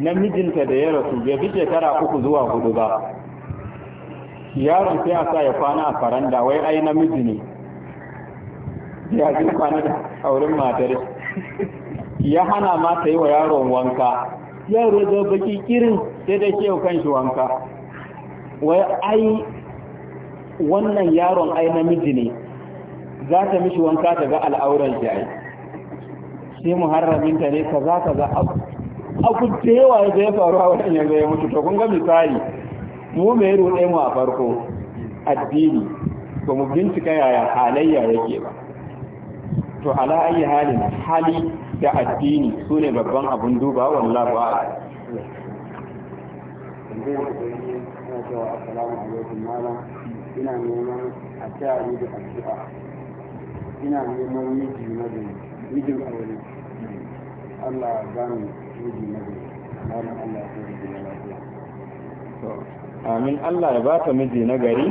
namijinta da ya rasu bai fi shekara uku zuwa hudu ba yaron sai a sa ya kwana a faranda wai ai namiji ne ya ji kwana da auren matar ya hana ma ta yi wa yaron wanka yaro da baki irin sai da ke kan shi wanka wai ai wannan yaron ai namiji ne za ta mishi wanka ta ga al'auran shi ai sai ta ne ka za ka ga abu da yawa ya zai faru a wannan yanzu ya mutu to kun ga misali mu mai ruɗe mu a farko addini ba mu bincika yaya halayya yake ba to ala ayi halin hali da addini su ne babban abin duba wallahu cewa assalamu alaikum malam ina neman a taya da addu'a ina neman miji madani mijin aure Allah ya mu miji madani malam Allah ya kare da lafiya amin Allah ya bata miji na gari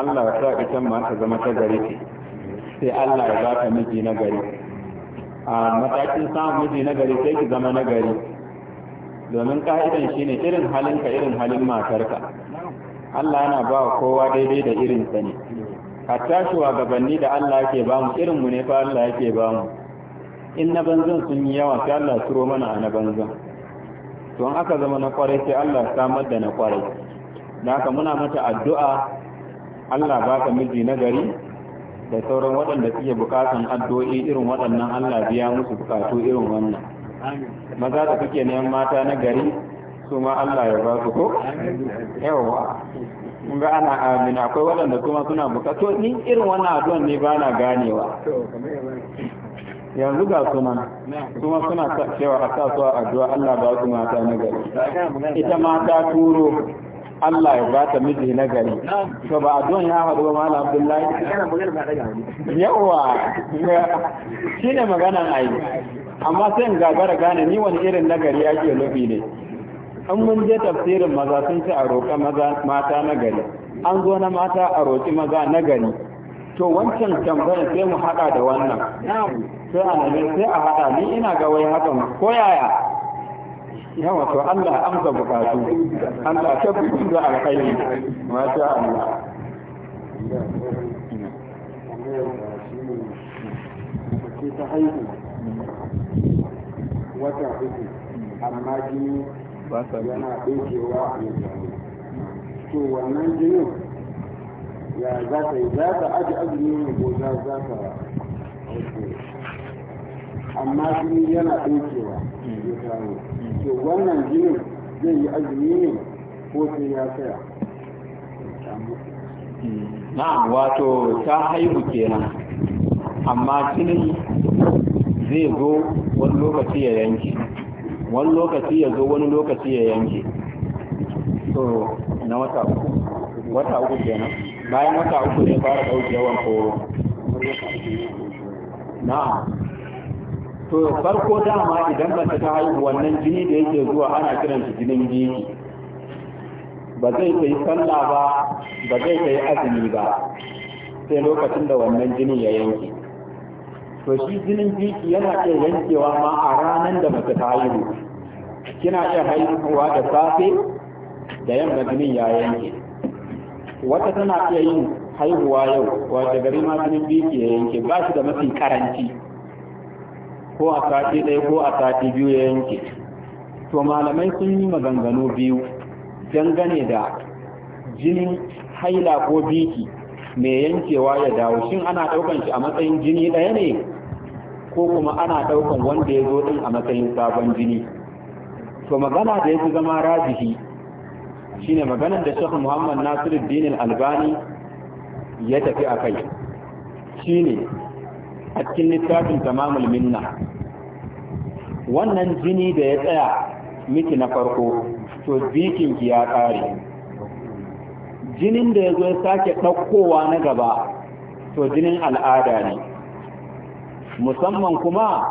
Allah ya sa ita ma ta zama ta gari ce sai Allah ya bata miji na gari a matakin samun miji na gari sai ki zama na gari domin ka'idan ne irin halinka irin halin matarka Allah yana ba kowa daidai da irin sa ne wa gabanni da Allah yake ba mu irin mu ne fa Allah yake ba mu in na banzan sun yi yawa sai Allah turo mana a na banzan to an aka zama na kwarai sai Allah samar da na kwarai da haka muna mata addu'a Allah baka miji na gari da sauran waɗanda suke bukatan addu'o'i irin waɗannan Allah biya musu bukatu irin wannan maza da suke neman mata na gari su ma Allah ya ba su ko yawa mun ga ana amin akwai waɗanda kuma suna bukato ni irin wannan addu'an ne ba na ganewa yanzu ga sunan kuma suna cewa a sa su addu'a Allah ba su mata na gari ita mata turo Allah ya bata miji na gari to ba addu'an ya haɗu ba malam Abdullahi yawa shine maganan ayi amma sai in gagara gane ni wani irin nagari ake nufi ne in mun je tafsirin maza sun ci a roƙa maza mata nagari an zo na mata a roƙi maza nagari to wancan tambayar sai mu haɗa da wannan sai a nan sai a haɗa ni ina ga wai hakan ko yaya yawa to Allah amsa bukatu Allah ta fi da alkhairi masha Allah ta haihu wata uku amma jini yana ɗaukewa a mutane to wannan jinin ya za ka yi za ka aji azumi ne ko za za ta amma jini yana ɗaukewa ya samu to wannan jinin zai yi azumi ne ko sai ya tsaya na'am wato ta haihu kenan amma jini zai zo wani lokaci ya yanke wani lokaci ya zo wani lokaci ya yanke so na wata uku wata uku kenan bayan wata uku ne fara ɗauke yawan koro na to farko dama idan ba ta haihu wannan jini da yake zuwa ana kiran shi jinin jini ba zai kai sallah ba ba zai kai azumi ba sai lokacin da wannan jini ya yanke to shi jinin jiki yana iya yankewa ma a ranar da mace ta haihu kina iya haihuwa da safe da yamma jinin ya yanke wata tana iya yin haihuwa yau wace gari ma jinin jiki ya yanke ba shi da mafi karanci ko a sati ɗaya ko a sati biyu ya yanke to malamai sun yi maganganu biyu dangane da jinin haila ko biki mai yankewa ya dawo shin ana ɗaukan shi a matsayin jini ɗaya ne ko kuma ana ɗaukan wanda ya zo ɗin a matsayin sabon jini to magana da ya fi zama rajihi shine maganar da Sheikh Muhammad Nasiruddin Al-Albani ya tafi a kai shine a cikin littafin Tamamul Minna wannan jini da ya tsaya miki na farko to bikin ki ya ƙare jinin da ya zo sake ɗaukowa na gaba to jinin al'ada ne musamman kuma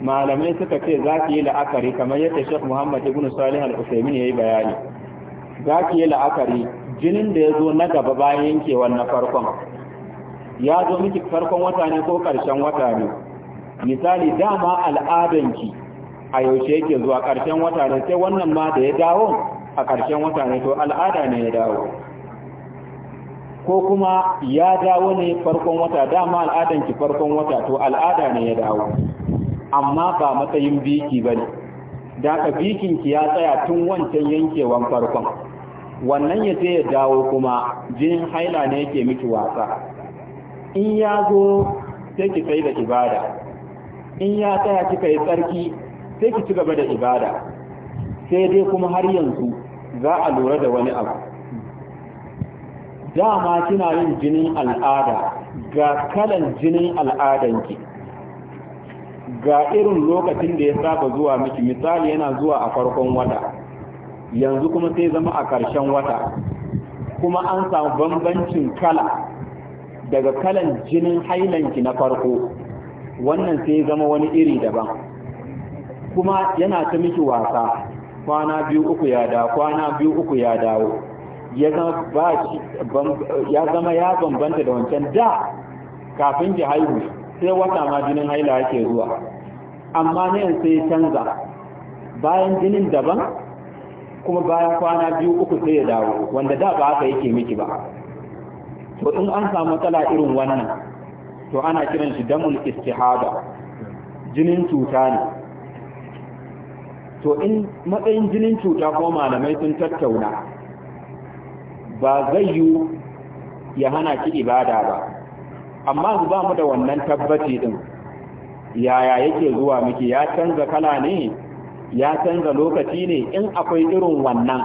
malamai suka ce za ki yi la'akari kamar yadda shek Muhammad Ibn Salih Al-Usaimin yi bayani za ki yi la'akari jinin da ya zo na gaba bayan yankewar na farkon ya zo miki farkon wata ne ko karshen wata ne misali dama al'adanki a yaushe yake zuwa karshen wata ne sai wannan ma da ya dawo a karshen wata ne to al'ada ne ya dawo ko kuma ya dawo ne farkon wata dama al'adan ki farkon wata to al'ada ne ya dawo amma ba matsayin biki bane da ka bikin ki ya tsaya tun wancan yankewan farkon wannan ya je ya dawo kuma jinin haila ne yake miki wasa in ya zo sai ki sai da ibada in ya tsaya kika yi tsarki sai ki ci gaba da ibada sai dai kuma har yanzu za a lura da wani abu dama kina yin jinin al'ada ga kalan jinin al'adanki ga irin lokacin da ya saba zuwa miki misali yana zuwa a farkon wata yanzu kuma sai zama a ƙarshen wata kuma an samu bambancin kala daga kalan jinin hailanki na farko wannan sai zama wani iri daban kuma yana ta miki wasa kwana biyu uku ya dawo kwana biyu uku ya dawo ya zama ya banbanta ya bambanta da wancan da kafin ki haihu sai wata ma jinin haila yake zuwa amma ne sai ya canza bayan jinin daban kuma bayan kwana biyu uku sai ya dawo wanda da ba haka yake miki ba to in an samu matsala irin wannan to ana kiran shi damul istihada jinin cuta ne to in matsayin jinin cuta ko malamai sun tattauna ba zai yi ya hana ki ibada ba amma ba mu da wannan tabbaci din yaya yake zuwa miki ya canza kala ne ya canza lokaci ne in akwai irin wannan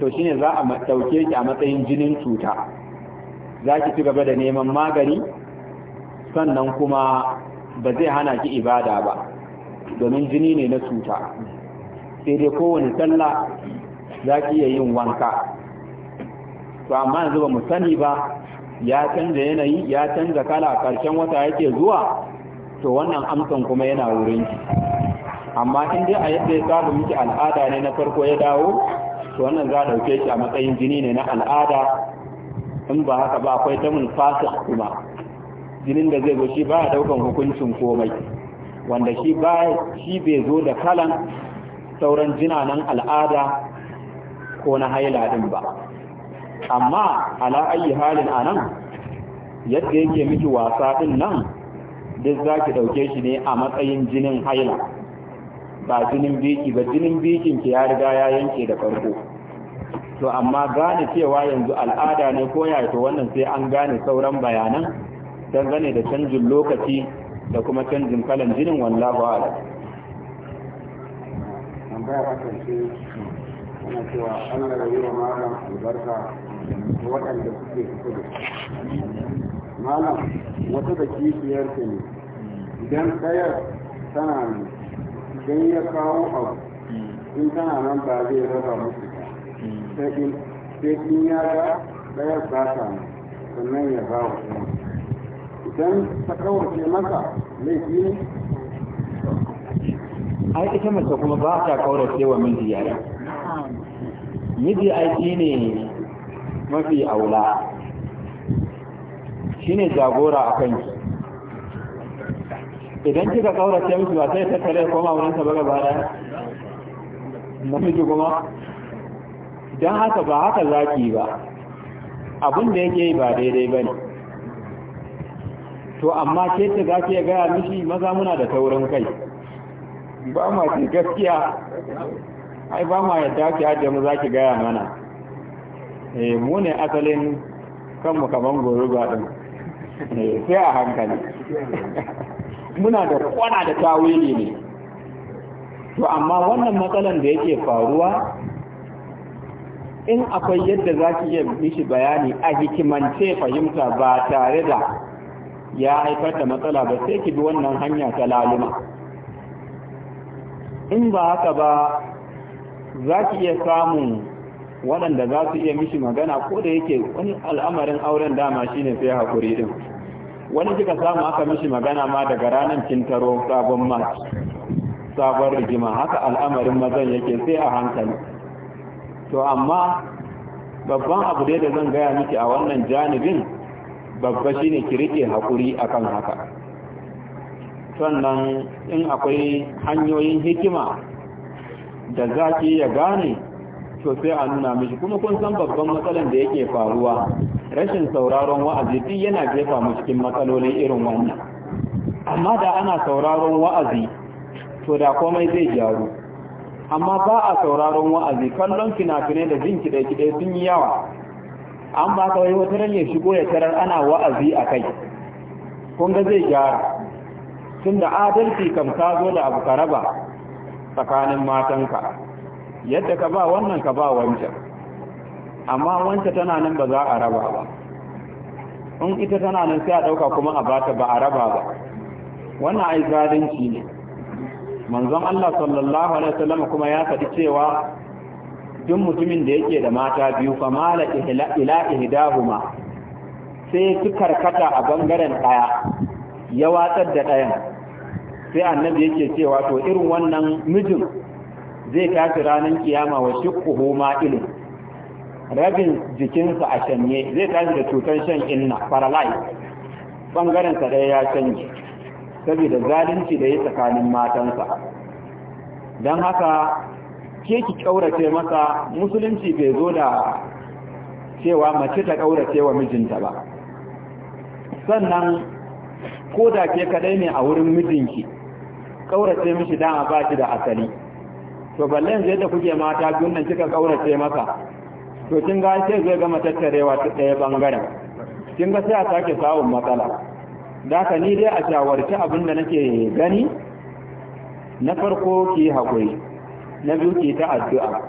to shine za a dauke ki a matsayin jinin cuta za ki ci gaba da neman magani sannan kuma ba zai hana ki ibada ba domin jini ne na cuta sai dai kowane sallah za ki iya yin wanka to amma yanzu ba mu sani ba ya canza yanayi ya canza kala karshen wata yake zuwa to wannan amsan kuma yana wurin ki amma in dai a yadda ya saba miki al'ada ne na farko ya dawo to wannan za a dauke shi a matsayin jini ne na al'ada in ba haka ba akwai ta fasa kuma jinin da zai zo shi ba daukan hukuncin komai wanda shi ba shi bai zo da kalan sauran jinanan al'ada ko na haila din ba amma ala ayi halin anan yadda yake miki wasa din nan duk za ki ɗauke shi ne a matsayin jinin haila ba jinin biki ba jinin bikin ki ya riga ya yanke da farko to amma gane cewa yanzu al'ada ne ko ya to wannan sai an gane sauran bayanan dangane da canjin lokaci da kuma canjin kalan jinin wallahu Amma ba ta karshe ana cewa ana ya malam albarka waɗanda suke fito da malam wata da kishiyar ta ne idan ɗayar tana ne idan ya kawo abu in tana nan ba zai raba musu ba sai in ya ga ɗayar ba ta nan sannan ya ba wa idan ta kawace masa laifi ne ai ita mace kuma ba ta kaurace wa miji yayi miji aiki ne mafi aula ne jagora a kanki idan kika kaurace miki ba sai tattare kare koma wurin ba baga na namiji kuma don haka ba haka zaki ba abin da yake yi ba daidai ba ne to amma ke ce za ki gaya mishi maza muna da taurin kai ba ma ce gaskiya ai ba ma yadda ki mu za ki gaya mana Eh, mu ne asalin kanmu kaman goruba din eh, sai a hankali muna da kwana da tawili ne to amma wannan matsalan da yake faruwa in akwai yadda za ki iya mishi bayani a hikimance fahimta ba tare da ya haifar da matsala ba sai ki bi wannan hanya ta laluma in ba haka ba za ki iya samun waɗanda za su iya mishi magana ko da yake wani al'amarin auren dama shine sai hakuri din wani kika samu aka mishi magana ma daga ranar kintaro sabon mat sabon rigima haka al'amarin mazan yake sai a hankali to amma babban abu dai da zan gaya miki a wannan janibin babba shine ki rike hakuri kan haka sannan in akwai hanyoyin hikima da zaki ya gane to a nuna mishi kuma kun san babban matsalan da yake faruwa rashin sauraron wa'azi duk yana jefa mu cikin matsalolin irin wannan amma da ana sauraron wa'azi to da komai zai gyaru amma ba a sauraron wa'azi kallon fina-finai da jin kiɗe-kiɗe sun yi yawa an ba kawai wata ran ya shigo ya tarar ana wa'azi a kai kun ga zai gyara Tunda adalci kam ta zo da abu ka raba tsakanin matanka yadda ka ba wannan ka ba wancan amma wancan tana nan ba za a raba ba in ita tana nan sai a ɗauka kuma a bata ba a raba ba wannan ai zalunci ne manzon Allah sallallahu alaihi wasallam kuma ya faɗi cewa duk mutumin da yake da mata biyu fa mala ila ihdahuma sai su karkata a bangaren daya ya watsar da ɗayan sai annabi yake cewa to irin wannan mijin zai tashi ranar kiyama wa ma ma'ilun rabin jikinsa a shanye zai tashi da cutar shan inna paralyzed bangaren sa ɗaya ya canje saboda zalunci da ya tsakanin matansa don haka ke ki ƙaurace masa musulunci bai zo da cewa mace ta ƙaurace wa mijinta ba sannan ko da ke kadai ne a wurin mijinki ƙaurace mishi dan a ba shi da asali to balle yanzu yadda kuke mata biyun nan kika kaurace masa to kin ga sai zai gama tattarewa ta ɗaya bangaren kin ga sai a sake samun matsala da ka ni dai a shawarci abin da nake gani na farko ki haƙuri na biyu ki ta addu'a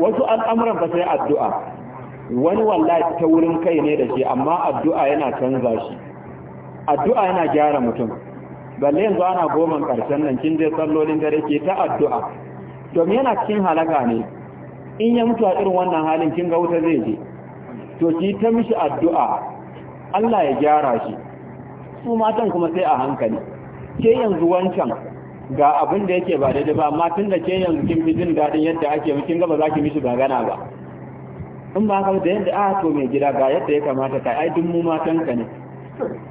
wasu al'amuran ba sai addu'a wani wallahi ta wurin kai ne da shi amma addu'a yana canza shi addu'a yana gyara mutum balle yanzu ana goman karshen nan kin je sallolin dare ke ta addu'a domin yana cikin halaka ne in ya mutu a irin wannan halin kin ga wuta zai je to ki ta mishi addu'a Allah ya gyara shi su matan kuma sai a hankali ke yanzu wancan ga abin da yake ba daidai ba amma tun da ke yanzu kin fi jin daɗin yadda ake kin ga ba za ki mishi gagana ba in ba ka da yadda a ah, to mai gida ga yadda ya kamata ka ai dun mu matan ka ne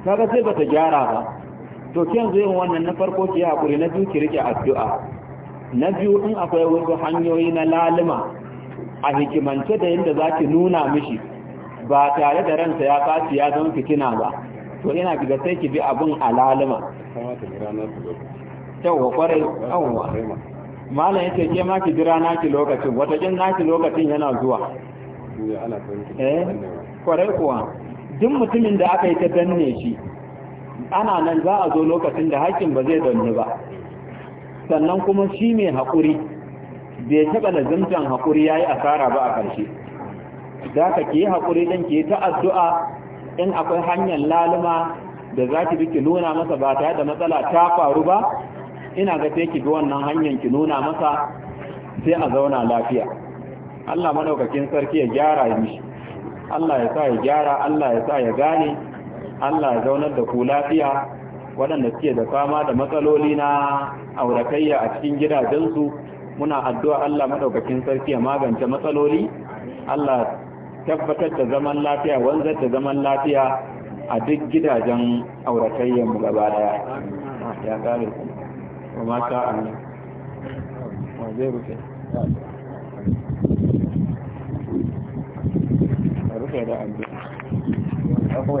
kaga sai ba ta gyara ba to kin zai wannan na farko ki haƙuri na biyu ki rike addu'a na biyu in akwai wasu hanyoyi na lalima a hikimance da yadda zaki nuna mishi ba tare da ransa ya faci ya zama fitina ba to ina ga sai ki bi abun a lalima yawwa kwarai yawwa malam yace ke ma ki jira naki lokacin wata jin naki lokacin yana zuwa eh kwarai kuwa duk mutumin da aka yi ta danne shi ana nan za a zo lokacin da haƙƙin ba zai danni ba sannan kuma shi mai haƙuri bai taɓa da zumtan haƙuri ya yi asara ba a ƙarshe za ka ke haƙuri ɗin ke ta addu'a in akwai hanyar laluma da za ki bi ki nuna masa ba tare da matsala ta faru ba ina ga sai ki bi wannan hanyar ki nuna masa sai a zauna lafiya Allah madaukakin sarki ya gyara mishi Allah ya sa ya gyara Allah ya sa ya gane Allah zaunar da ku lafiya waɗanda suke da fama da matsaloli na aurakayya a cikin gidajensu muna addu'a Allah madaukakin sarki ya magance matsaloli Allah tabbatar da zaman lafiya wanzar da zaman lafiya a duk gidajen auratayyar mu gaba daya ya ku